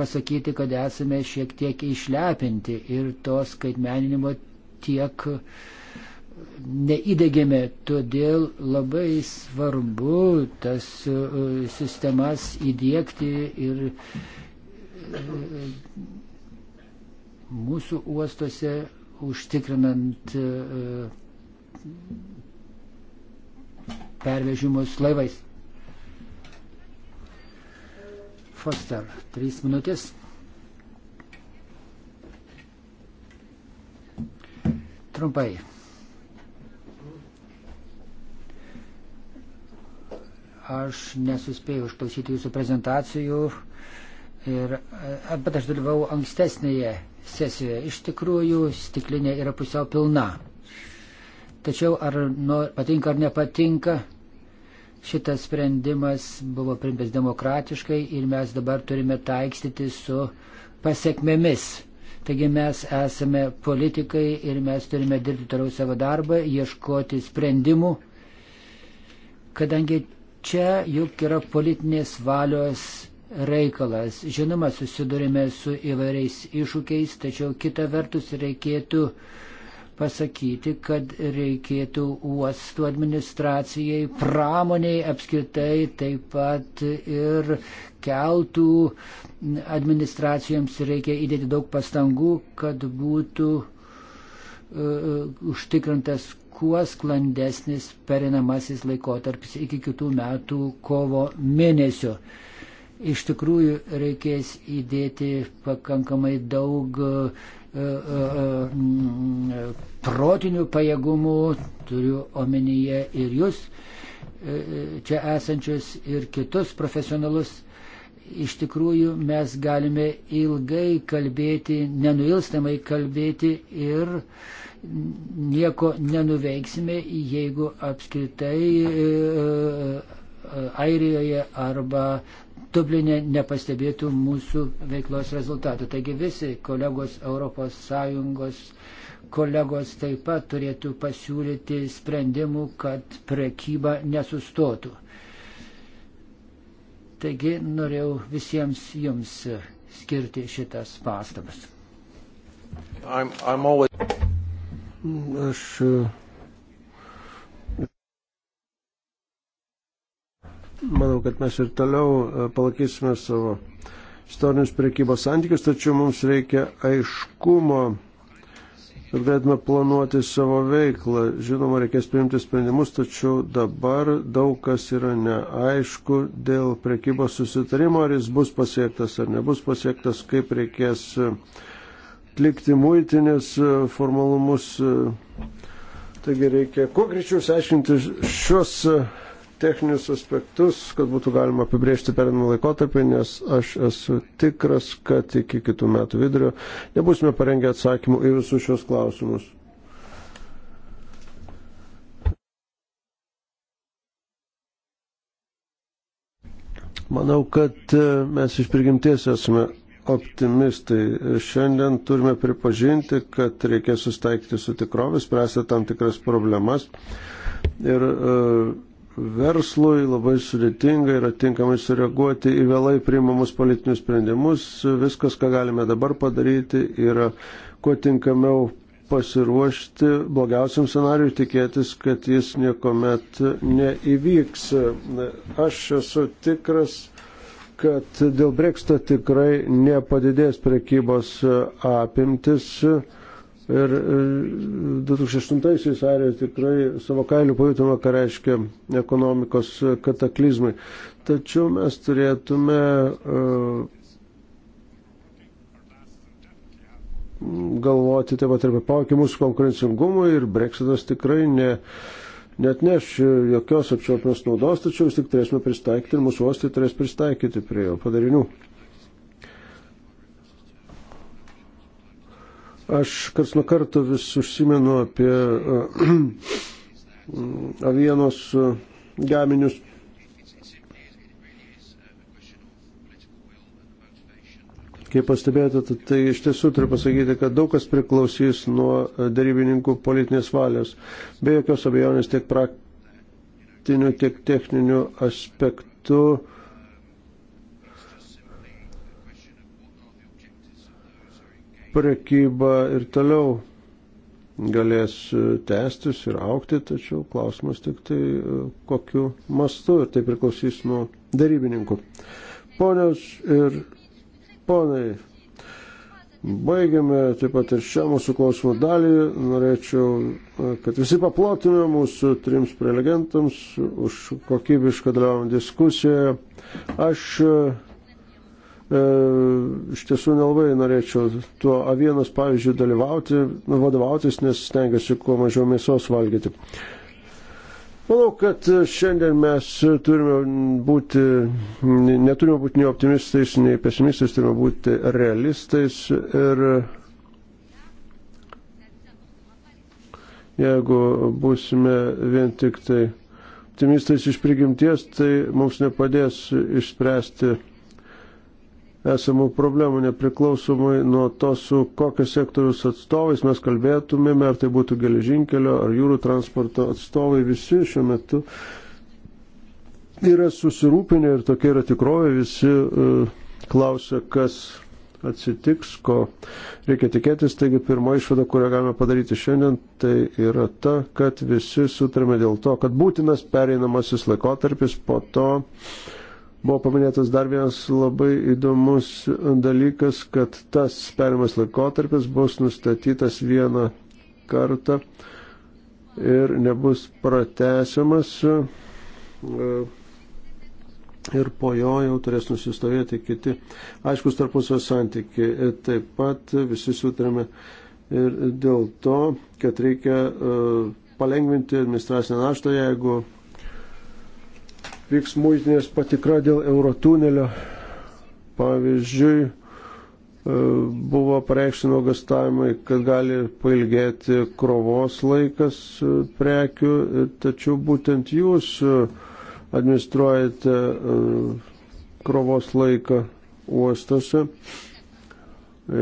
pasakyti, kad esame šiek tiek išlepinti ir to skaitmeninimo tiek uh, neįdėgėme, todėl labai svarbu tas e, sistemas įdėkti ir e, mūsų uostuose užtikrinant e, pervežimus laivais. Foster, trys minutės. Trumpai aš nesuspėjau išklausyti jūsų prezentacijų, ir, bet aš dalyvau ankstesnėje sesijoje. Iš tikrųjų, stiklinė yra pusiau pilna. Tačiau ar nu, patinka ar nepatinka, šitas sprendimas buvo priimtas demokratiškai ir mes dabar turime taikstyti su pasiekmėmis. Taigi mes esame politikai ir mes turime dirbti toliau savo darbą, ieškoti sprendimų, kadangi Čia juk yra politinės valios reikalas. Žinoma, susidurime su įvairiais iššūkiais, tačiau kita vertus reikėtų pasakyti, kad reikėtų uostų administracijai, pramoniai apskritai, taip pat ir keltų administracijoms reikia įdėti daug pastangų, kad būtų uh, užtikrintas kuo sklandesnis perinamasis laikotarpis iki kitų metų kovo mėnesio. Iš tikrųjų reikės įdėti pakankamai daug uh, uh, uh, protinių pajėgumų, turiu omenyje ir jūs e, e, čia esančius ir kitus profesionalus iš tikrųjų mes galime ilgai kalbėti, nenuilstamai kalbėti ir e, nieko nenuveiksime, jeigu apskritai e, e, e, Airijoje arba Dublinė nepastebėtų mūsų veiklos rezultatų. Taigi visi kolegos ES kolegos taip pat turėtų pasiūlyti sprendimų, kad prekyba nesustotų. Taigi norėjau visiems jums skirti šitas pastabas. I'm, I'm always... Aš manau, kad mes ir toliau e, palaikysime savo istorinius priekybos santykius, tačiau mums reikia aiškumo ir galėtume planuoti savo veiklą. Žinoma, reikės priimti sprendimus, tačiau dabar daug kas yra neaišku dėl priekybos susitarimo, ar jis bus pasiektas ar nebus pasiektas, kaip reikės uh, atlikti muitinės e, formalumus. E. Taigi reikia kuo greičiau išsiaiškinti šios e, techninius aspektus, kad būtų galima apibriežti perinamą laikotarpį, nes aš esu tikras, kad iki kitų metų vidurio nebusime parengę atsakymų į visus šios klausimus. Manau, kad mes iš prigimties esame optimistai. Šiandien turime pripažinti, kad reikia sustaikyti su tikrovės, spręsti tam tikras problemas. Ir e, verslui labai sudėtinga yra tinkamai sureaguoti į vėlai priimamus politinius sprendimus. Viskas, ką galime dabar padaryti, yra kuo tinkamiau pasiruošti blogiausiam scenariui, tikėtis, kad jis niekuomet neįvyks. Aš esu tikras kad dėl breksto tikrai nepadidės prekybos e, apimtis. Ir 2008-aisiais e, Airija tikrai savo kailių pajutome, ką reiškia ekonomikos kataklizmai. Tačiau mes turėtume e, galvoti taip pat ir apie pokymus konkurencingumui ir breksitas tikrai ne. Uh, net neš e, jokios apčiopios naudos, tačiau vis tik turėsime pristaikyti ir mūsų uostai turės pristaikyti prie jo padarinių. Aš kas nuo karto vis užsimenu apie e, avienos e, gaminius. Uh, Kaip pastebėjote, tai, tai iš tiesų turiu pasakyti, kad daug kas priklausys nuo darybininkų politinės valios. Be jokios abejonės tiek praktiniu, tiek techniniu aspektu. Prekyba ir toliau galės tęstis ir aukti, tačiau klausimas tik tai kokiu mastu ir tai priklausys nuo darybininkų. Ponios ir ponai, baigiame taip pat ir šią mūsų klausimų dalį. Norėčiau, e, kad visi paplotume mūsų trims prelegentams už kokybišką dalyvavimą diskusijoje. Aš e, e, iš tiesų nelabai norėčiau tuo avienos pavyzdžiu dalyvauti, vadovautis, nes stengiuosi kuo mažiau mėsos valgyti. Manau, kad šiandien mes turime būti, neturime būti nei optimistais, nei pesimistais, turime būti realistais ir jeigu būsime vien tik tai optimistais iš prigimties, tai mums nepadės išspręsti esamų problemų, nepriklausomai nuo to, su kokio sektorius atstovais mes kalbėtumėme, ar tai būtų geležinkelio ar jūrų transporto atstovai, visi šiuo metu yra susirūpinę ir tokia yra tikrovė, visi uh, klausia, kas atsitiks, ko reikia tikėtis. Taigi pirma išvada, kurią galime padaryti šiandien, tai yra ta, kad visi sutarėme dėl to, kad būtinas pereinamasis laikotarpis po to, uh, Buvo paminėtas dar vienas labai įdomus dalykas, kad tas perimas laikotarpis bus nustatytas vieną kartą ir nebus pratesiamas e, ir po jo jau turės nusistovėti kiti aiškus tarpusio santykiai. E, taip pat visi sutarėme ir dėl to, kad reikia e, palengvinti administracinę naštą, jeigu vyks muitinės patikra dėl Eurotunelio. Pavyzdžiui, e, buvo pareikšti nuogastavimai, kad gali pailgėti krovos laikas e, prekių, e, tačiau būtent jūs administruojate krovos laiką uostose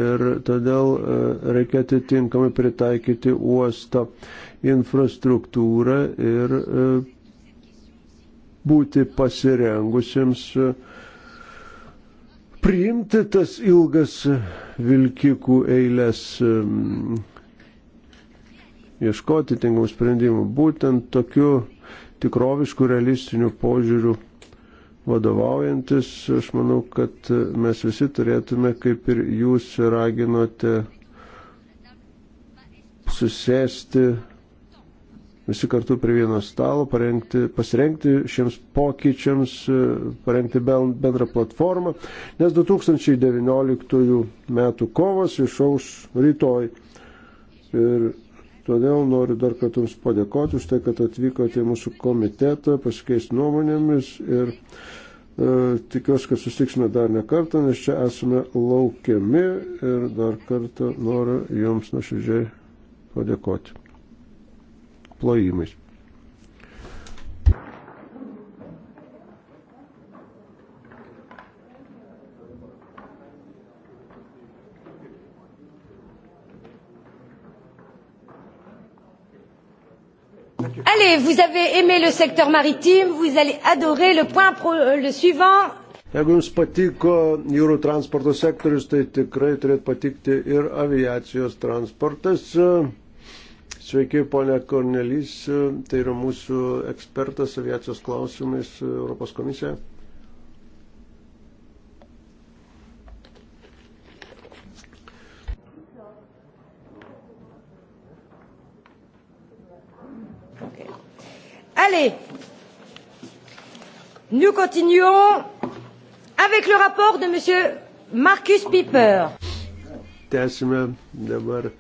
ir todėl reikia atitinkamai pritaikyti uostą infrastruktūrą ir būti pasirengusiems e, priimti tas ilgas vilkikų eilės, e, ieškoti tinkamų sprendimų. Būtent tokiu tikrovišku, realistiniu požiūriu vadovaujantis, aš manau, kad mes visi turėtume, kaip ir jūs raginote, susėsti visi kartu prie vieno stalo, parengti, pasirengti šiems pokyčiams, e, parengti bendrą platformą, nes 2019 metų kovas išaus rytoj. Ir Todėl noriu dar kartą Jums padėkoti už tai, kad atvykote į mūsų komitetą, pasikeis nuomonėmis ir e, tikiuosi, kad susitiksime dar ne kartą, nes čia esame laukiami ir dar kartą noriu Jums nuoširdžiai padėkoti plojimais. Allez, vous avez aimé le secteur maritime, vous allez adorer le point pro, euh, le suivant. Jeigu jums patiko jūrų transporto sektorius, tai tikrai turėtų patikti ir aviacijos transportas. Sveiki, ponė Kornelys, tai yra mūsų ekspertas aviacijos klausimais Europos komisija. Okay. Allez, nous continuons avec le rapport de Monsieur Marcus Piper. Tęsime dabar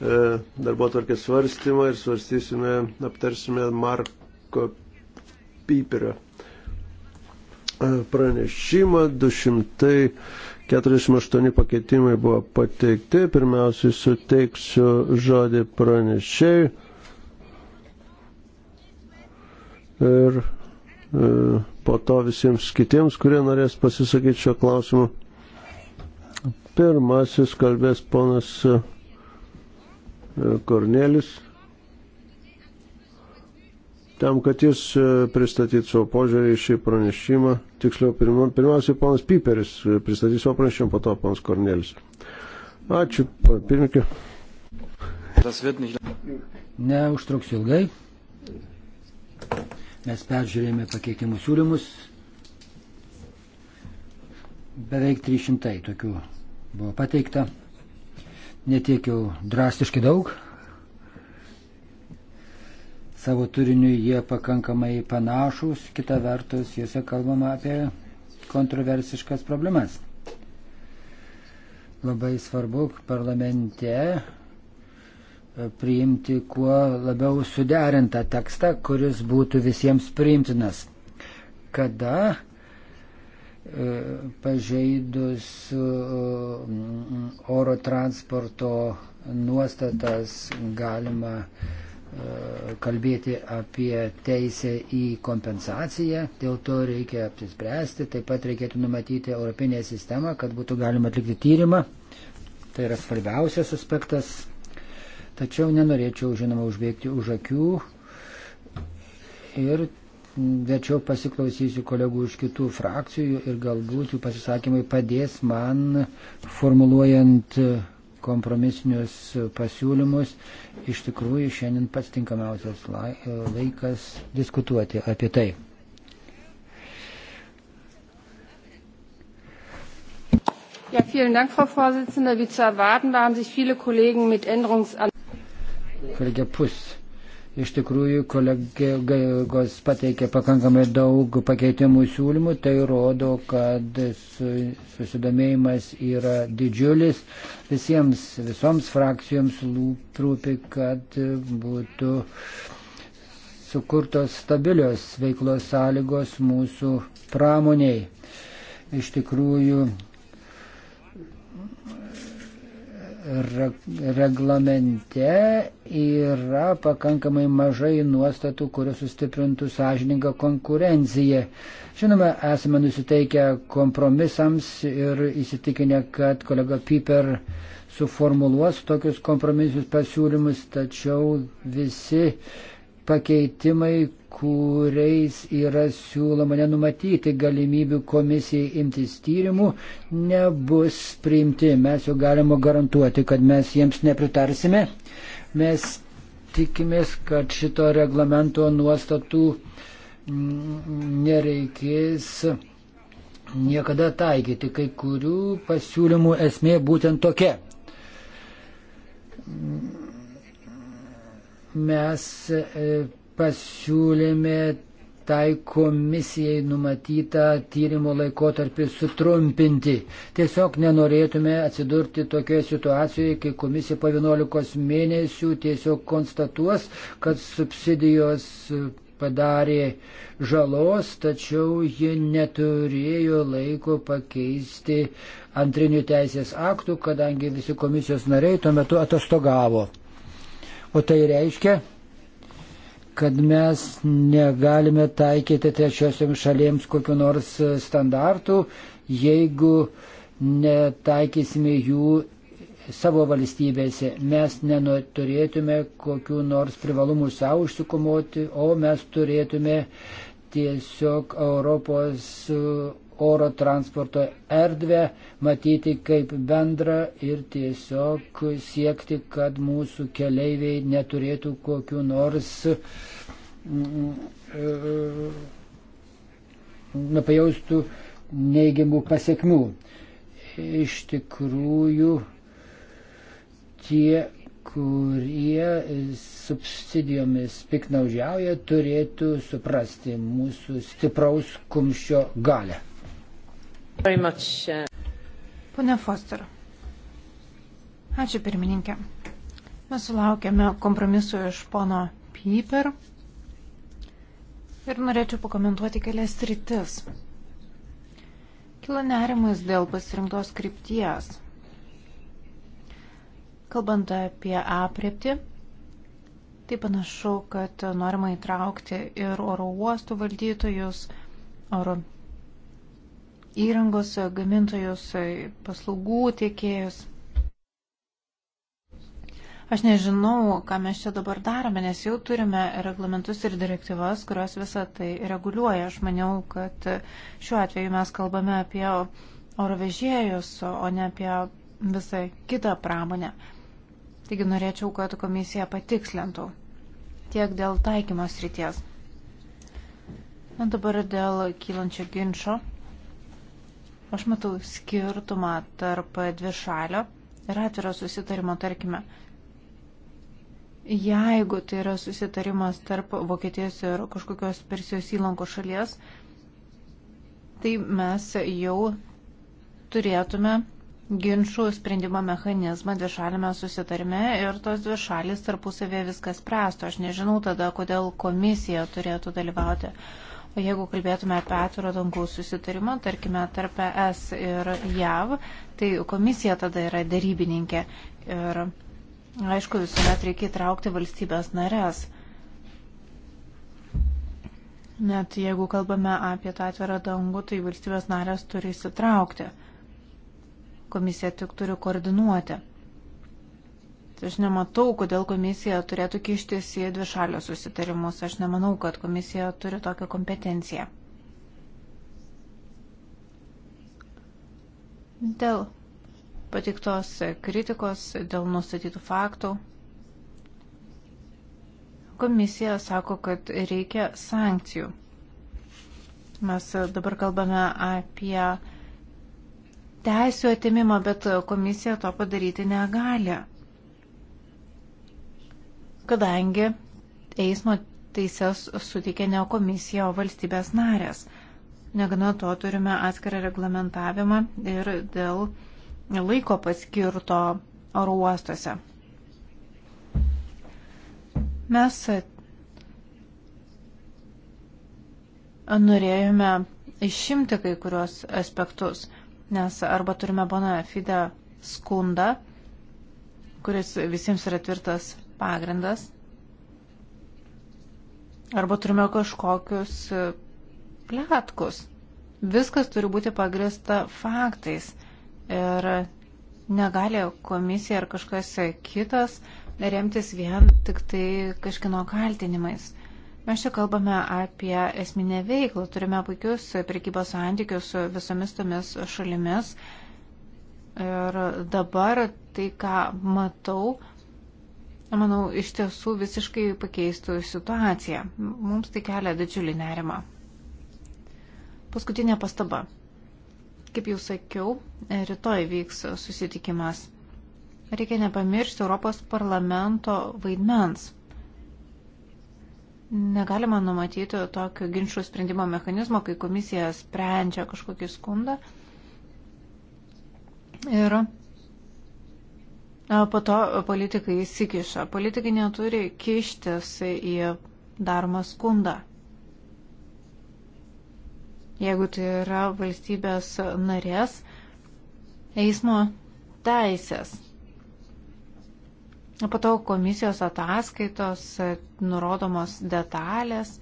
E, darbo tvarkės svarstymą ir svarstysime, aptarsime Marko Piperio e, pranešimą. 248 pakeitimai buvo pateikti. Pirmiausiai suteiksiu žodį pranešėjai. Ir e, po to visiems kitiems, kurie norės pasisakyti šio klausimu. Pirmasis kalbės ponas. E, E, Kornelis. Tam, kad jis e, pristatytų savo požiūrį į šį pranešimą, tiksliau, pirma, pirmiausiai ponas Piperis e, pristatys savo pranešimą, po to ponas Kornelis. Ačiū, pirmininkė. Neužtruks ilgai. Mes peržiūrėjome pakeitimų siūlymus. Beveik 300 tokių buvo pateikta netiek jau drastiškai daug. Savo turiniu jie pakankamai panašus, kita vertus juose kalbama apie kontroversiškas problemas. Labai svarbu parlamente e, priimti kuo labiau suderintą tekstą, kuris būtų visiems priimtinas. Kada pažeidus mm, oro transporto nuostatas galima e, kalbėti apie teisę į kompensaciją, dėl to reikia apsispręsti, taip pat reikėtų numatyti europinę sistemą, kad būtų galima atlikti tyrimą, tai yra svarbiausias aspektas, tačiau nenorėčiau, žinoma, užbėgti už akių ir Verčiau pasiklausysiu kolegų iš kitų frakcijų ir galbūt jų pasisakymai padės man formuluojant kompromisinius pasiūlymus. Iš tikrųjų, šiandien pats tinkamiausias laikas diskutuoti apie tai. Ja, vielen Dank, Frau Vorsitzende. Wie zu erwarten, da haben sich viele Kollegen mit Änderungsanträgen. Iš tikrųjų, kolegos pateikė pakankamai daug pakeitimų siūlymų, tai rodo, kad susidomėjimas yra didžiulis. Visiems, visoms frakcijoms rūpi, kad būtų sukurtos stabilios veiklos sąlygos mūsų pramoniai. Iš tikrųjų, reglamente yra pakankamai mažai nuostatų, kurios sustiprintų sąžininką konkurenciją. Žinoma, esame nusiteikę kompromisams ir įsitikinę, kad kolega Piper suformuluos tokius kompromisus pasiūlymus, tačiau visi pakeitimai, kuriais yra siūloma nenumatyti galimybių komisijai imtis tyrimų, nebus priimti. Mes jau galime garantuoti, kad mes jiems nepritarsime. Mes tikimės, kad šito reglamento nuostatų mm, nereikės niekada taikyti. Kai kurių pasiūlymų esmė būtent tokia. Mes e, pasiūlėme tai komisijai numatytą tyrimo laikotarpį sutrumpinti. Tiesiog nenorėtume atsidurti tokioje situacijoje, kai komisija po 11 mėnesių tiesiog konstatuos, kad subsidijos padarė žalos, tačiau ji neturėjo laiko pakeisti antrinių teisės aktų, kadangi visi komisijos nariai tuo metu atostogavo. O tai reiškia, kad mes negalime taikyti trečiosiams šalėms kokiu nors standartų, jeigu netaikysime jų savo valstybėse. Mes neturėtume kokiu nors privalumų savo užsikomoti, o mes turėtume tiesiog Europos oro transporto erdvę matyti kaip bendrą ir tiesiog siekti, kad mūsų keleiviai neturėtų kokiu nors mm, mm, e, nepajaustų neigiamų pasiekmių. Iš tikrųjų, tie, kurie subsidijomis piknaudžiauja, turėtų suprasti mūsų stipraus kumščio galę. Uh, Pone Foster. Ačiū pirmininkė. Mes sulaukėme kompromisu iš pono Piper ir norėčiau pakomentuoti kelias rytis. Kilo nerimas dėl pasirinktos krypties. Kalbant apie apriepti, tai panašu, kad norima įtraukti ir oro uostų valdytojus, oro įrangos gamintojus, paslaugų tiekėjus. Aš nežinau, ką mes čia dabar darome, nes jau turime reglamentus ir direktyvas, kurios visą tai reguliuoja. Aš maniau, kad šiuo atveju mes kalbame apie oro vežėjus, o ne apie visą kitą pramonę. Taigi norėčiau, kad komisija patikslintų tiek dėl taikymos ryties. Na dabar dėl kylančio ginčio Aš matau skirtumą tarp dvišalio ir atviro susitarimo, tarkime. Jeigu tai yra susitarimas tarp Vokietijos ir kažkokios Persijos įlankos šalies, tai mes jau turėtume ginčių sprendimo mechanizmą dvišalime susitarime ir tos dvi šalis tarpusavėje viskas pręsto. Aš nežinau tada, kodėl komisija turėtų dalyvauti. Jeigu kalbėtume apie atviro dangaus susitarimą, tarkime, tarp ES ir JAV, tai komisija tada yra darybininkė. Ir aišku, visuomet reikia įtraukti valstybės narės. Net jeigu kalbame apie tą atvirą dangų, tai valstybės narės turi įsitraukti. Komisija tik turi koordinuoti. Aš nematau, kodėl komisija turėtų kištis į dvišalio susitarimus. Aš nemanau, kad komisija turi tokią kompetenciją. Dėl patiktos kritikos, dėl nustatytų faktų. Komisija sako, kad reikia sankcijų. Mes dabar kalbame apie teisų atimimą, bet komisija to padaryti negali kadangi eismo teises suteikė ne komisija, o valstybės narės. Negana to turime atskirą reglamentavimą ir dėl laiko paskirto oro uostuose. Mes norėjome išimti kai kurios aspektus, nes arba turime bona fide skundą, kuris visiems yra tvirtas pagrindas? Arba turime kažkokius e, plėtkus? Viskas turi būti pagrista faktais. Ir negali komisija ar kažkas kitas remtis vien tik tai kažkino kaltinimais. Mes čia kalbame apie esminę veiklą, turime puikius prekybos santykius su visomis tomis šalimis. Ir dabar tai, ką matau, manau, iš tiesų visiškai pakeistų situaciją. Mums tai kelia didžiulį nerimą. Paskutinė pastaba. Kaip jau sakiau, rytoj vyks susitikimas. Reikia nepamiršti Europos parlamento vaidmens. Negalima numatyti tokio ginčių sprendimo mechanizmo, kai komisija sprendžia kažkokį skundą. Ir po to politikai įsikiša. Politikai neturi kištis į daromą skundą. Jeigu tai yra valstybės narės eismo teisės. Po to komisijos ataskaitos nurodomos detalės,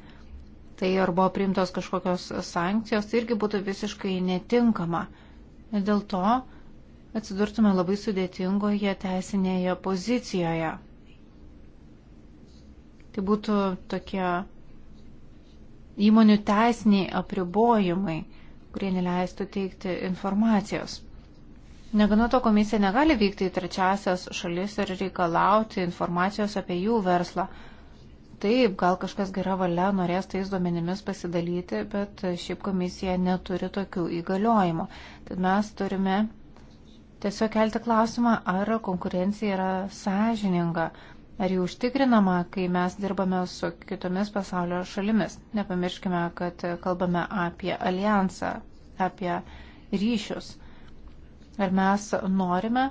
tai ar buvo priimtos kažkokios sankcijos, tai irgi būtų visiškai netinkama. Dėl to atsidurtume labai sudėtingoje teisinėje pozicijoje. Tai būtų tokie įmonių teisiniai apribojimai, kurie neleistų teikti informacijos. Negana to komisija negali vykti į trečiasias šalis ir reikalauti informacijos apie jų verslą. Taip, gal kažkas gera valia norės tais duomenimis pasidalyti, bet šiaip komisija neturi tokių įgaliojimų. Tad mes turime tiesiog kelti klausimą, ar konkurencija yra sąžininga, ar jų užtikrinama, kai mes dirbame su kitomis pasaulio šalimis. Nepamirškime, kad kalbame apie alijansą, apie ryšius. Ar mes norime,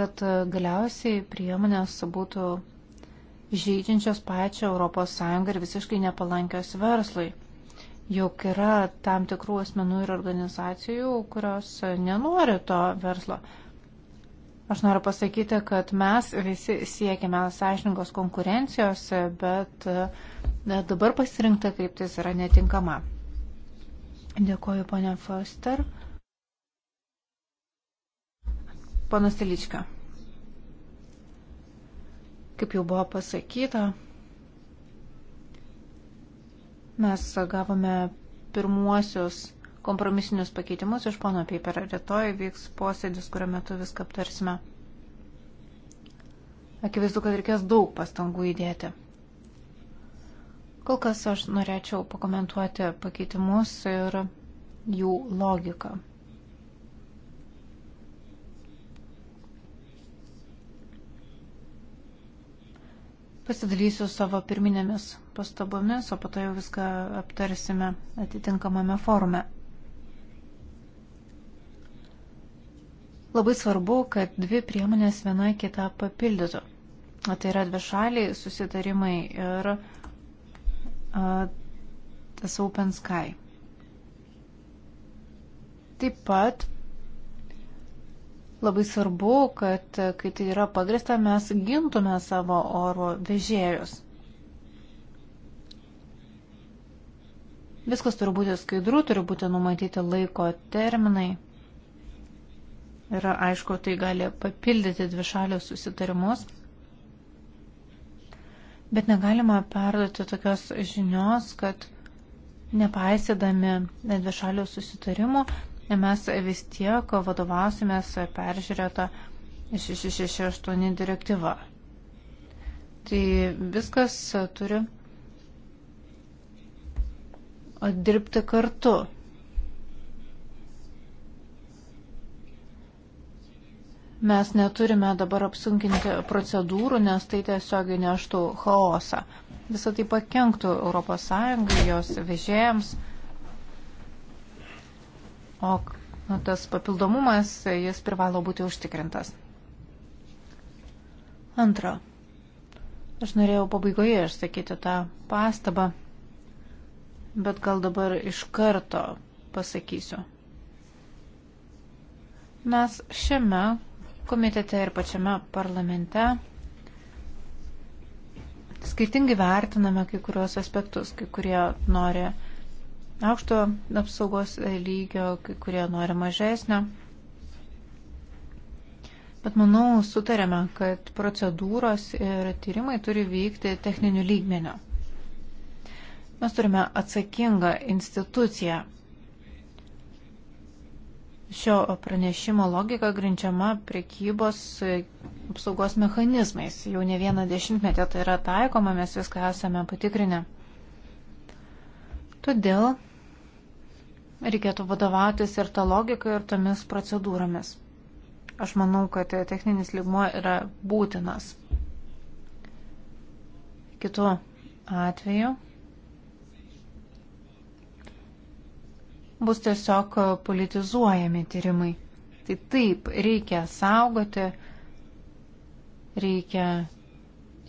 kad galiausiai priemonės būtų žaidžiančios pačią ES ir visiškai nepalankios verslui. Juk yra tam tikrų asmenų ir organizacijų, kurios e, nenori to verslo. Aš noriu pasakyti, kad mes visi siekime sąžiningos konkurencijos, e, bet e, dabar pasirinkta kryptis yra netinkama. Dėkuoju, ponia Foster. Panas Telička. Kaip jau buvo pasakyta, Mes gavome pirmuosius kompromisinius pakeitimus iš pono Peiperio. Rytoj vyks posėdis, kurio metu viską aptarsime. Akivaizdu, kad reikės daug pastangų įdėti. Kol kas aš norėčiau pakomentuoti pakeitimus ir jų logiką. Pasidalysiu savo pirminėmis pastabomis, o po to jau viską aptarsime atitinkamame forume. Labai svarbu, kad dvi priemonės viena kitą papildytų. Tai yra dvi šaliai susitarimai ir a, tas Open Sky. Taip pat Labai svarbu, kad e, kai tai yra pagrista, mes gintume savo oro vežėjus. Viskas turi būti skaidru, turi būti numatyti laiko terminai. Ir aišku, tai gali papildyti dvišalius susitarimus. Bet negalima perduoti tokios žinios, kad nepaisydami dvišalių susitarimų mes vis tiek vadovausimės peržiūrėta 668 direktyva. Tai viskas turi dirbti kartu. Mes neturime dabar apsunkinti procedūrų, nes tai tiesiog neštų chaosą. Visą tai pakenktų ES, jos vežėjams o nu, tas papildomumas, jis privalo būti užtikrintas. Antra. Aš norėjau pabaigoje išsakyti tą pastabą, bet gal dabar iš karto pasakysiu. Mes šiame komitete ir pačiame parlamente skirtingai vertiname kai kurios aspektus, kai kurie nori aukšto apsaugos lygio, kai kurie nori mažesnio. Bet manau, sutarėme, kad procedūros ir tyrimai turi vykti techniniu lygmeniu. Mes turime atsakingą instituciją. Šio pranešimo logika grindžiama priekybos apsaugos mechanizmais. Jau ne vieną dešimtmetį tai yra taikoma, mes viską esame patikrinę. Todėl reikėtų vadovautis ir tą logiką, ir tomis procedūromis. Aš manau, kad techninis lygmuo yra būtinas. Kitu atveju bus tiesiog politizuojami tyrimai. Tai taip, reikia saugoti, reikia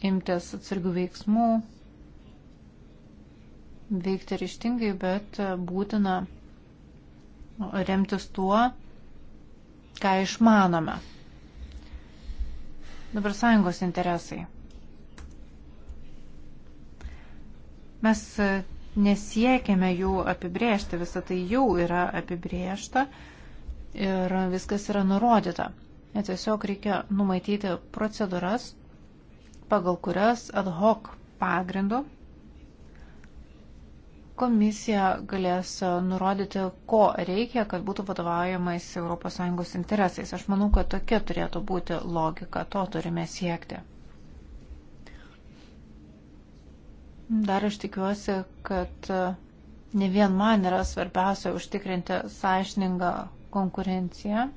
imtis atsargių veiksmų, veikti ryštingai, bet būtina remtis tuo, ką išmanome. Dabar sąjungos interesai. Mes nesiekime jų apibriežti, visa tai jau yra apibriežta ir viskas yra nurodyta. Net tiesiog reikia numatyti procedūras, pagal kurias ad hoc pagrindu komisija galės e, nurodyti, ko reikia, kad būtų vadovaujamais ES interesais. Aš manau, kad tokia turėtų būti logika, to turime siekti. Dar aš tikiuosi, kad e, ne vien man yra svarbiausia užtikrinti sąžiningą konkurenciją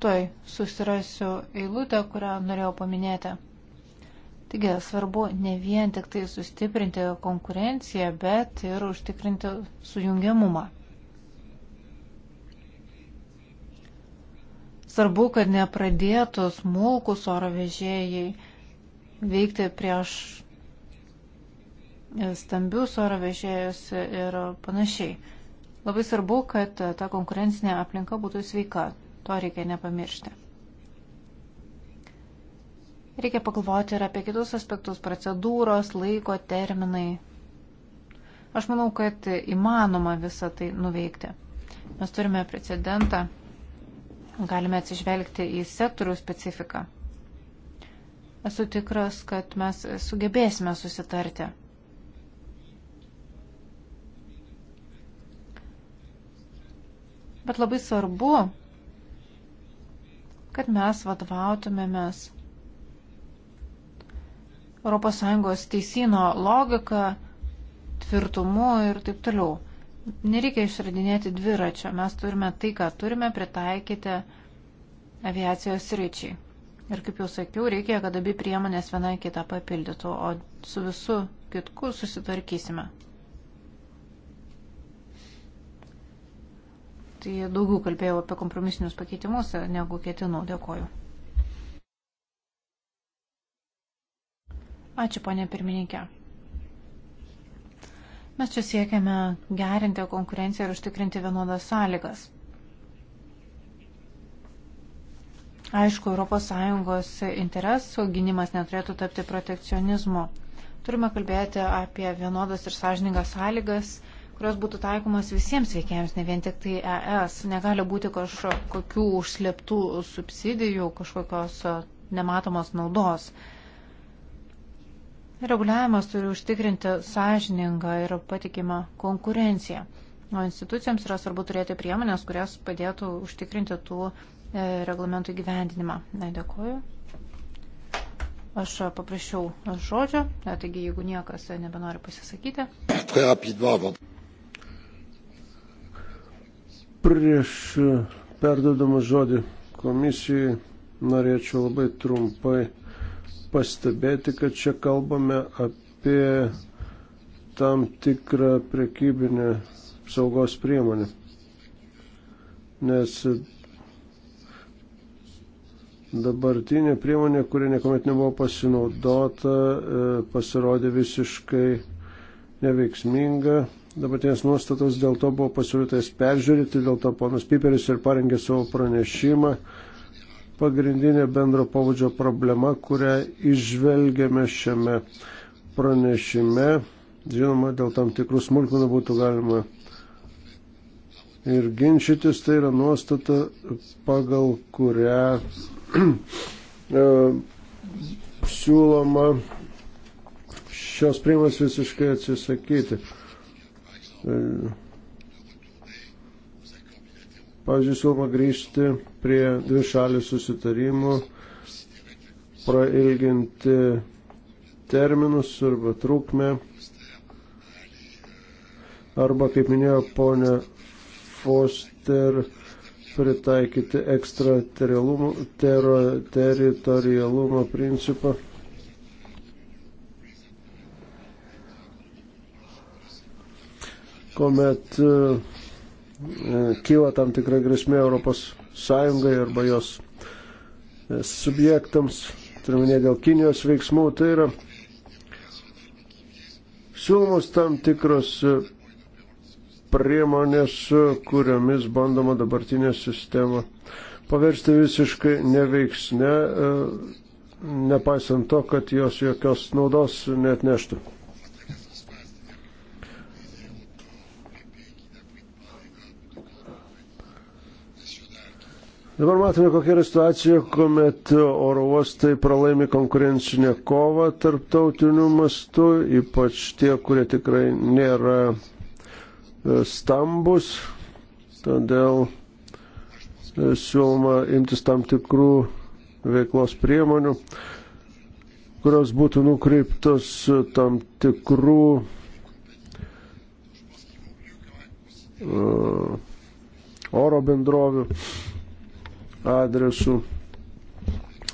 tuoj susirasiu eilutę, kurią norėjau paminėti. Taigi svarbu ne vien tik tai sustiprinti konkurenciją, bet ir užtikrinti sujungiamumą. Svarbu, kad nepradėtų smulkus oro vežėjai veikti prieš stambius oro vežėjus ir panašiai. Labai svarbu, kad ta konkurencinė aplinka būtų sveika. To reikia nepamiršti. Reikia pagalvoti ir apie kitus aspektus - procedūros, laiko terminai. Aš manau, kad įmanoma visą tai nuveikti. Mes turime precedentą, galime atsižvelgti į sektorių specifiką. Esu tikras, kad mes sugebėsime susitarti. Bet labai svarbu kad mes vadovautumėmės ES teisino logika, tvirtumu ir taip toliau. Nereikia išradinėti dviračio, mes turime tai, ką turime pritaikyti aviacijos ryčiai. Ir kaip jau sakiau, reikia, kad abi priemonės viena kitą papildytų, o su visu kitku susitvarkysime. tai daugiau kalbėjau apie kompromisinius pakeitimus negu ketinau. Dėkoju. Ačiū, ponė pirmininkė. Mes čia siekiame gerinti konkurenciją ir užtikrinti vienodas sąlygas. Aišku, ES interesų gynimas neturėtų tapti protekcionizmu. Turime kalbėti apie vienodas ir sąžiningas sąlygas kurios būtų taikomas visiems veikėjams, ne vien tik tai ES. Negali būti kažkokių užsleptų subsidijų, kažkokios e, nematomos naudos. Reguliavimas turi užtikrinti sąžiningą ir patikimą konkurenciją. O institucijoms yra svarbu turėti priemonės, kurias padėtų užtikrinti tų e, reglamentų įgyvendinimą. Dėkuoju. Aš e, paprašiau žodžio, taigi jeigu niekas nebenori pasisakyti. Prieš perdodamą žodį komisijai norėčiau labai trumpai pastebėti, kad čia kalbame apie tam tikrą prekybinę saugos priemonę. Nes dabartinė priemonė, kuri niekuomet nebuvo pasinaudota, e, pasirodė visiškai neveiksminga dabartinės nuostatos, dėl to buvo pasiūlytas peržiūrėti, dėl to ponas Piperis ir parengė savo pranešimą. Pagrindinė bendro pavadžio problema, kurią išvelgėme šiame pranešime, žinoma, dėl tam tikrų smulkmenų būtų galima ir ginčytis, tai yra nuostata, pagal kurią e, siūloma šios priemonės visiškai atsisakyti. Tai, pavyzdžiui, siūloma grįžti prie dvišalių susitarimų, prailginti terminus arba trukmę, arba, kaip minėjo ponė Foster, pritaikyti ekstra teritorialumo principą. kuomet e, e, kyla tam tikra grėsmė Europos Sąjungai arba jos e, subjektams, turiminė dėl Kinijos veiksmų, tai yra siūlomos tam tikros priemonės, kuriomis bandoma dabartinę sistemą paversti visiškai neveiksne, nepaisant to, kad jos jokios naudos net neštų. Dabar matome, kokia yra situacija, kuomet oro uostai pralaimi konkurencinę kovą tarptautiniu mastu, ypač tie, kurie tikrai nėra e, stambus. Todėl e, siūloma imtis tam tikrų veiklos priemonių, kurios būtų nukreiptos tam tikrų e, oro bendrovių adresu.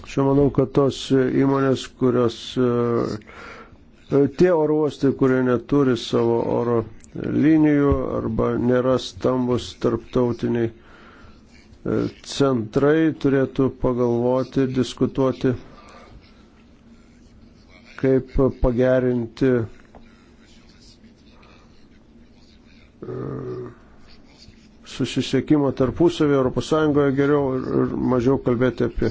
Aš manau, kad tos įmonės, kurios e, tie oro uostai, kurie neturi savo oro linijų arba nėra stambus tarptautiniai e, centrai, turėtų pagalvoti, diskutuoti, kaip pagerinti e, susisiekimo tarpusavį Europos Sąjungoje geriau ir, ir mažiau kalbėti apie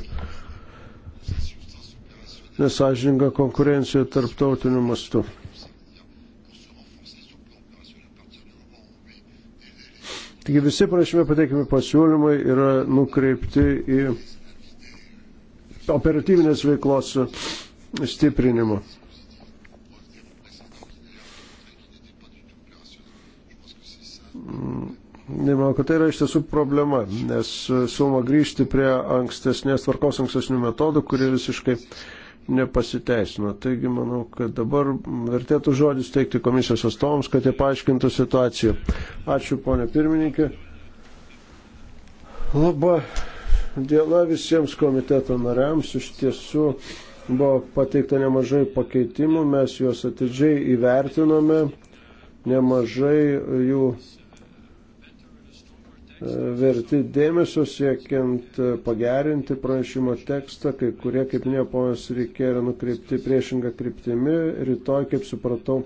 nesažininką konkurenciją tarptautiniu mastu. Taigi visi prašymė pateikimi pasiūlymai yra nukreipti į operatyvinės veiklos stiprinimą. Mm. Ir manau, kad tai yra iš tiesų problema, nes e, siūloma grįžti prie ankstesnės tvarkos, ankstesnių metodų, kurie visiškai nepasiteisino. Taigi manau, kad dabar vertėtų žodis teikti komisijos atstovams, kad jie paaiškintų situaciją. Ačiū, ponė pirmininkė. Labą dieną visiems komiteto nariams. Iš tiesų buvo pateikta nemažai pakeitimų, mes juos atidžiai įvertinome, nemažai jų verti dėmesio siekiant e, pagerinti pranešimo tekstą, kai kurie, kaip minėjo ponas Rykė, yra nukreipti priešingą kryptimį. Rytoj, kaip supratau,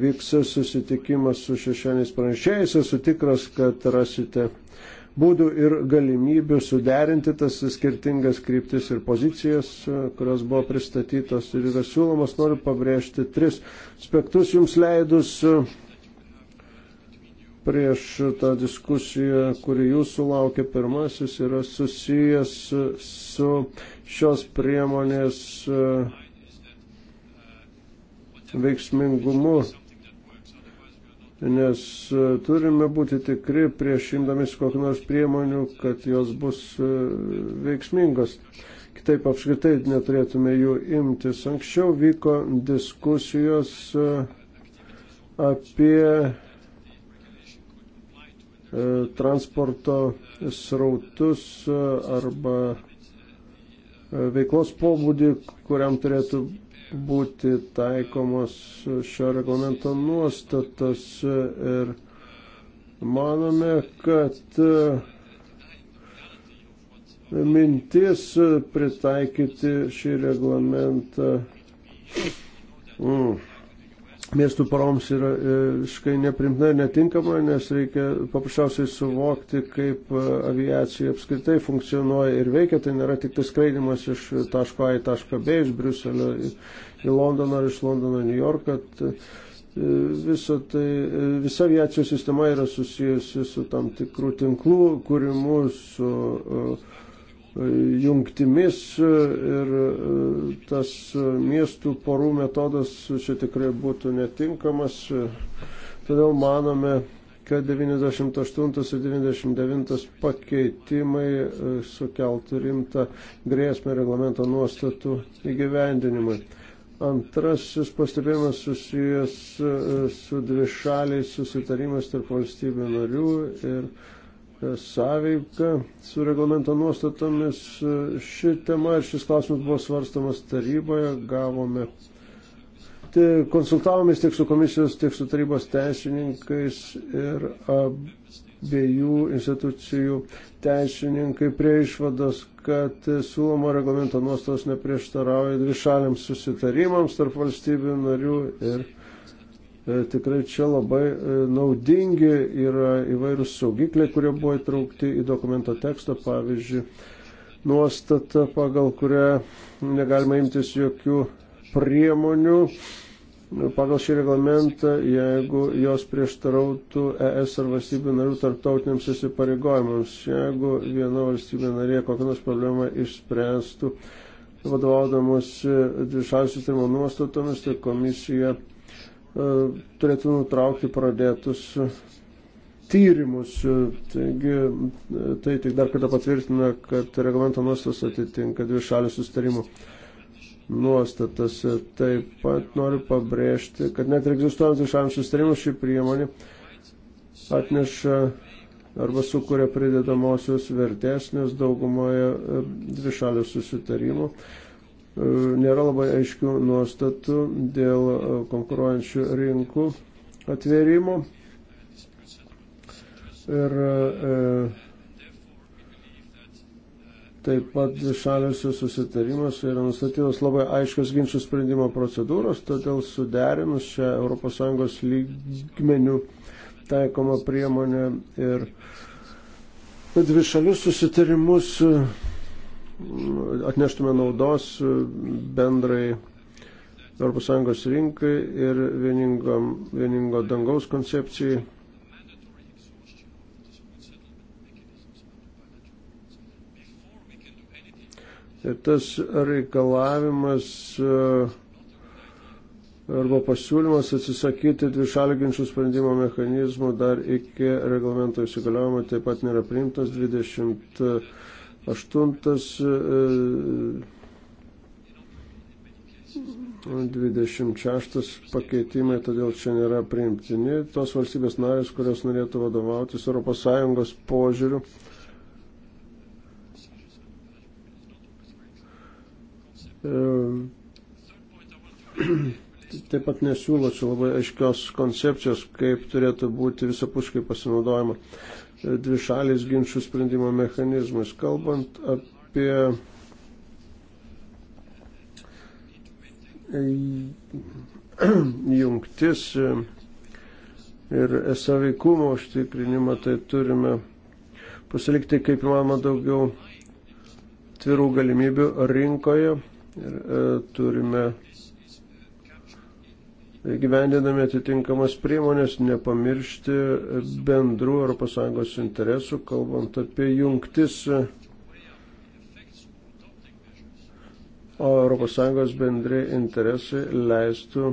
vyks susitikimas su šešėniais pranešėjais. Esu tikras, kad rasite būdų ir galimybių suderinti tas skirtingas kryptis ir pozicijas, e, kurios buvo pristatytos ir yra siūlomos. Noriu pabrėžti tris aspektus jums leidus prieš tą diskusiją, kuri jūsų laukia pirmasis, yra susijęs su šios priemonės e, veiksmingumu. Nes e, turime būti tikri prieš imdamis kokių nors priemonių, kad jos bus e, veiksmingos. Kitaip apskritai neturėtume jų imtis. Anksčiau vyko diskusijos apie E, transporto srautus e, arba e, veiklos pobūdį, kuriam turėtų būti taikomos šio reglamento nuostatos. Ir manome, kad mintis pritaikyti šį reglamentą mm, miestų paroms yra e, visiškai neprimtina ir netinkama, nes reikia paprasčiausiai suvokti, kaip e, aviacija apskritai funkcionuoja ir veikia. Tai nėra tik tas skraidimas iš taško A į tašką B, iš Briuselio į Londoną ar iš Londono į New Yorką. E, visa, tai, visa aviacijos sistema yra susijusi su tam tikrų tinklų kūrimu, su uh, jungtimis ir e, tas miestų porų metodas čia tikrai būtų netinkamas. Todėl manome, kad 98 ir 99 pakeitimai e, sukeltų rimtą grėsmę reglamento nuostatų įgyvendinimui. Antrasis pastebėjimas susijęs e, su dvišaliais susitarimas tarp valstybių narių ir sąveiką su reglamento nuostatomis. Ši tema ir šis klausimas buvo svarstamas taryboje, gavome. Tai konsultavomės tiek su komisijos, tiek su tarybos teisininkais ir abiejų institucijų teisininkai prie išvados, kad siūlomo reglamento nuostatos neprieštarauja dvišaliams susitarimams tarp valstybių narių ir E, tikrai čia labai e, naudingi yra įvairūs saugikliai, kurie buvo įtraukti į dokumento tekstą, pavyzdžiui, nuostata, pagal kurią negalima imtis jokių priemonių pagal šį reglamentą, jeigu jos prieštarautų ES ar valstybių narių tarptautiniams įsipareigojimams. Jeigu viena valstybė narė kokią nors problemą išspręstų, vadovaudamas dvišalių sutarimo nuostatomis, tai komisija E, turėtų nutraukti pradėtus tyrimus. E, taigi e, tai tik dar kartą patvirtina, kad reglamento nuostas atitinka dvi šalių sustarimų nuostatas. Taip pat noriu pabrėžti, kad net ir egzistuojant viešam sustarimui šį priemonį atneša arba sukuria pridedamosios vertės, nes daugumoje dvišalių susitarimų E, nėra labai aiškių nuostatų dėl e, konkuruojančių rinkų atvėrimo. Ir e, taip pat dvišaliuose susitarimuose yra nustatytos labai aiškios ginčių sprendimo procedūros, todėl suderinus čia ES lygmenių taikoma priemonė ir dvišalius susitarimus atneštume naudos e, bendrai ES rinkai ir vieningo, vieningo dangaus koncepcijai. Ir tas reikalavimas e, arba pasiūlymas atsisakyti dvišalių ginčių sprendimo mechanizmų dar iki reglamento įsigaliojimo taip pat nėra priimtas 20. Aštuntas. 26 e, e, pakeitimai, todėl čia nėra priimtini. Tos valstybės narės, kurios norėtų vadovautis ES požiūriu, e, taip pat nesiūlo čia labai aiškios koncepcijos, kaip turėtų būti visapuškai pasinaudojama E, dvi šalės ginčių sprendimo mechanizmus. Kalbant apie e, jungtis e, ir esavikumo užtikrinimą, tai turime pasilikti kaip įmanoma daugiau tvirų galimybių rinkoje ir e, turime gyvendinami atitinkamas priemonės, nepamiršti bendrų ES interesų, kalbant apie jungtis o ES bendri interesai leistų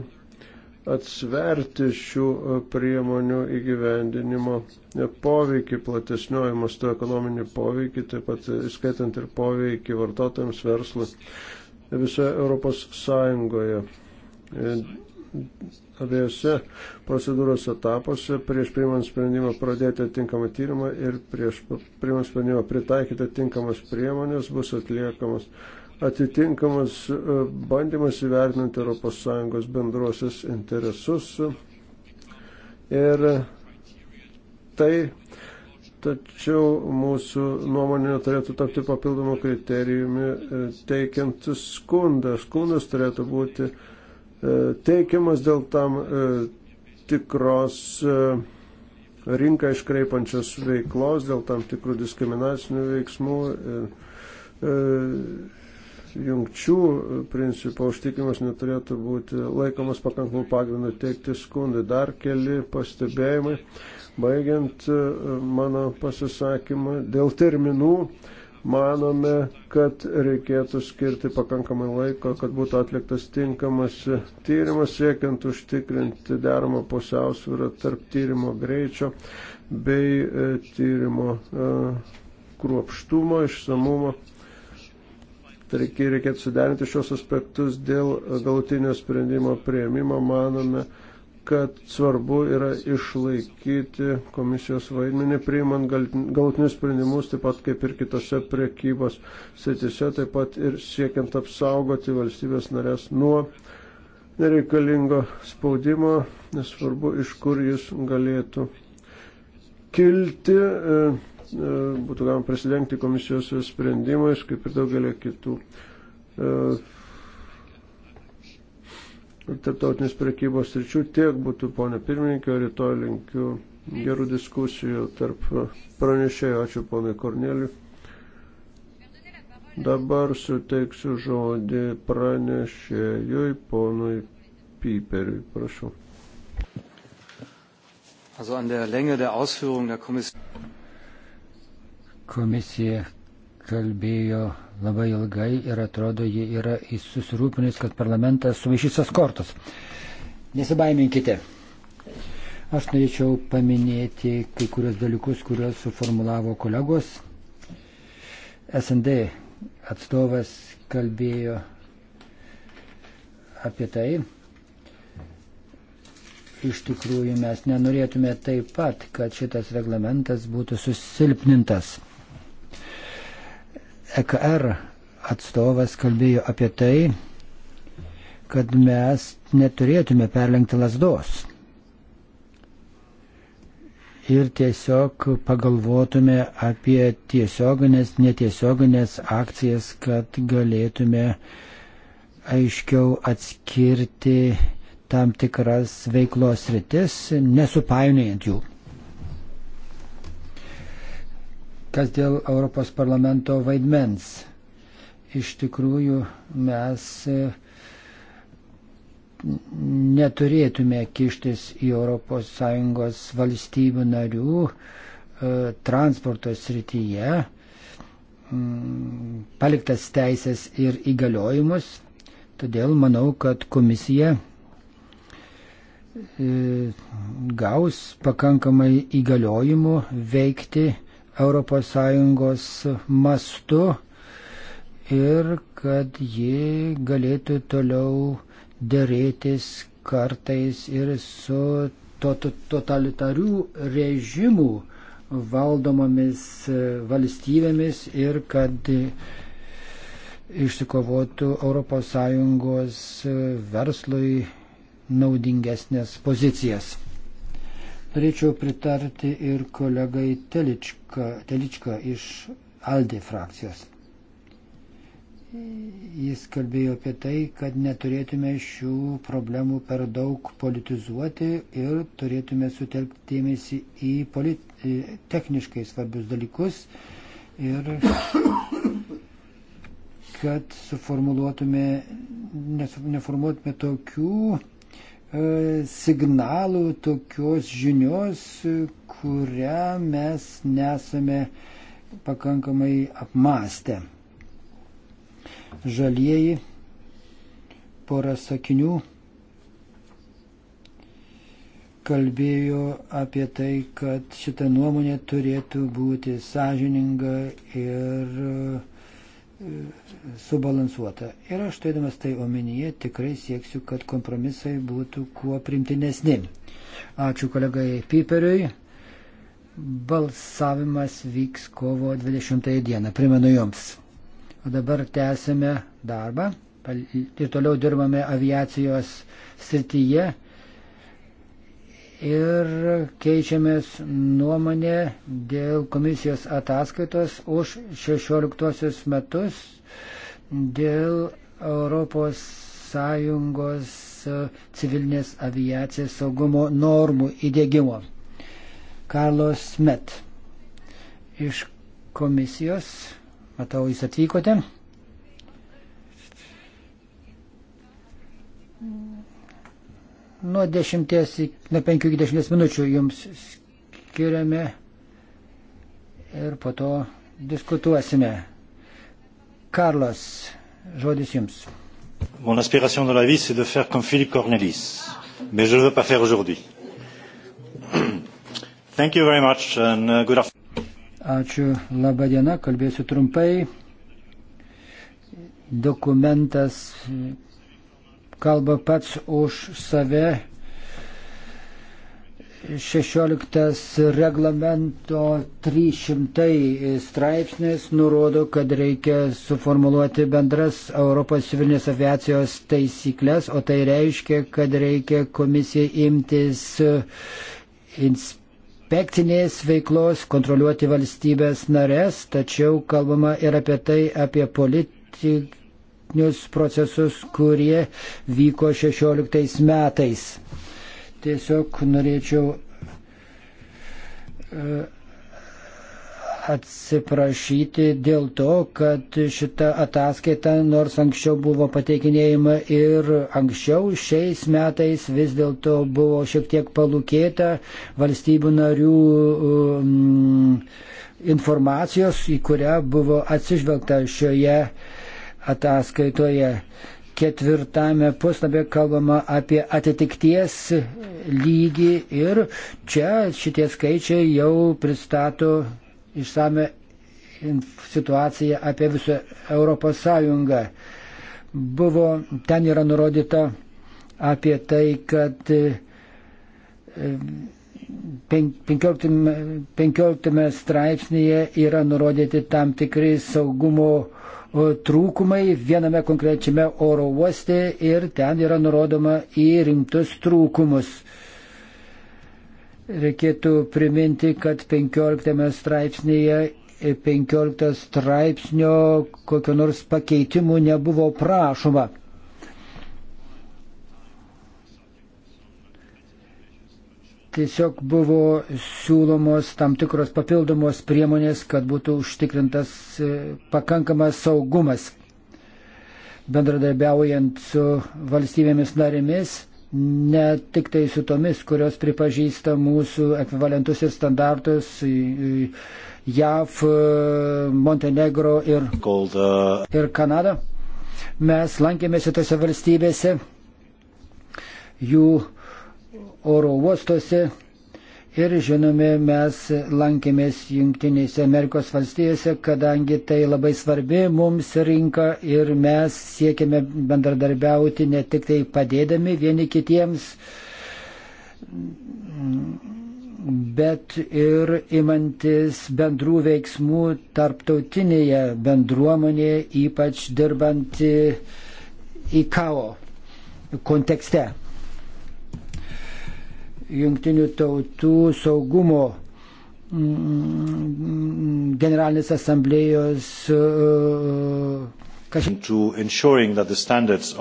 atsverti šių priemonių įgyvendinimo poveikį, platesniojų mastų ekonominį poveikį, taip pat skaitant ir poveikį vartotojams verslui visoje Europos Sąjungoje abiejose procedūros etapuose prieš priimant sprendimą pradėti atinkamą tyrimą ir prieš priimant sprendimą pritaikyti atinkamas priemonės bus atliekamas atitinkamas e, bandymas įvertinant ES bendruosius interesus. Ir tai tačiau mūsų nuomonė turėtų tapti papildomu kriterijumi e, teikiant skundą. Skundas turėtų būti uh, E, teikiamas dėl tam e, tikros e, rinką iškreipančios veiklos, dėl tam tikrų diskriminacinių veiksmų, jungčių principo užtikimas neturėtų būti laikomas pakankamų pagrindų teikti skundai. Dar keli pastebėjimai, baigiant mano pasisakymą dėl terminų manome, kad reikėtų skirti pakankamai laiko, kad būtų atliktas tinkamas tyrimas, siekiant užtikrinti deramą pusiausvyrą tarp tyrimo greičio bei e, tyrimo e, kruopštumo, išsamumo. Tai reikėtų suderinti šios aspektus dėl galutinio sprendimo prieimimo, manome, kad svarbu yra išlaikyti komisijos vaidmenį, priimant galutinius sprendimus, taip pat kaip ir kitose priekybos sritise, taip pat ir siekiant apsaugoti valstybės narės nuo nereikalingo spaudimo, nesvarbu iš kur jis galėtų kilti, e, e, būtų galima prisidengti komisijos sprendimais, kaip ir daugelį kitų e, tarptautinės prekybos ryčių. Tiek būtų, ponė pirmininkė, rytoj linkiu gerų diskusijų tarp pranešėjų. Ačiū, ponai Korneliu. Dabar suteiksiu žodį pranešėjui, ponui Piperiui. Prašau. Also an der Länge der Ausführungen der Kommission. Komisija kalbėjo labai ilgai ir atrodo, ji yra susirūpinus, kad parlamentas suvaišysas kortos. Nesibaiminkite. Aš norėčiau paminėti kai kurios dalykus, kuriuos suformulavo kolegos. SND atstovas kalbėjo apie tai. Iš tikrųjų, mes nenorėtume taip pat, kad šitas reglamentas būtų susilpnintas. EKR atstovas kalbėjo apie tai, kad mes neturėtume perlenkti lasdos ir tiesiog pagalvotume apie tiesioginės, netiesioginės akcijas, kad galėtume aiškiau atskirti tam tikras veiklos rytis, nesupainiojant jų. Kas dėl Europos parlamento vaidmens? Iš tikrųjų, mes e, neturėtume kištis į ES valstybių narių e, transporto srityje mm, paliktas teisės ir įgaliojimus. Todėl manau, kad komisija e, gaus pakankamai įgaliojimų veikti ES mastu ir kad ji galėtų toliau dėrėtis kartais ir su totalitarių režimų valdomomis valstybėmis ir kad išsikovotų ES verslui naudingesnės pozicijas. Norėčiau pritarti ir kolegai Telička, Telička iš Aldė frakcijos. Jis kalbėjo apie tai, kad neturėtume šių problemų per daug politizuoti ir turėtume sutelkti dėmesį į polit... techniškai svarbius dalykus ir kad suformuluotume, neformuotume tokių E, signalų, tokios žinios, kurią mes nesame pakankamai apmastę. Žalieji, pora sakinių kalbėjo apie tai, kad šita nuomonė turėtų būti sąžininga ir uh, subalansuota. Ir aš turėdamas tai omenyje tikrai sieksiu, kad kompromisai būtų kuo primtinesni. Ačiū kolegai Piperiui. Balsavimas vyks kovo 20 dieną. Primenu jums. O dabar tęsime darbą ir toliau dirbame aviacijos srityje ir keičiamės nuomonė dėl komisijos ataskaitos už 16 metus dėl Europos Sąjungos civilinės aviacijos saugumo normų įdėgymo. Karlos Met iš komisijos, matau, jūs atvykote. Mm. Nuo 10, nuo 5 iki 10 minučių jums skiriame ir po to diskutuosime. Karlas, žodis jums. Mon aspiration dans la vie, c'est de faire comme Philippe Cornelis, mais je ne veux pas faire aujourd'hui. Thank you very much and uh, good afternoon. Ačiū, laba diena, kalbėsiu trumpai. Dokumentas kalba pats už save. 16 reglamento 300 straipsnis nurodo, kad reikia suformuluoti bendras Europos civilinės aviacijos taisyklės, o tai reiškia, kad reikia komisijai imtis inspekcijos inspekcinės veiklos kontroliuoti valstybės narės, tačiau kalbama ir apie tai, apie politi politinius procesus, kurie vyko 16 metais. Tiesiog norėčiau e, atsiprašyti dėl to, kad šita ataskaita, nors anksčiau buvo pateikinėjama ir anksčiau, šiais metais vis dėlto buvo šiek tiek palūkėta valstybių narių um, informacijos, į kurią buvo atsižvelgta šioje ataskaitoje ketvirtame puslapyje kalbama apie atitikties lygį ir čia šitie skaičiai jau pristato išsame situaciją apie visą Europos Sąjungą. Buvo, ten yra nurodyta apie tai, kad 15 e, straipsnėje yra nurodyti tam tikri saugumo uh, trūkumai viename konkrečiame oro uoste ir ten yra nurodoma į rimtus trūkumus. Reikėtų priminti, kad 15 straipsnėje 15 e, straipsnio kokio nors pakeitimų nebuvo prašoma. tiesiog buvo siūlomos tam tikros papildomos priemonės, kad būtų užtikrintas e, pakankamas saugumas. Bendradarbiaujant su valstybėmis narėmis, ne tik tai su tomis, kurios pripažįsta mūsų ekvivalentus ir standartus JAV, e, Montenegro ir, uh, ir Kanada. Mes lankėmės tose valstybėse, jų oro uostuose. Ir žinome, mes lankėmės Junktinėse Amerikos valstijose, kadangi tai labai svarbi mums rinka ir mes siekime bendradarbiauti ne tik tai padėdami vieni kitiems, bet ir imantis bendrų veiksmų tarptautinėje bendruomenėje, ypač dirbant į KAO kontekste. Junktinių tautų saugumo mm, generalinės asamblėjos e, e,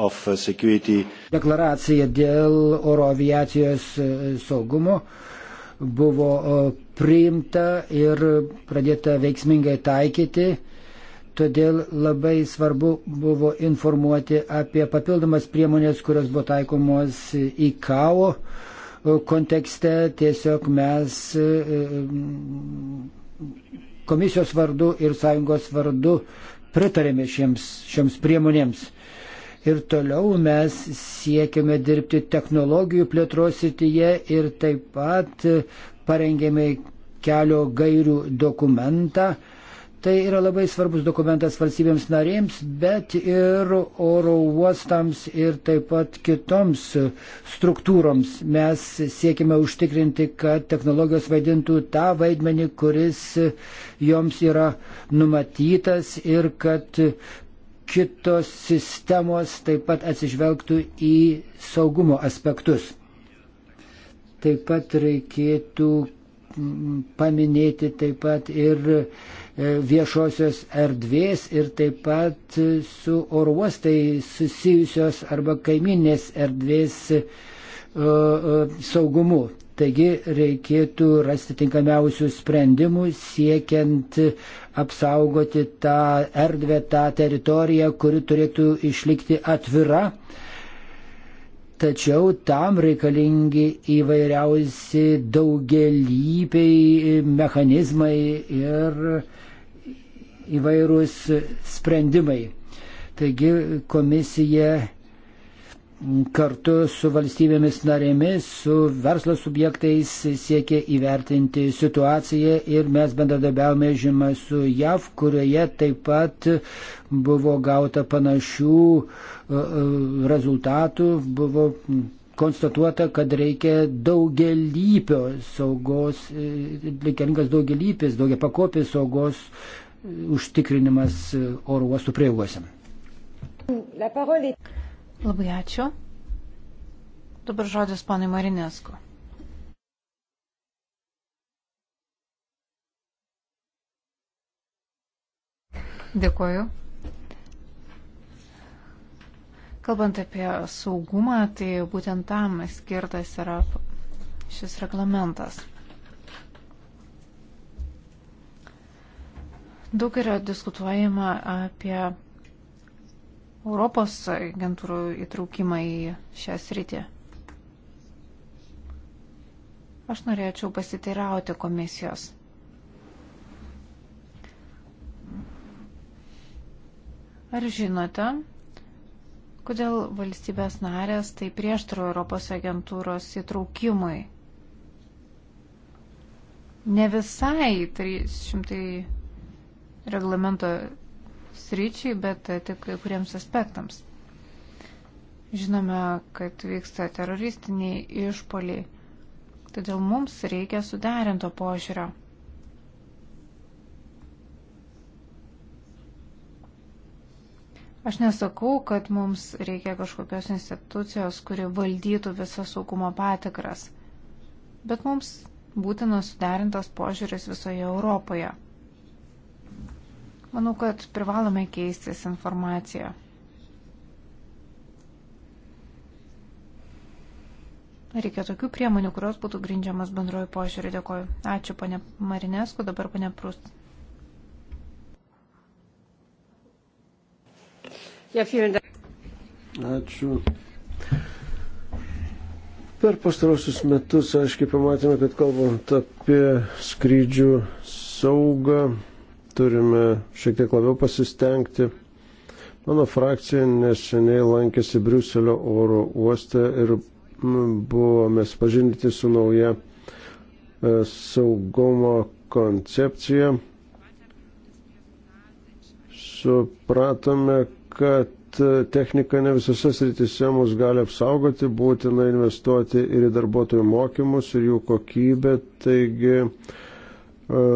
uh, deklaracija dėl oro aviacijos e, saugumo buvo priimta ir pradėta veiksmingai taikyti. Todėl labai svarbu buvo informuoti apie papildomas priemonės, kurios buvo taikomos į KAO kontekste tiesiog mes e, e, komisijos vardu ir sąjungos vardu pritarėme šiems, šiems priemonėms. Ir toliau mes siekiame dirbti technologijų plėtros srityje ir taip pat parengėme kelio gairių dokumentą, Tai yra labai svarbus dokumentas valstybėms narėms, bet ir oro uostams ir taip pat kitoms struktūroms. Mes siekime užtikrinti, kad technologijos vaidintų tą vaidmenį, kuris joms yra numatytas ir kad kitos sistemos taip pat atsižvelgtų į saugumo aspektus. Taip pat reikėtų mm, paminėti taip pat ir E, viešosios erdvės ir taip pat su oruostai susijusios arba kaiminės erdvės e, e, saugumu. Taigi reikėtų rasti tinkamiausių sprendimų siekiant apsaugoti tą erdvę, tą teritoriją, kuri turėtų išlikti atvira. Tačiau tam reikalingi įvairiausi daugelypiai mechanizmai ir uh, įvairūs sprendimai. Taigi komisija kartu su valstybėmis narėmis, su verslo subjektais siekia įvertinti situaciją ir mes bendradarbiavome žymą su JAV, kurioje taip pat buvo gauta panašių e, e, rezultatų, buvo konstatuota, kad reikia daugelypio saugos, e, reikalingas daugelypis, daugia pakopis saugos užtikrinimas oro uostų prieigose. Labai ačiū. Dabar žodis panai Marinesku. Dėkuoju. Kalbant apie saugumą, tai būtent tam skirtas yra šis reglamentas. Daug yra diskutuojama apie Europos agentūrų įtraukimą į šią sritį. Aš norėčiau pasiteirauti komisijos. Ar žinote, kodėl valstybės narės tai prieštaro Europos agentūros įtraukimui? Ne visai 300 reglamento sryčiai, bet tik kai kuriems aspektams. Žinome, kad vyksta teroristiniai išpoliai, todėl mums reikia suderinto požiūrio. Aš nesakau, kad mums reikia kažkokios institucijos, kuri valdytų visas saugumo patikras, bet mums būtinas suderintas požiūris visoje Europoje. Manau, kad privalome keistis informaciją. Reikia tokių priemonių, kurios būtų grindžiamas bendroju požiūriu. Dėkoju. Ačiū, ponė Marinesku, dabar ponė Prust. Ačiū. Per pastarosius metus aiškiai pamatėme, kad kalbant apie skrydžių saugą, turime šiek tiek labiau pasistengti. Mano frakcija neseniai lankėsi Briuselio oro uoste ir mm, buvome pažinti su nauja e, saugumo koncepcija. Supratome, kad e, technika ne visose sritise mus gali apsaugoti, būtina investuoti ir į darbuotojų mokymus, ir jų kokybę. Taigi e,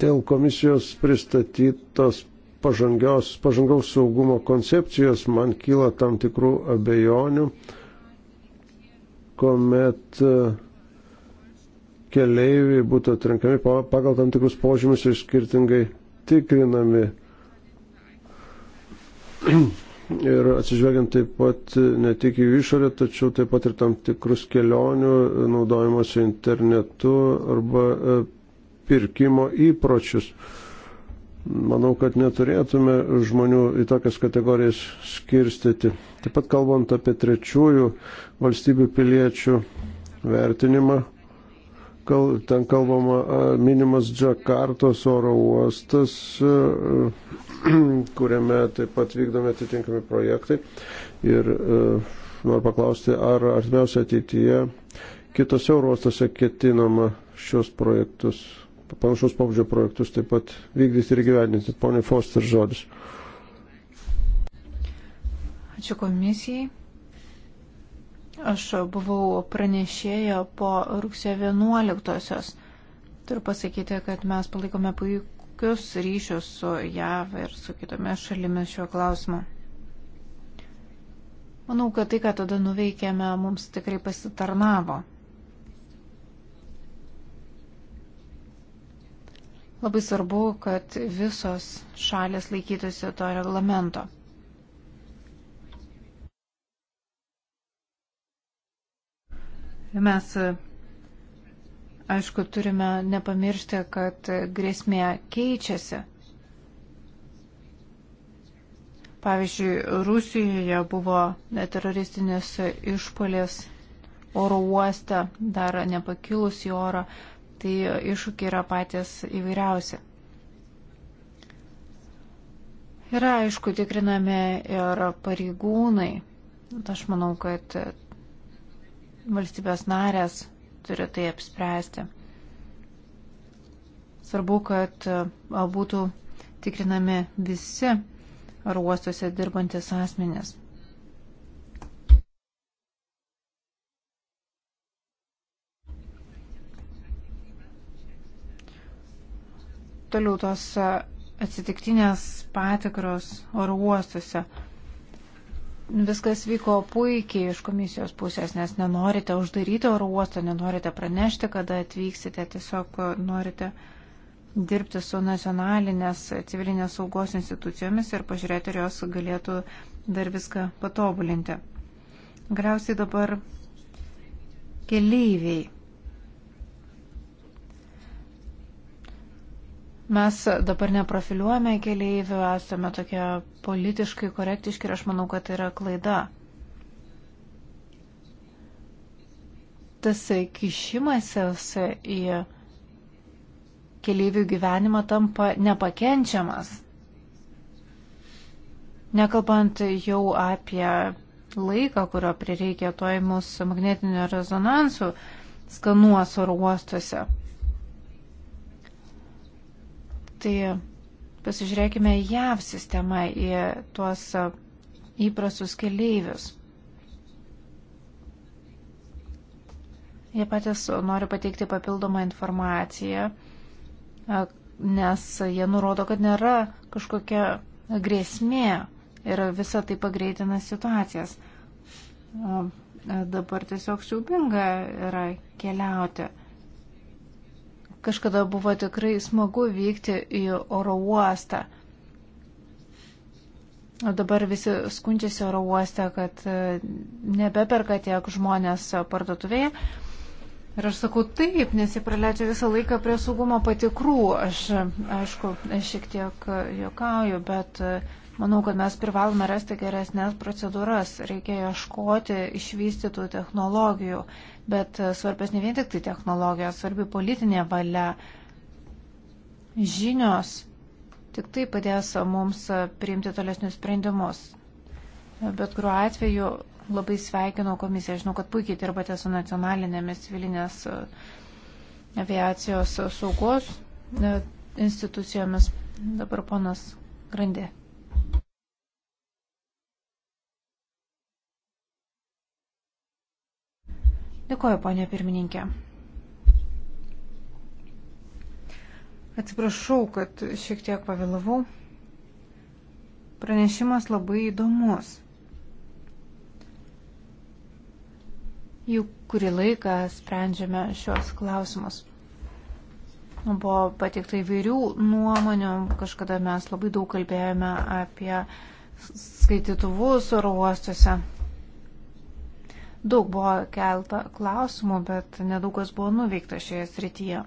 dėl komisijos pristatytos pažangios, pažangaus saugumo koncepcijos man kyla tam tikrų abejonių, kuomet e, keleiviai būtų atrenkami pagal tam tikrus požymius ir skirtingai tikrinami. Ir atsižvelgiant taip pat ne tik į išorę, tačiau taip pat ir tam tikrus kelionių naudojimuose internetu arba e, pirkimo įpročius. Manau, kad neturėtume žmonių į tokias kategorijas skirstyti. Taip pat kalbant apie trečiųjų valstybių piliečių vertinimą, kal, ten kalbama minimas Džakartos oro uostas, kuriame taip pat vykdomi atitinkami projektai. Ir noriu paklausti, ar artimiausia ateityje kitose oro uostose ketinama šios projektus panašaus pobūdžio projektus taip pat vykdyti ir gyvendinti. Pone Foster žodis. Ačiū komisijai. Aš buvau pranešėja po rugsėjo 11-osios. Turiu pasakyti, kad mes palaikome puikius ryšius su JAV ir su kitomis šalimis šiuo klausimu. Manau, kad tai, ką tada nuveikėme, mums tikrai pasitarnavo. Labai svarbu, kad visos šalės laikytųsi to reglamento. Mes, aišku, turime nepamiršti, kad grėsmė keičiasi. Pavyzdžiui, Rusijoje buvo teroristinis išpolis oro uoste, dar nepakilus į orą tai iššūkiai yra patys įvairiausi. Yra, aišku, tikrinami ir pareigūnai. Aš manau, kad valstybės narės turi tai apspręsti. Svarbu, kad būtų tikrinami visi aruostuose dirbantis asmenės. Toliau tos e, atsitiktinės patikros oro uostuose. Viskas vyko puikiai iš komisijos pusės, nes nenorite uždaryti oro uosto, nenorite pranešti, kada atvyksite, tiesiog norite dirbti su nacionalinės civilinės saugos institucijomis ir pažiūrėti, ar jos galėtų dar viską patobulinti. Galiausiai dabar keleiviai Mes dabar neprofiliuojame keleivių, esame tokie politiškai korektiški ir aš manau, kad tai yra klaida. Tas kišimasis į keleivių gyvenimą tampa nepakenčiamas. Nekalbant jau apie laiką, kurio prireikia toj mūsų magnetinio rezonansų skanuos oro uostuose. Tai pasižiūrėkime į JAV sistemą, į tuos įprastus keleivius. Jie patys nori pateikti papildomą informaciją, nes jie nurodo, kad nėra kažkokia grėsmė ir visa tai pagreitina situacijas. O e, dabar tiesiog siubinga yra keliauti. Kažkada buvo tikrai smagu vykti į oro uostą. O dabar visi skundžiasi oro uoste, kad e, nebeperka tiek žmonės parduotuvėje. Ir aš sakau taip, nes jie praleidžia visą laiką prie saugumo patikrų. Aš, e, aišku, šiek tiek e, juokauju, bet Manau, kad mes privalome rasti geresnės procedūras, reikia ieškoti išvystytų technologijų, bet svarbės ne vien tik tai technologijos, svarbi politinė valia, žinios tik tai padės mums priimti tolesnius sprendimus. Bet kuriuo atveju labai sveikinau komisiją, žinau, kad puikiai dirbate su nacionalinėmis civilinės aviacijos saugos institucijomis. Dabar ponas Grandė. Dėkuoju, ponė pirmininkė. Atsiprašau, kad šiek tiek pavėlavau. Pranešimas labai įdomus. Jau kurį laiką sprendžiame šios klausimus. Buvo pateikta įvairių nuomonių, kažkada mes labai daug kalbėjome apie skaitytuvus oro uostuose. Daug buvo kelta klausimų, bet nedaug kas buvo nuveikta šioje srityje.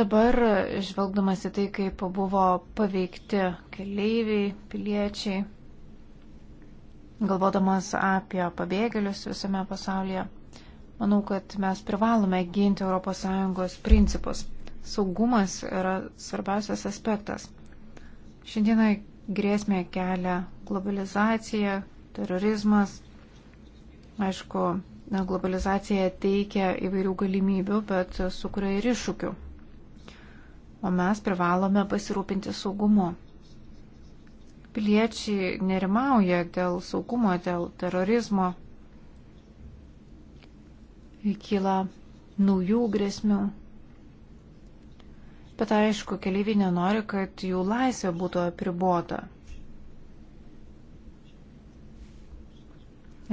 Dabar, žvelgdamas į tai, kaip buvo paveikti keleiviai, piliečiai, galvodamas apie pabėgėlius visame pasaulyje, manau, kad mes privalome ginti ES principus. Saugumas yra svarbiausias aspektas. Šiandieną grėsmę kelia globalizacija, terorizmas. Aišku, globalizacija teikia įvairių galimybių, bet sukuria ir iššūkių. O mes privalome pasirūpinti saugumu. Piliečiai nerimauja dėl saugumo, dėl terorizmo. Kyla naujų grėsmių. Bet aišku, keliaiviai nenori, kad jų laisvė būtų apribota.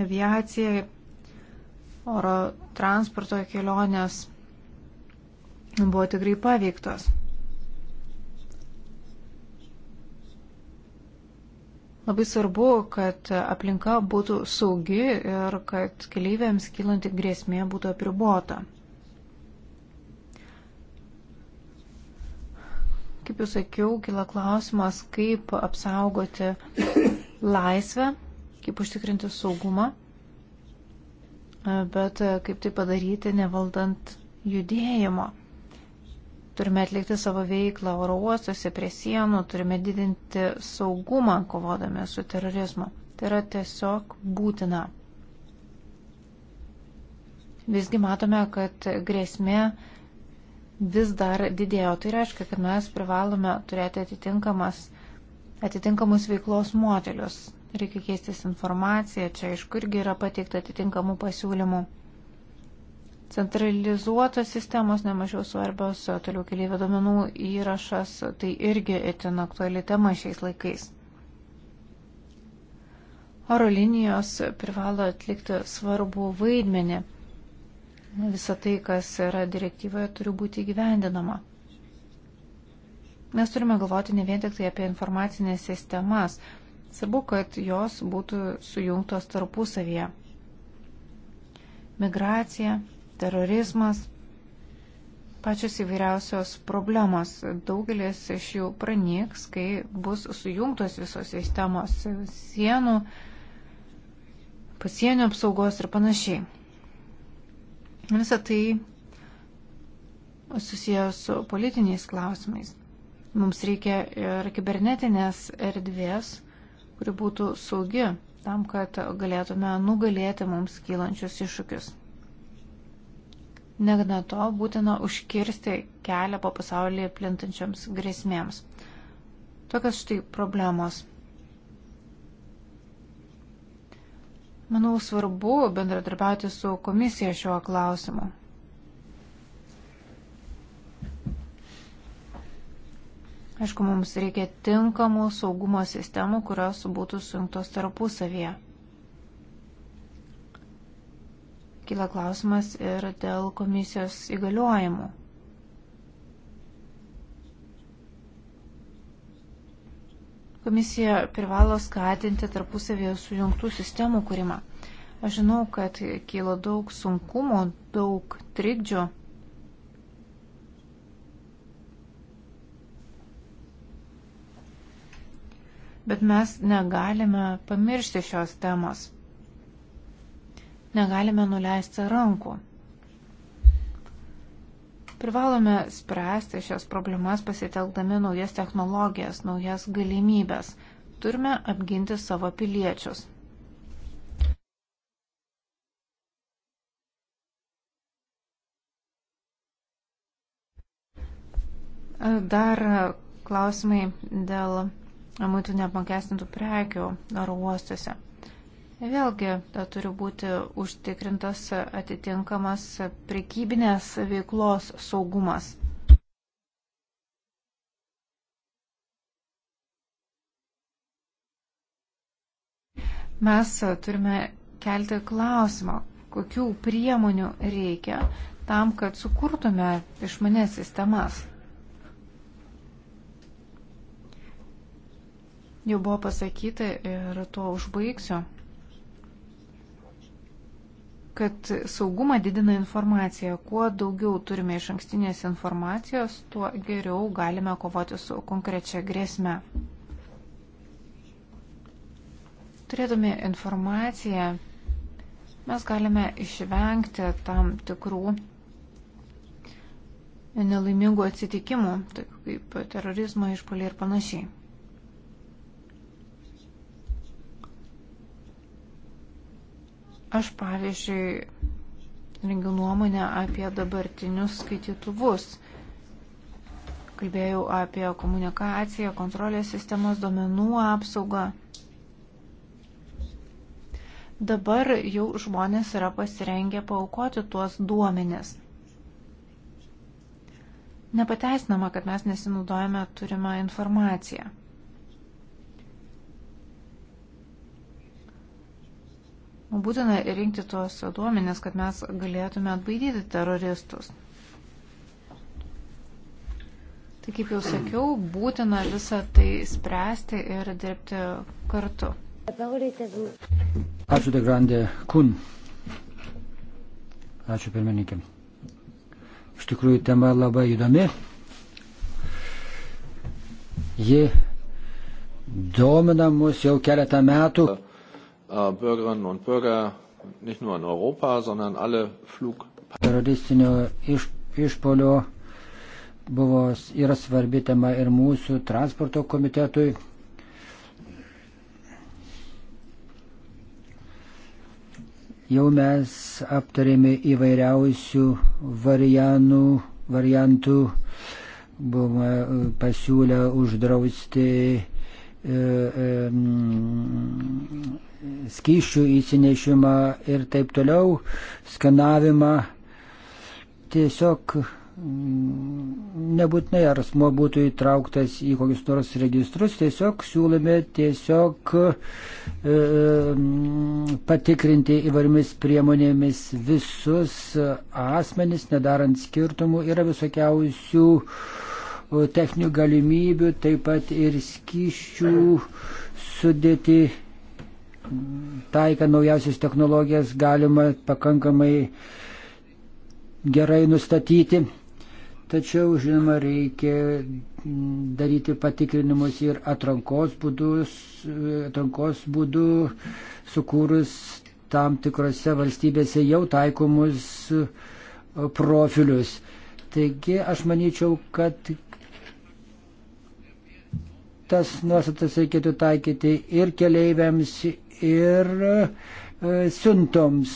Aviacija, oro transporto kelionės buvo tikrai paveiktos. Labai svarbu, kad aplinka būtų saugi ir kad keleiviams kilanti grėsmė būtų apribota. Kaip jau sakiau, kila klausimas, kaip apsaugoti laisvę, kaip užtikrinti saugumą, bet kaip tai padaryti nevaldant judėjimo. Turime atlikti savo veiklą oro uostuose prie sienų, turime didinti saugumą kovodami su terorizmu. Tai yra tiesiog būtina. Visgi matome, kad grėsmė vis dar didėjo. Tai reiškia, kad mes privalome turėti atitinkamus veiklos modelius. Reikia keistis informaciją, čia iš kurgi yra pateikta atitinkamų pasiūlymų. Centralizuotos sistemos nemažiau svarbios, toliau keliaivių domenų įrašas, tai irgi itin aktuali tema šiais laikais. Oro linijos privalo atlikti svarbų vaidmenį visa tai, kas yra direktyvoje, turi būti įgyvendinama. Mes turime galvoti ne vien tik tai apie informacinės sistemas. Svarbu, kad jos būtų sujungtos tarpusavyje. Migracija, terorizmas, pačios įvairiausios problemos. Daugelis iš jų pranyks, kai bus sujungtos visos sistemos sienų, pasienio apsaugos ir panašiai. Visą tai susijęs su politiniais klausimais. Mums reikia ir kibernetinės erdvės, kuri būtų saugi tam, kad galėtume nugalėti mums kylančius iššūkius. Negana to, būtina užkirsti kelią po pasaulyje plintančiams grėsmėms. Tokios štai problemos. Manau, svarbu bendradarbiauti su komisija šiuo klausimu. Aišku, mums reikia tinkamų saugumo sistemų, kurios būtų sujungtos tarpusavyje. Kila klausimas ir dėl komisijos įgaliojimų. Komisija privalo skatinti tarpusavėje sujungtų sistemų kūrimą. Aš žinau, kad kyla daug sunkumo, daug trikdžių. Bet mes negalime pamiršti šios temos. Negalime nuleisti rankų. Privalome spręsti šias problemas pasitelkdami naujas technologijas, naujas galimybės. Turime apginti savo piliečius. Dar klausimai dėl muitų neapmokestintų prekių oro uostuose. Vėlgi turi būti užtikrintas atitinkamas prekybinės veiklos saugumas. Mes turime kelti klausimą, kokių priemonių reikia tam, kad sukurtume išmanės sistemas. Jau buvo pasakyta ir tuo užbaigsiu kad saugumą didina informacija. Kuo daugiau turime iš ankstinės informacijos, tuo geriau galime kovoti su konkrečia grėsme. Turėdami informaciją, mes galime išvengti tam tikrų nelaimingų atsitikimų, taip kaip terorizmo išpoliai ir panašiai. Aš, pavyzdžiui, rengiu nuomonę apie dabartinius skaitytuvus. Kalbėjau apie komunikaciją, kontrolės sistemos, domenų apsaugą. Dabar jau žmonės yra pasirengę paukoti tuos duomenis. Nepateisinama, kad mes nesinaudojame turimą informaciją. Būtina rinkti tuos duomenis, kad mes galėtume atbaidyti teroristus. Tai kaip jau sakiau, būtina visą tai spręsti ir dirbti kartu. Ačiū, Degrandė Kun. Ačiū, pirmininkė. Iš tikrųjų, tema labai įdomi. Ji domina mus jau keletą metų. Äh, Bürgerinnen und Bürger nicht nur in Europa, sondern alle Flug. Teroristinio iš, išpolio buvo, yra svarbi tema ir mūsų transporto komitetui. Jau mes aptarėme įvairiausių varianų, variantų, buvome e, pasiūlę uždrausti E, e, mm, skyšių įsinešimą ir taip toliau, skanavimą. Tiesiog mm, nebūtinai ar asmo būtų įtrauktas į kokius nors registrus, tiesiog siūlome tiesiog e, e mm, patikrinti įvarmis priemonėmis visus asmenys, nedarant skirtumų, yra visokiausių e, techninių galimybių, taip pat ir skyščių sudėti. Taika naujausias technologijas galima pakankamai gerai nustatyti. Tačiau, žinoma, reikia daryti patikrinimus ir atrankos būdus, atrankos būdų sukūrus tam tikrose valstybėse jau taikomus profilius. Taigi aš manyčiau, kad tas nuostatas reikėtų taikyti ir keleiviams, ir e, siuntoms.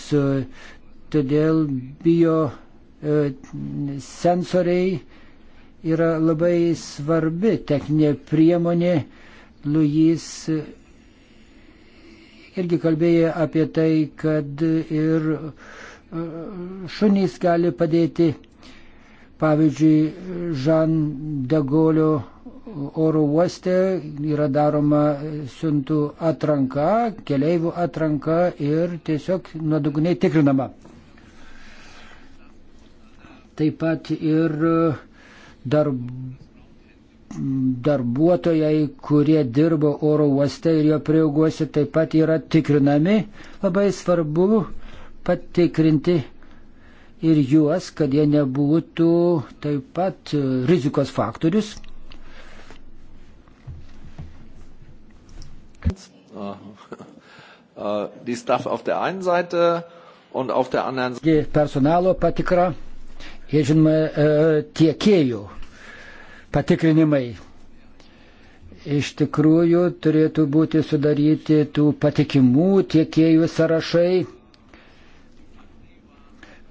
Todėl bio e, sensoriai yra labai svarbi techninė priemonė. Luis irgi kalbėjo apie tai, kad ir e, šunys gali padėti Pavyzdžiui, Žan Degolio oro uoste yra daroma siuntų atranka, keleivių atranka ir tiesiog nuodugniai tikrinama. Taip pat ir uh, darbų darbuotojai, kurie dirbo oro uoste ir jo prieauguose taip pat yra tikrinami. Labai svarbu patikrinti, ir juos, kad jie nebūtų taip pat e, rizikos faktorius. Äh, äh, personalo patikra ir žinoma e, tiekėjų patikrinimai. Iš tikrųjų turėtų būti sudaryti tų patikimų tiekėjų sąrašai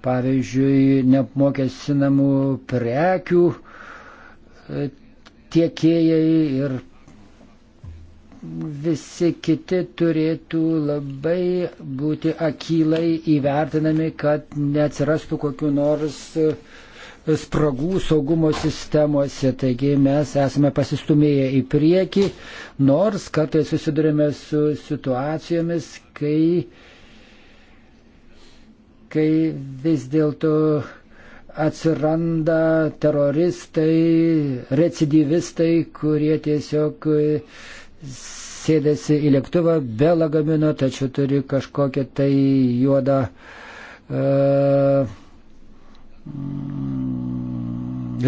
pavyzdžiui, neapmokestinamų prekių e, tiekėjai ir visi kiti turėtų labai būti akylai įvertinami, kad neatsirastų kokiu nors e, spragų saugumo sistemose. Taigi mes esame pasistumėję į priekį, nors kartais susidurime su situacijomis, kai uh, kai vis dėlto atsiranda teroristai, recidyvistai, kurie tiesiog sėdėsi į lėktuvą be lagamino, tačiau turi kažkokią tai juodą uh,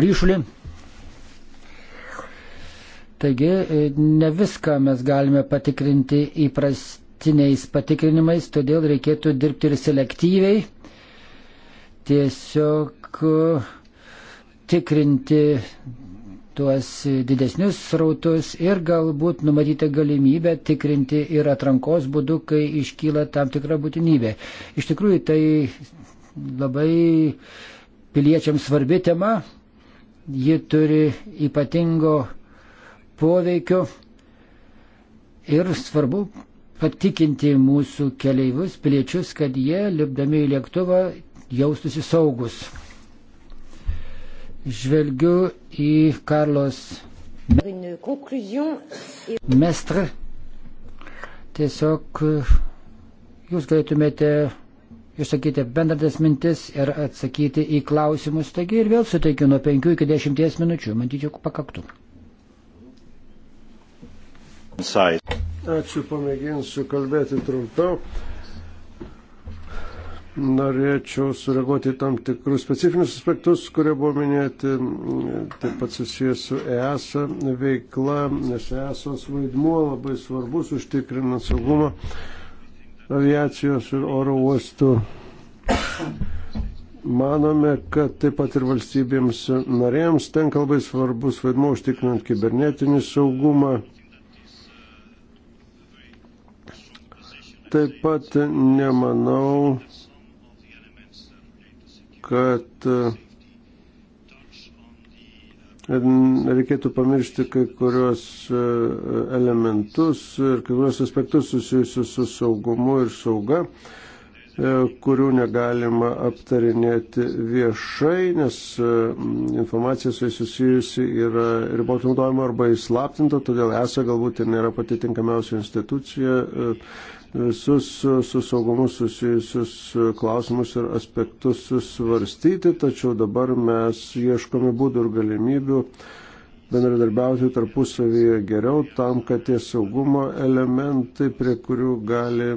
ryšulį. Taigi e, ne viską mes galime patikrinti įprastiniais patikrinimais, todėl reikėtų dirbti ir selektyviai tiesiog uh, tikrinti tuos didesnius srautus ir galbūt numatyta galimybė tikrinti ir atrankos būdu, kai iškyla tam tikra būtinybė. Iš tikrųjų, tai labai piliečiams svarbi tema, ji turi ypatingo poveikio ir svarbu patikinti mūsų keleivius, piliečius, kad jie, lipdami į lėktuvą, jaustųsi saugus. Žvelgiu į Karlos mestrą. Tiesiog eh, jūs galėtumėte išsakyti bendras mintis ir atsakyti į klausimus. Taigi ir vėl suteikiu nuo 5 iki 10 minučių. Matyčiau, pakaktų. Ačiū, pamėginsiu kalbėti trumpiau norėčiau sureaguoti tam tikrus specifinius aspektus, kurie buvo minėti, taip pat susijęs su EASA veikla, nes EASOS vaidmuo labai svarbus užtikrinant saugumą aviacijos ir oro uostų. Manome, kad taip pat ir valstybėms narėms tenka labai svarbus vaidmuo užtikrinant kibernetinį saugumą. Taip pat nemanau, kad e, reikėtų pamiršti kai kurios e, elementus ir kai kurios aspektus susijusius su saugumu ir sauga, e, kurių negalima aptarinėti viešai, nes informacija su jais susijusi yra ribotų naudojimo arba įslaptinta, todėl esą galbūt ir nėra pati tinkamiausia institucija visus su saugumu susijusius e, klausimus ir aspektus svarstyti, tačiau dabar mes ieškome būdų ir galimybių bendradarbiauti tarpusavyje geriau tam, kad tie saugumo elementai, prie kurių gali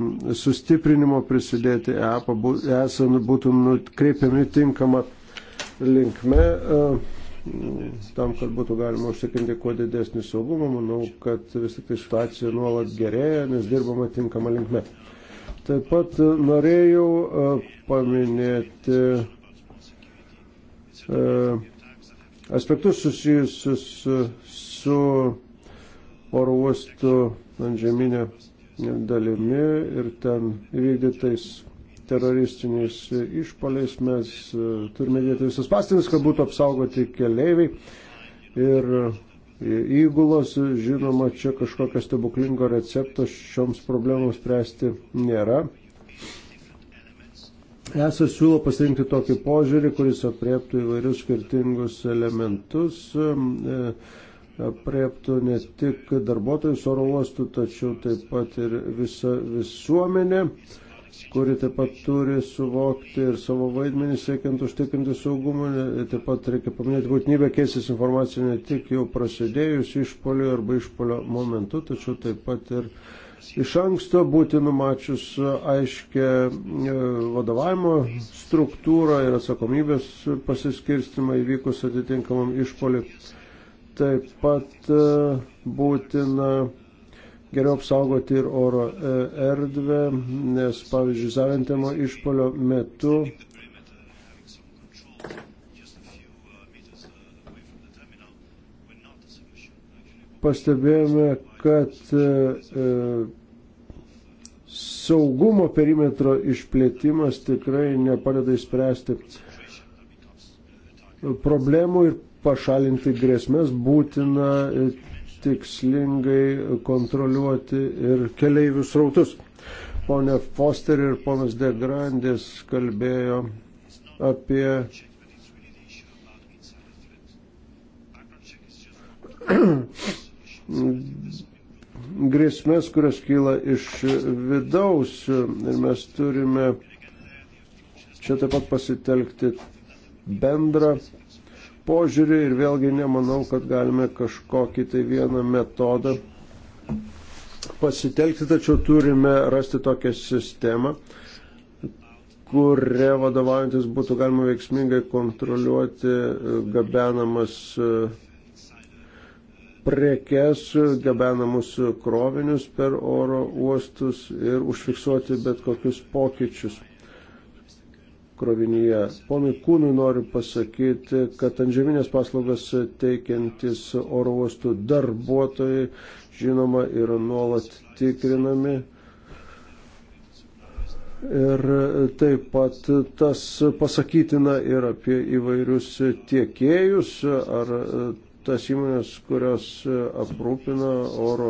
sustiprinimo prisidėti EPA, esant būtų nukreipiami tinkama linkme. Uh, tam, kad būtų galima užtikrinti kuo didesnį saugumą. Manau, kad vis tik tai situacija nuolat gerėja, nes dirbama tinkama linkme. Taip pat norėjau e, paminėti e, aspektus susijusius su, su oro uostu antžeminė dalimi ir ten įvykdytais teroristiniais išpoliais. Mes e, turime dėti visas pastangas, kad būtų apsaugoti keleiviai. Ir e, įgulos, žinoma, čia kažkokio stebuklingo recepto šioms problemams spręsti nėra. Esą siūlo pasirinkti tokį požiūrį, kuris apriektų įvairius skirtingus elementus. E, apriektų ne tik darbuotojus oro uostų, tačiau taip pat ir visa visuomenė. E, kuri taip pat turi suvokti ir savo vaidmenį, siekiant užtikrinti saugumą. Taip pat reikia paminėti būtinybę keistis informaciją ne tik jau prasidėjus išpolio arba išpolio momentu, tačiau taip pat ir iš anksto būti numačius aiškę e, vadovavimo struktūrą ir atsakomybės pasiskirstimą įvykus atitinkamam išpoliu. Taip pat e, būtina geriau apsaugoti ir oro e, erdvę, nes pavyzdžiui, Zaventemo išpolio metu pastebėjome, kad e, e, saugumo perimetro išplėtimas tikrai nepadeda įspręsti problemų ir pašalinti grėsmės būtina tikslingai kontroliuoti ir keleivių srautus. Pone Foster ir ponas De Grandis kalbėjo apie grėsmės, kurios kyla iš vidaus ir mes turime čia taip pat pasitelkti bendrą požiūrį ir vėlgi nemanau, kad galime kažkokį tai vieną metodą pasitelkti, tačiau turime rasti tokią sistemą, kuria vadovaujantis būtų galima veiksmingai kontroliuoti gabenamas prekes, gabenamus krovinius per oro uostus ir užfiksuoti bet kokius pokyčius krovinyje. Ponui Kūnui noriu pasakyti, kad antžeminės paslaugas teikiantis oro uostų darbuotojai, žinoma, yra nuolat tikrinami. Ir taip pat tas pasakytina ir apie įvairius tiekėjus ar tas įmonės, kurios aprūpina oro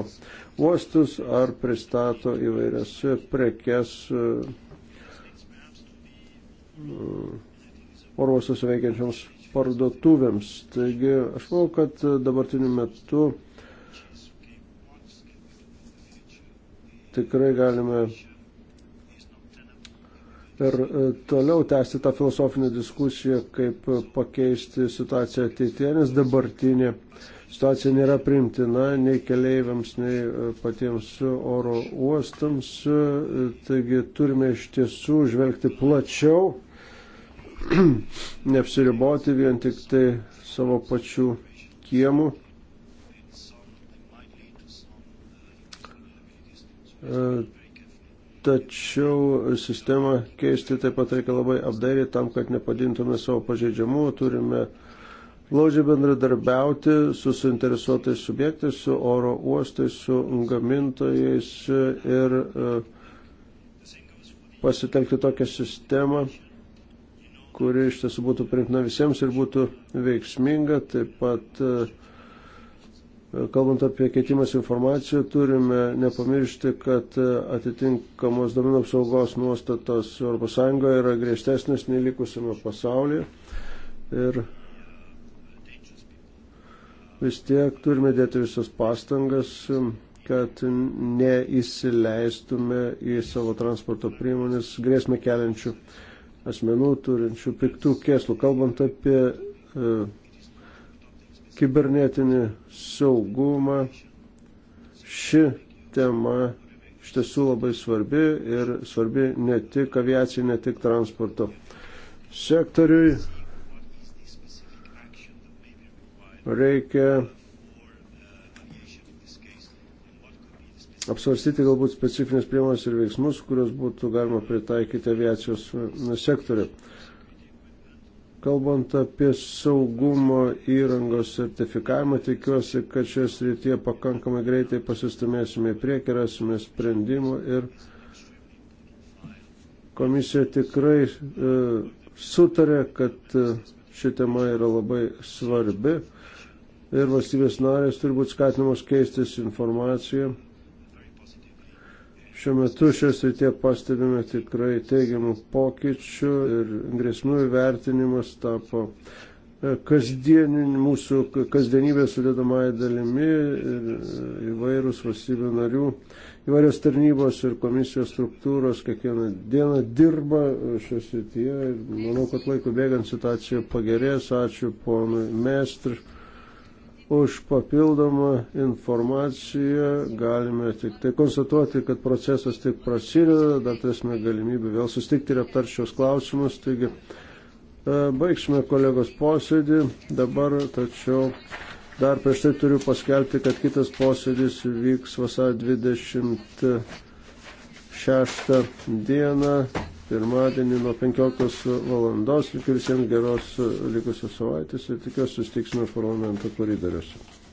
uostus ar pristato įvairias prekes Mm, orvosios veikiančioms parduotuvėms. Taigi aš manau, kad dabartiniu metu tikrai galime ir e, toliau tęsti tą filosofinę diskusiją, kaip pakeisti situaciją ateityje, nes dabartinė situacija nėra primtina nei keleiviams, nei e, patiems oro uostams. E, taigi turime iš tiesų žvelgti plačiau neapsiriboti vien tik tai savo pačių kiemų. E, tačiau sistemą keisti taip pat reikia labai apdairiai tam, kad nepadintume savo pažeidžiamų, turime glaudžiai bendradarbiauti su suinteresuotais subjektais, su oro uostais, su gamintojais ir e, pasitelkti tokią sistemą, kuri iš tiesų būtų primtina visiems ir būtų veiksminga. Taip pat, e, kalbant apie keitimas informacijų, turime nepamiršti, kad e, atitinkamos domino apsaugos nuostatos ES yra griežtesnės nei likusiame pasaulyje. Ir vis tiek turime dėti visas pastangas kad neįsileistume į savo transporto priemonės grėsmę keliančių asmenų turinčių piktų kėslų. Kalbant apie e, kibernetinį saugumą, ši tema iš tiesų labai svarbi ir svarbi ne tik aviacijai, ne tik transporto sektoriui. Reikia apsvarstyti galbūt specifinės priemonės ir veiksmus, kurios būtų galima pritaikyti aviacijos sektoriu. Kalbant apie saugumo įrangos sertifikavimą, tikiuosi, kad šioje srityje pakankamai greitai pasistumėsime į priekį, rasime sprendimų ir komisija tikrai e, sutarė, kad e, ši tema yra labai svarbi ir valstybės narės turi būti skatinamos keistis informaciją Šiuo metu šioje srityje pastebime tikrai teigiamų pokyčių ir grėsmių įvertinimas tapo e, mūsų kasdienybės sudėdamąją dalimi ir e, įvairūs valstybių narių, įvairios tarnybos ir komisijos struktūros kiekvieną dieną dirba e, šioje srityje. Manau, kad laiku bėgant situacija pagerės. Ačiū ponui Mestriui už papildomą informaciją. Galime tik tai konstatuoti, kad procesas tik prasideda, dar turėsime galimybę vėl sustikti ir aptarti šios klausimus. Taigi, e, baigsime kolegos posėdį dabar, tačiau dar prieš tai turiu paskelbti, kad kitas posėdis vyks vasarą 26 dieną pirmadienį nuo 15 valandos. Likiu visiems geros likusios savaitės ir tikiuosi susitiksime parlamento koridoriuose.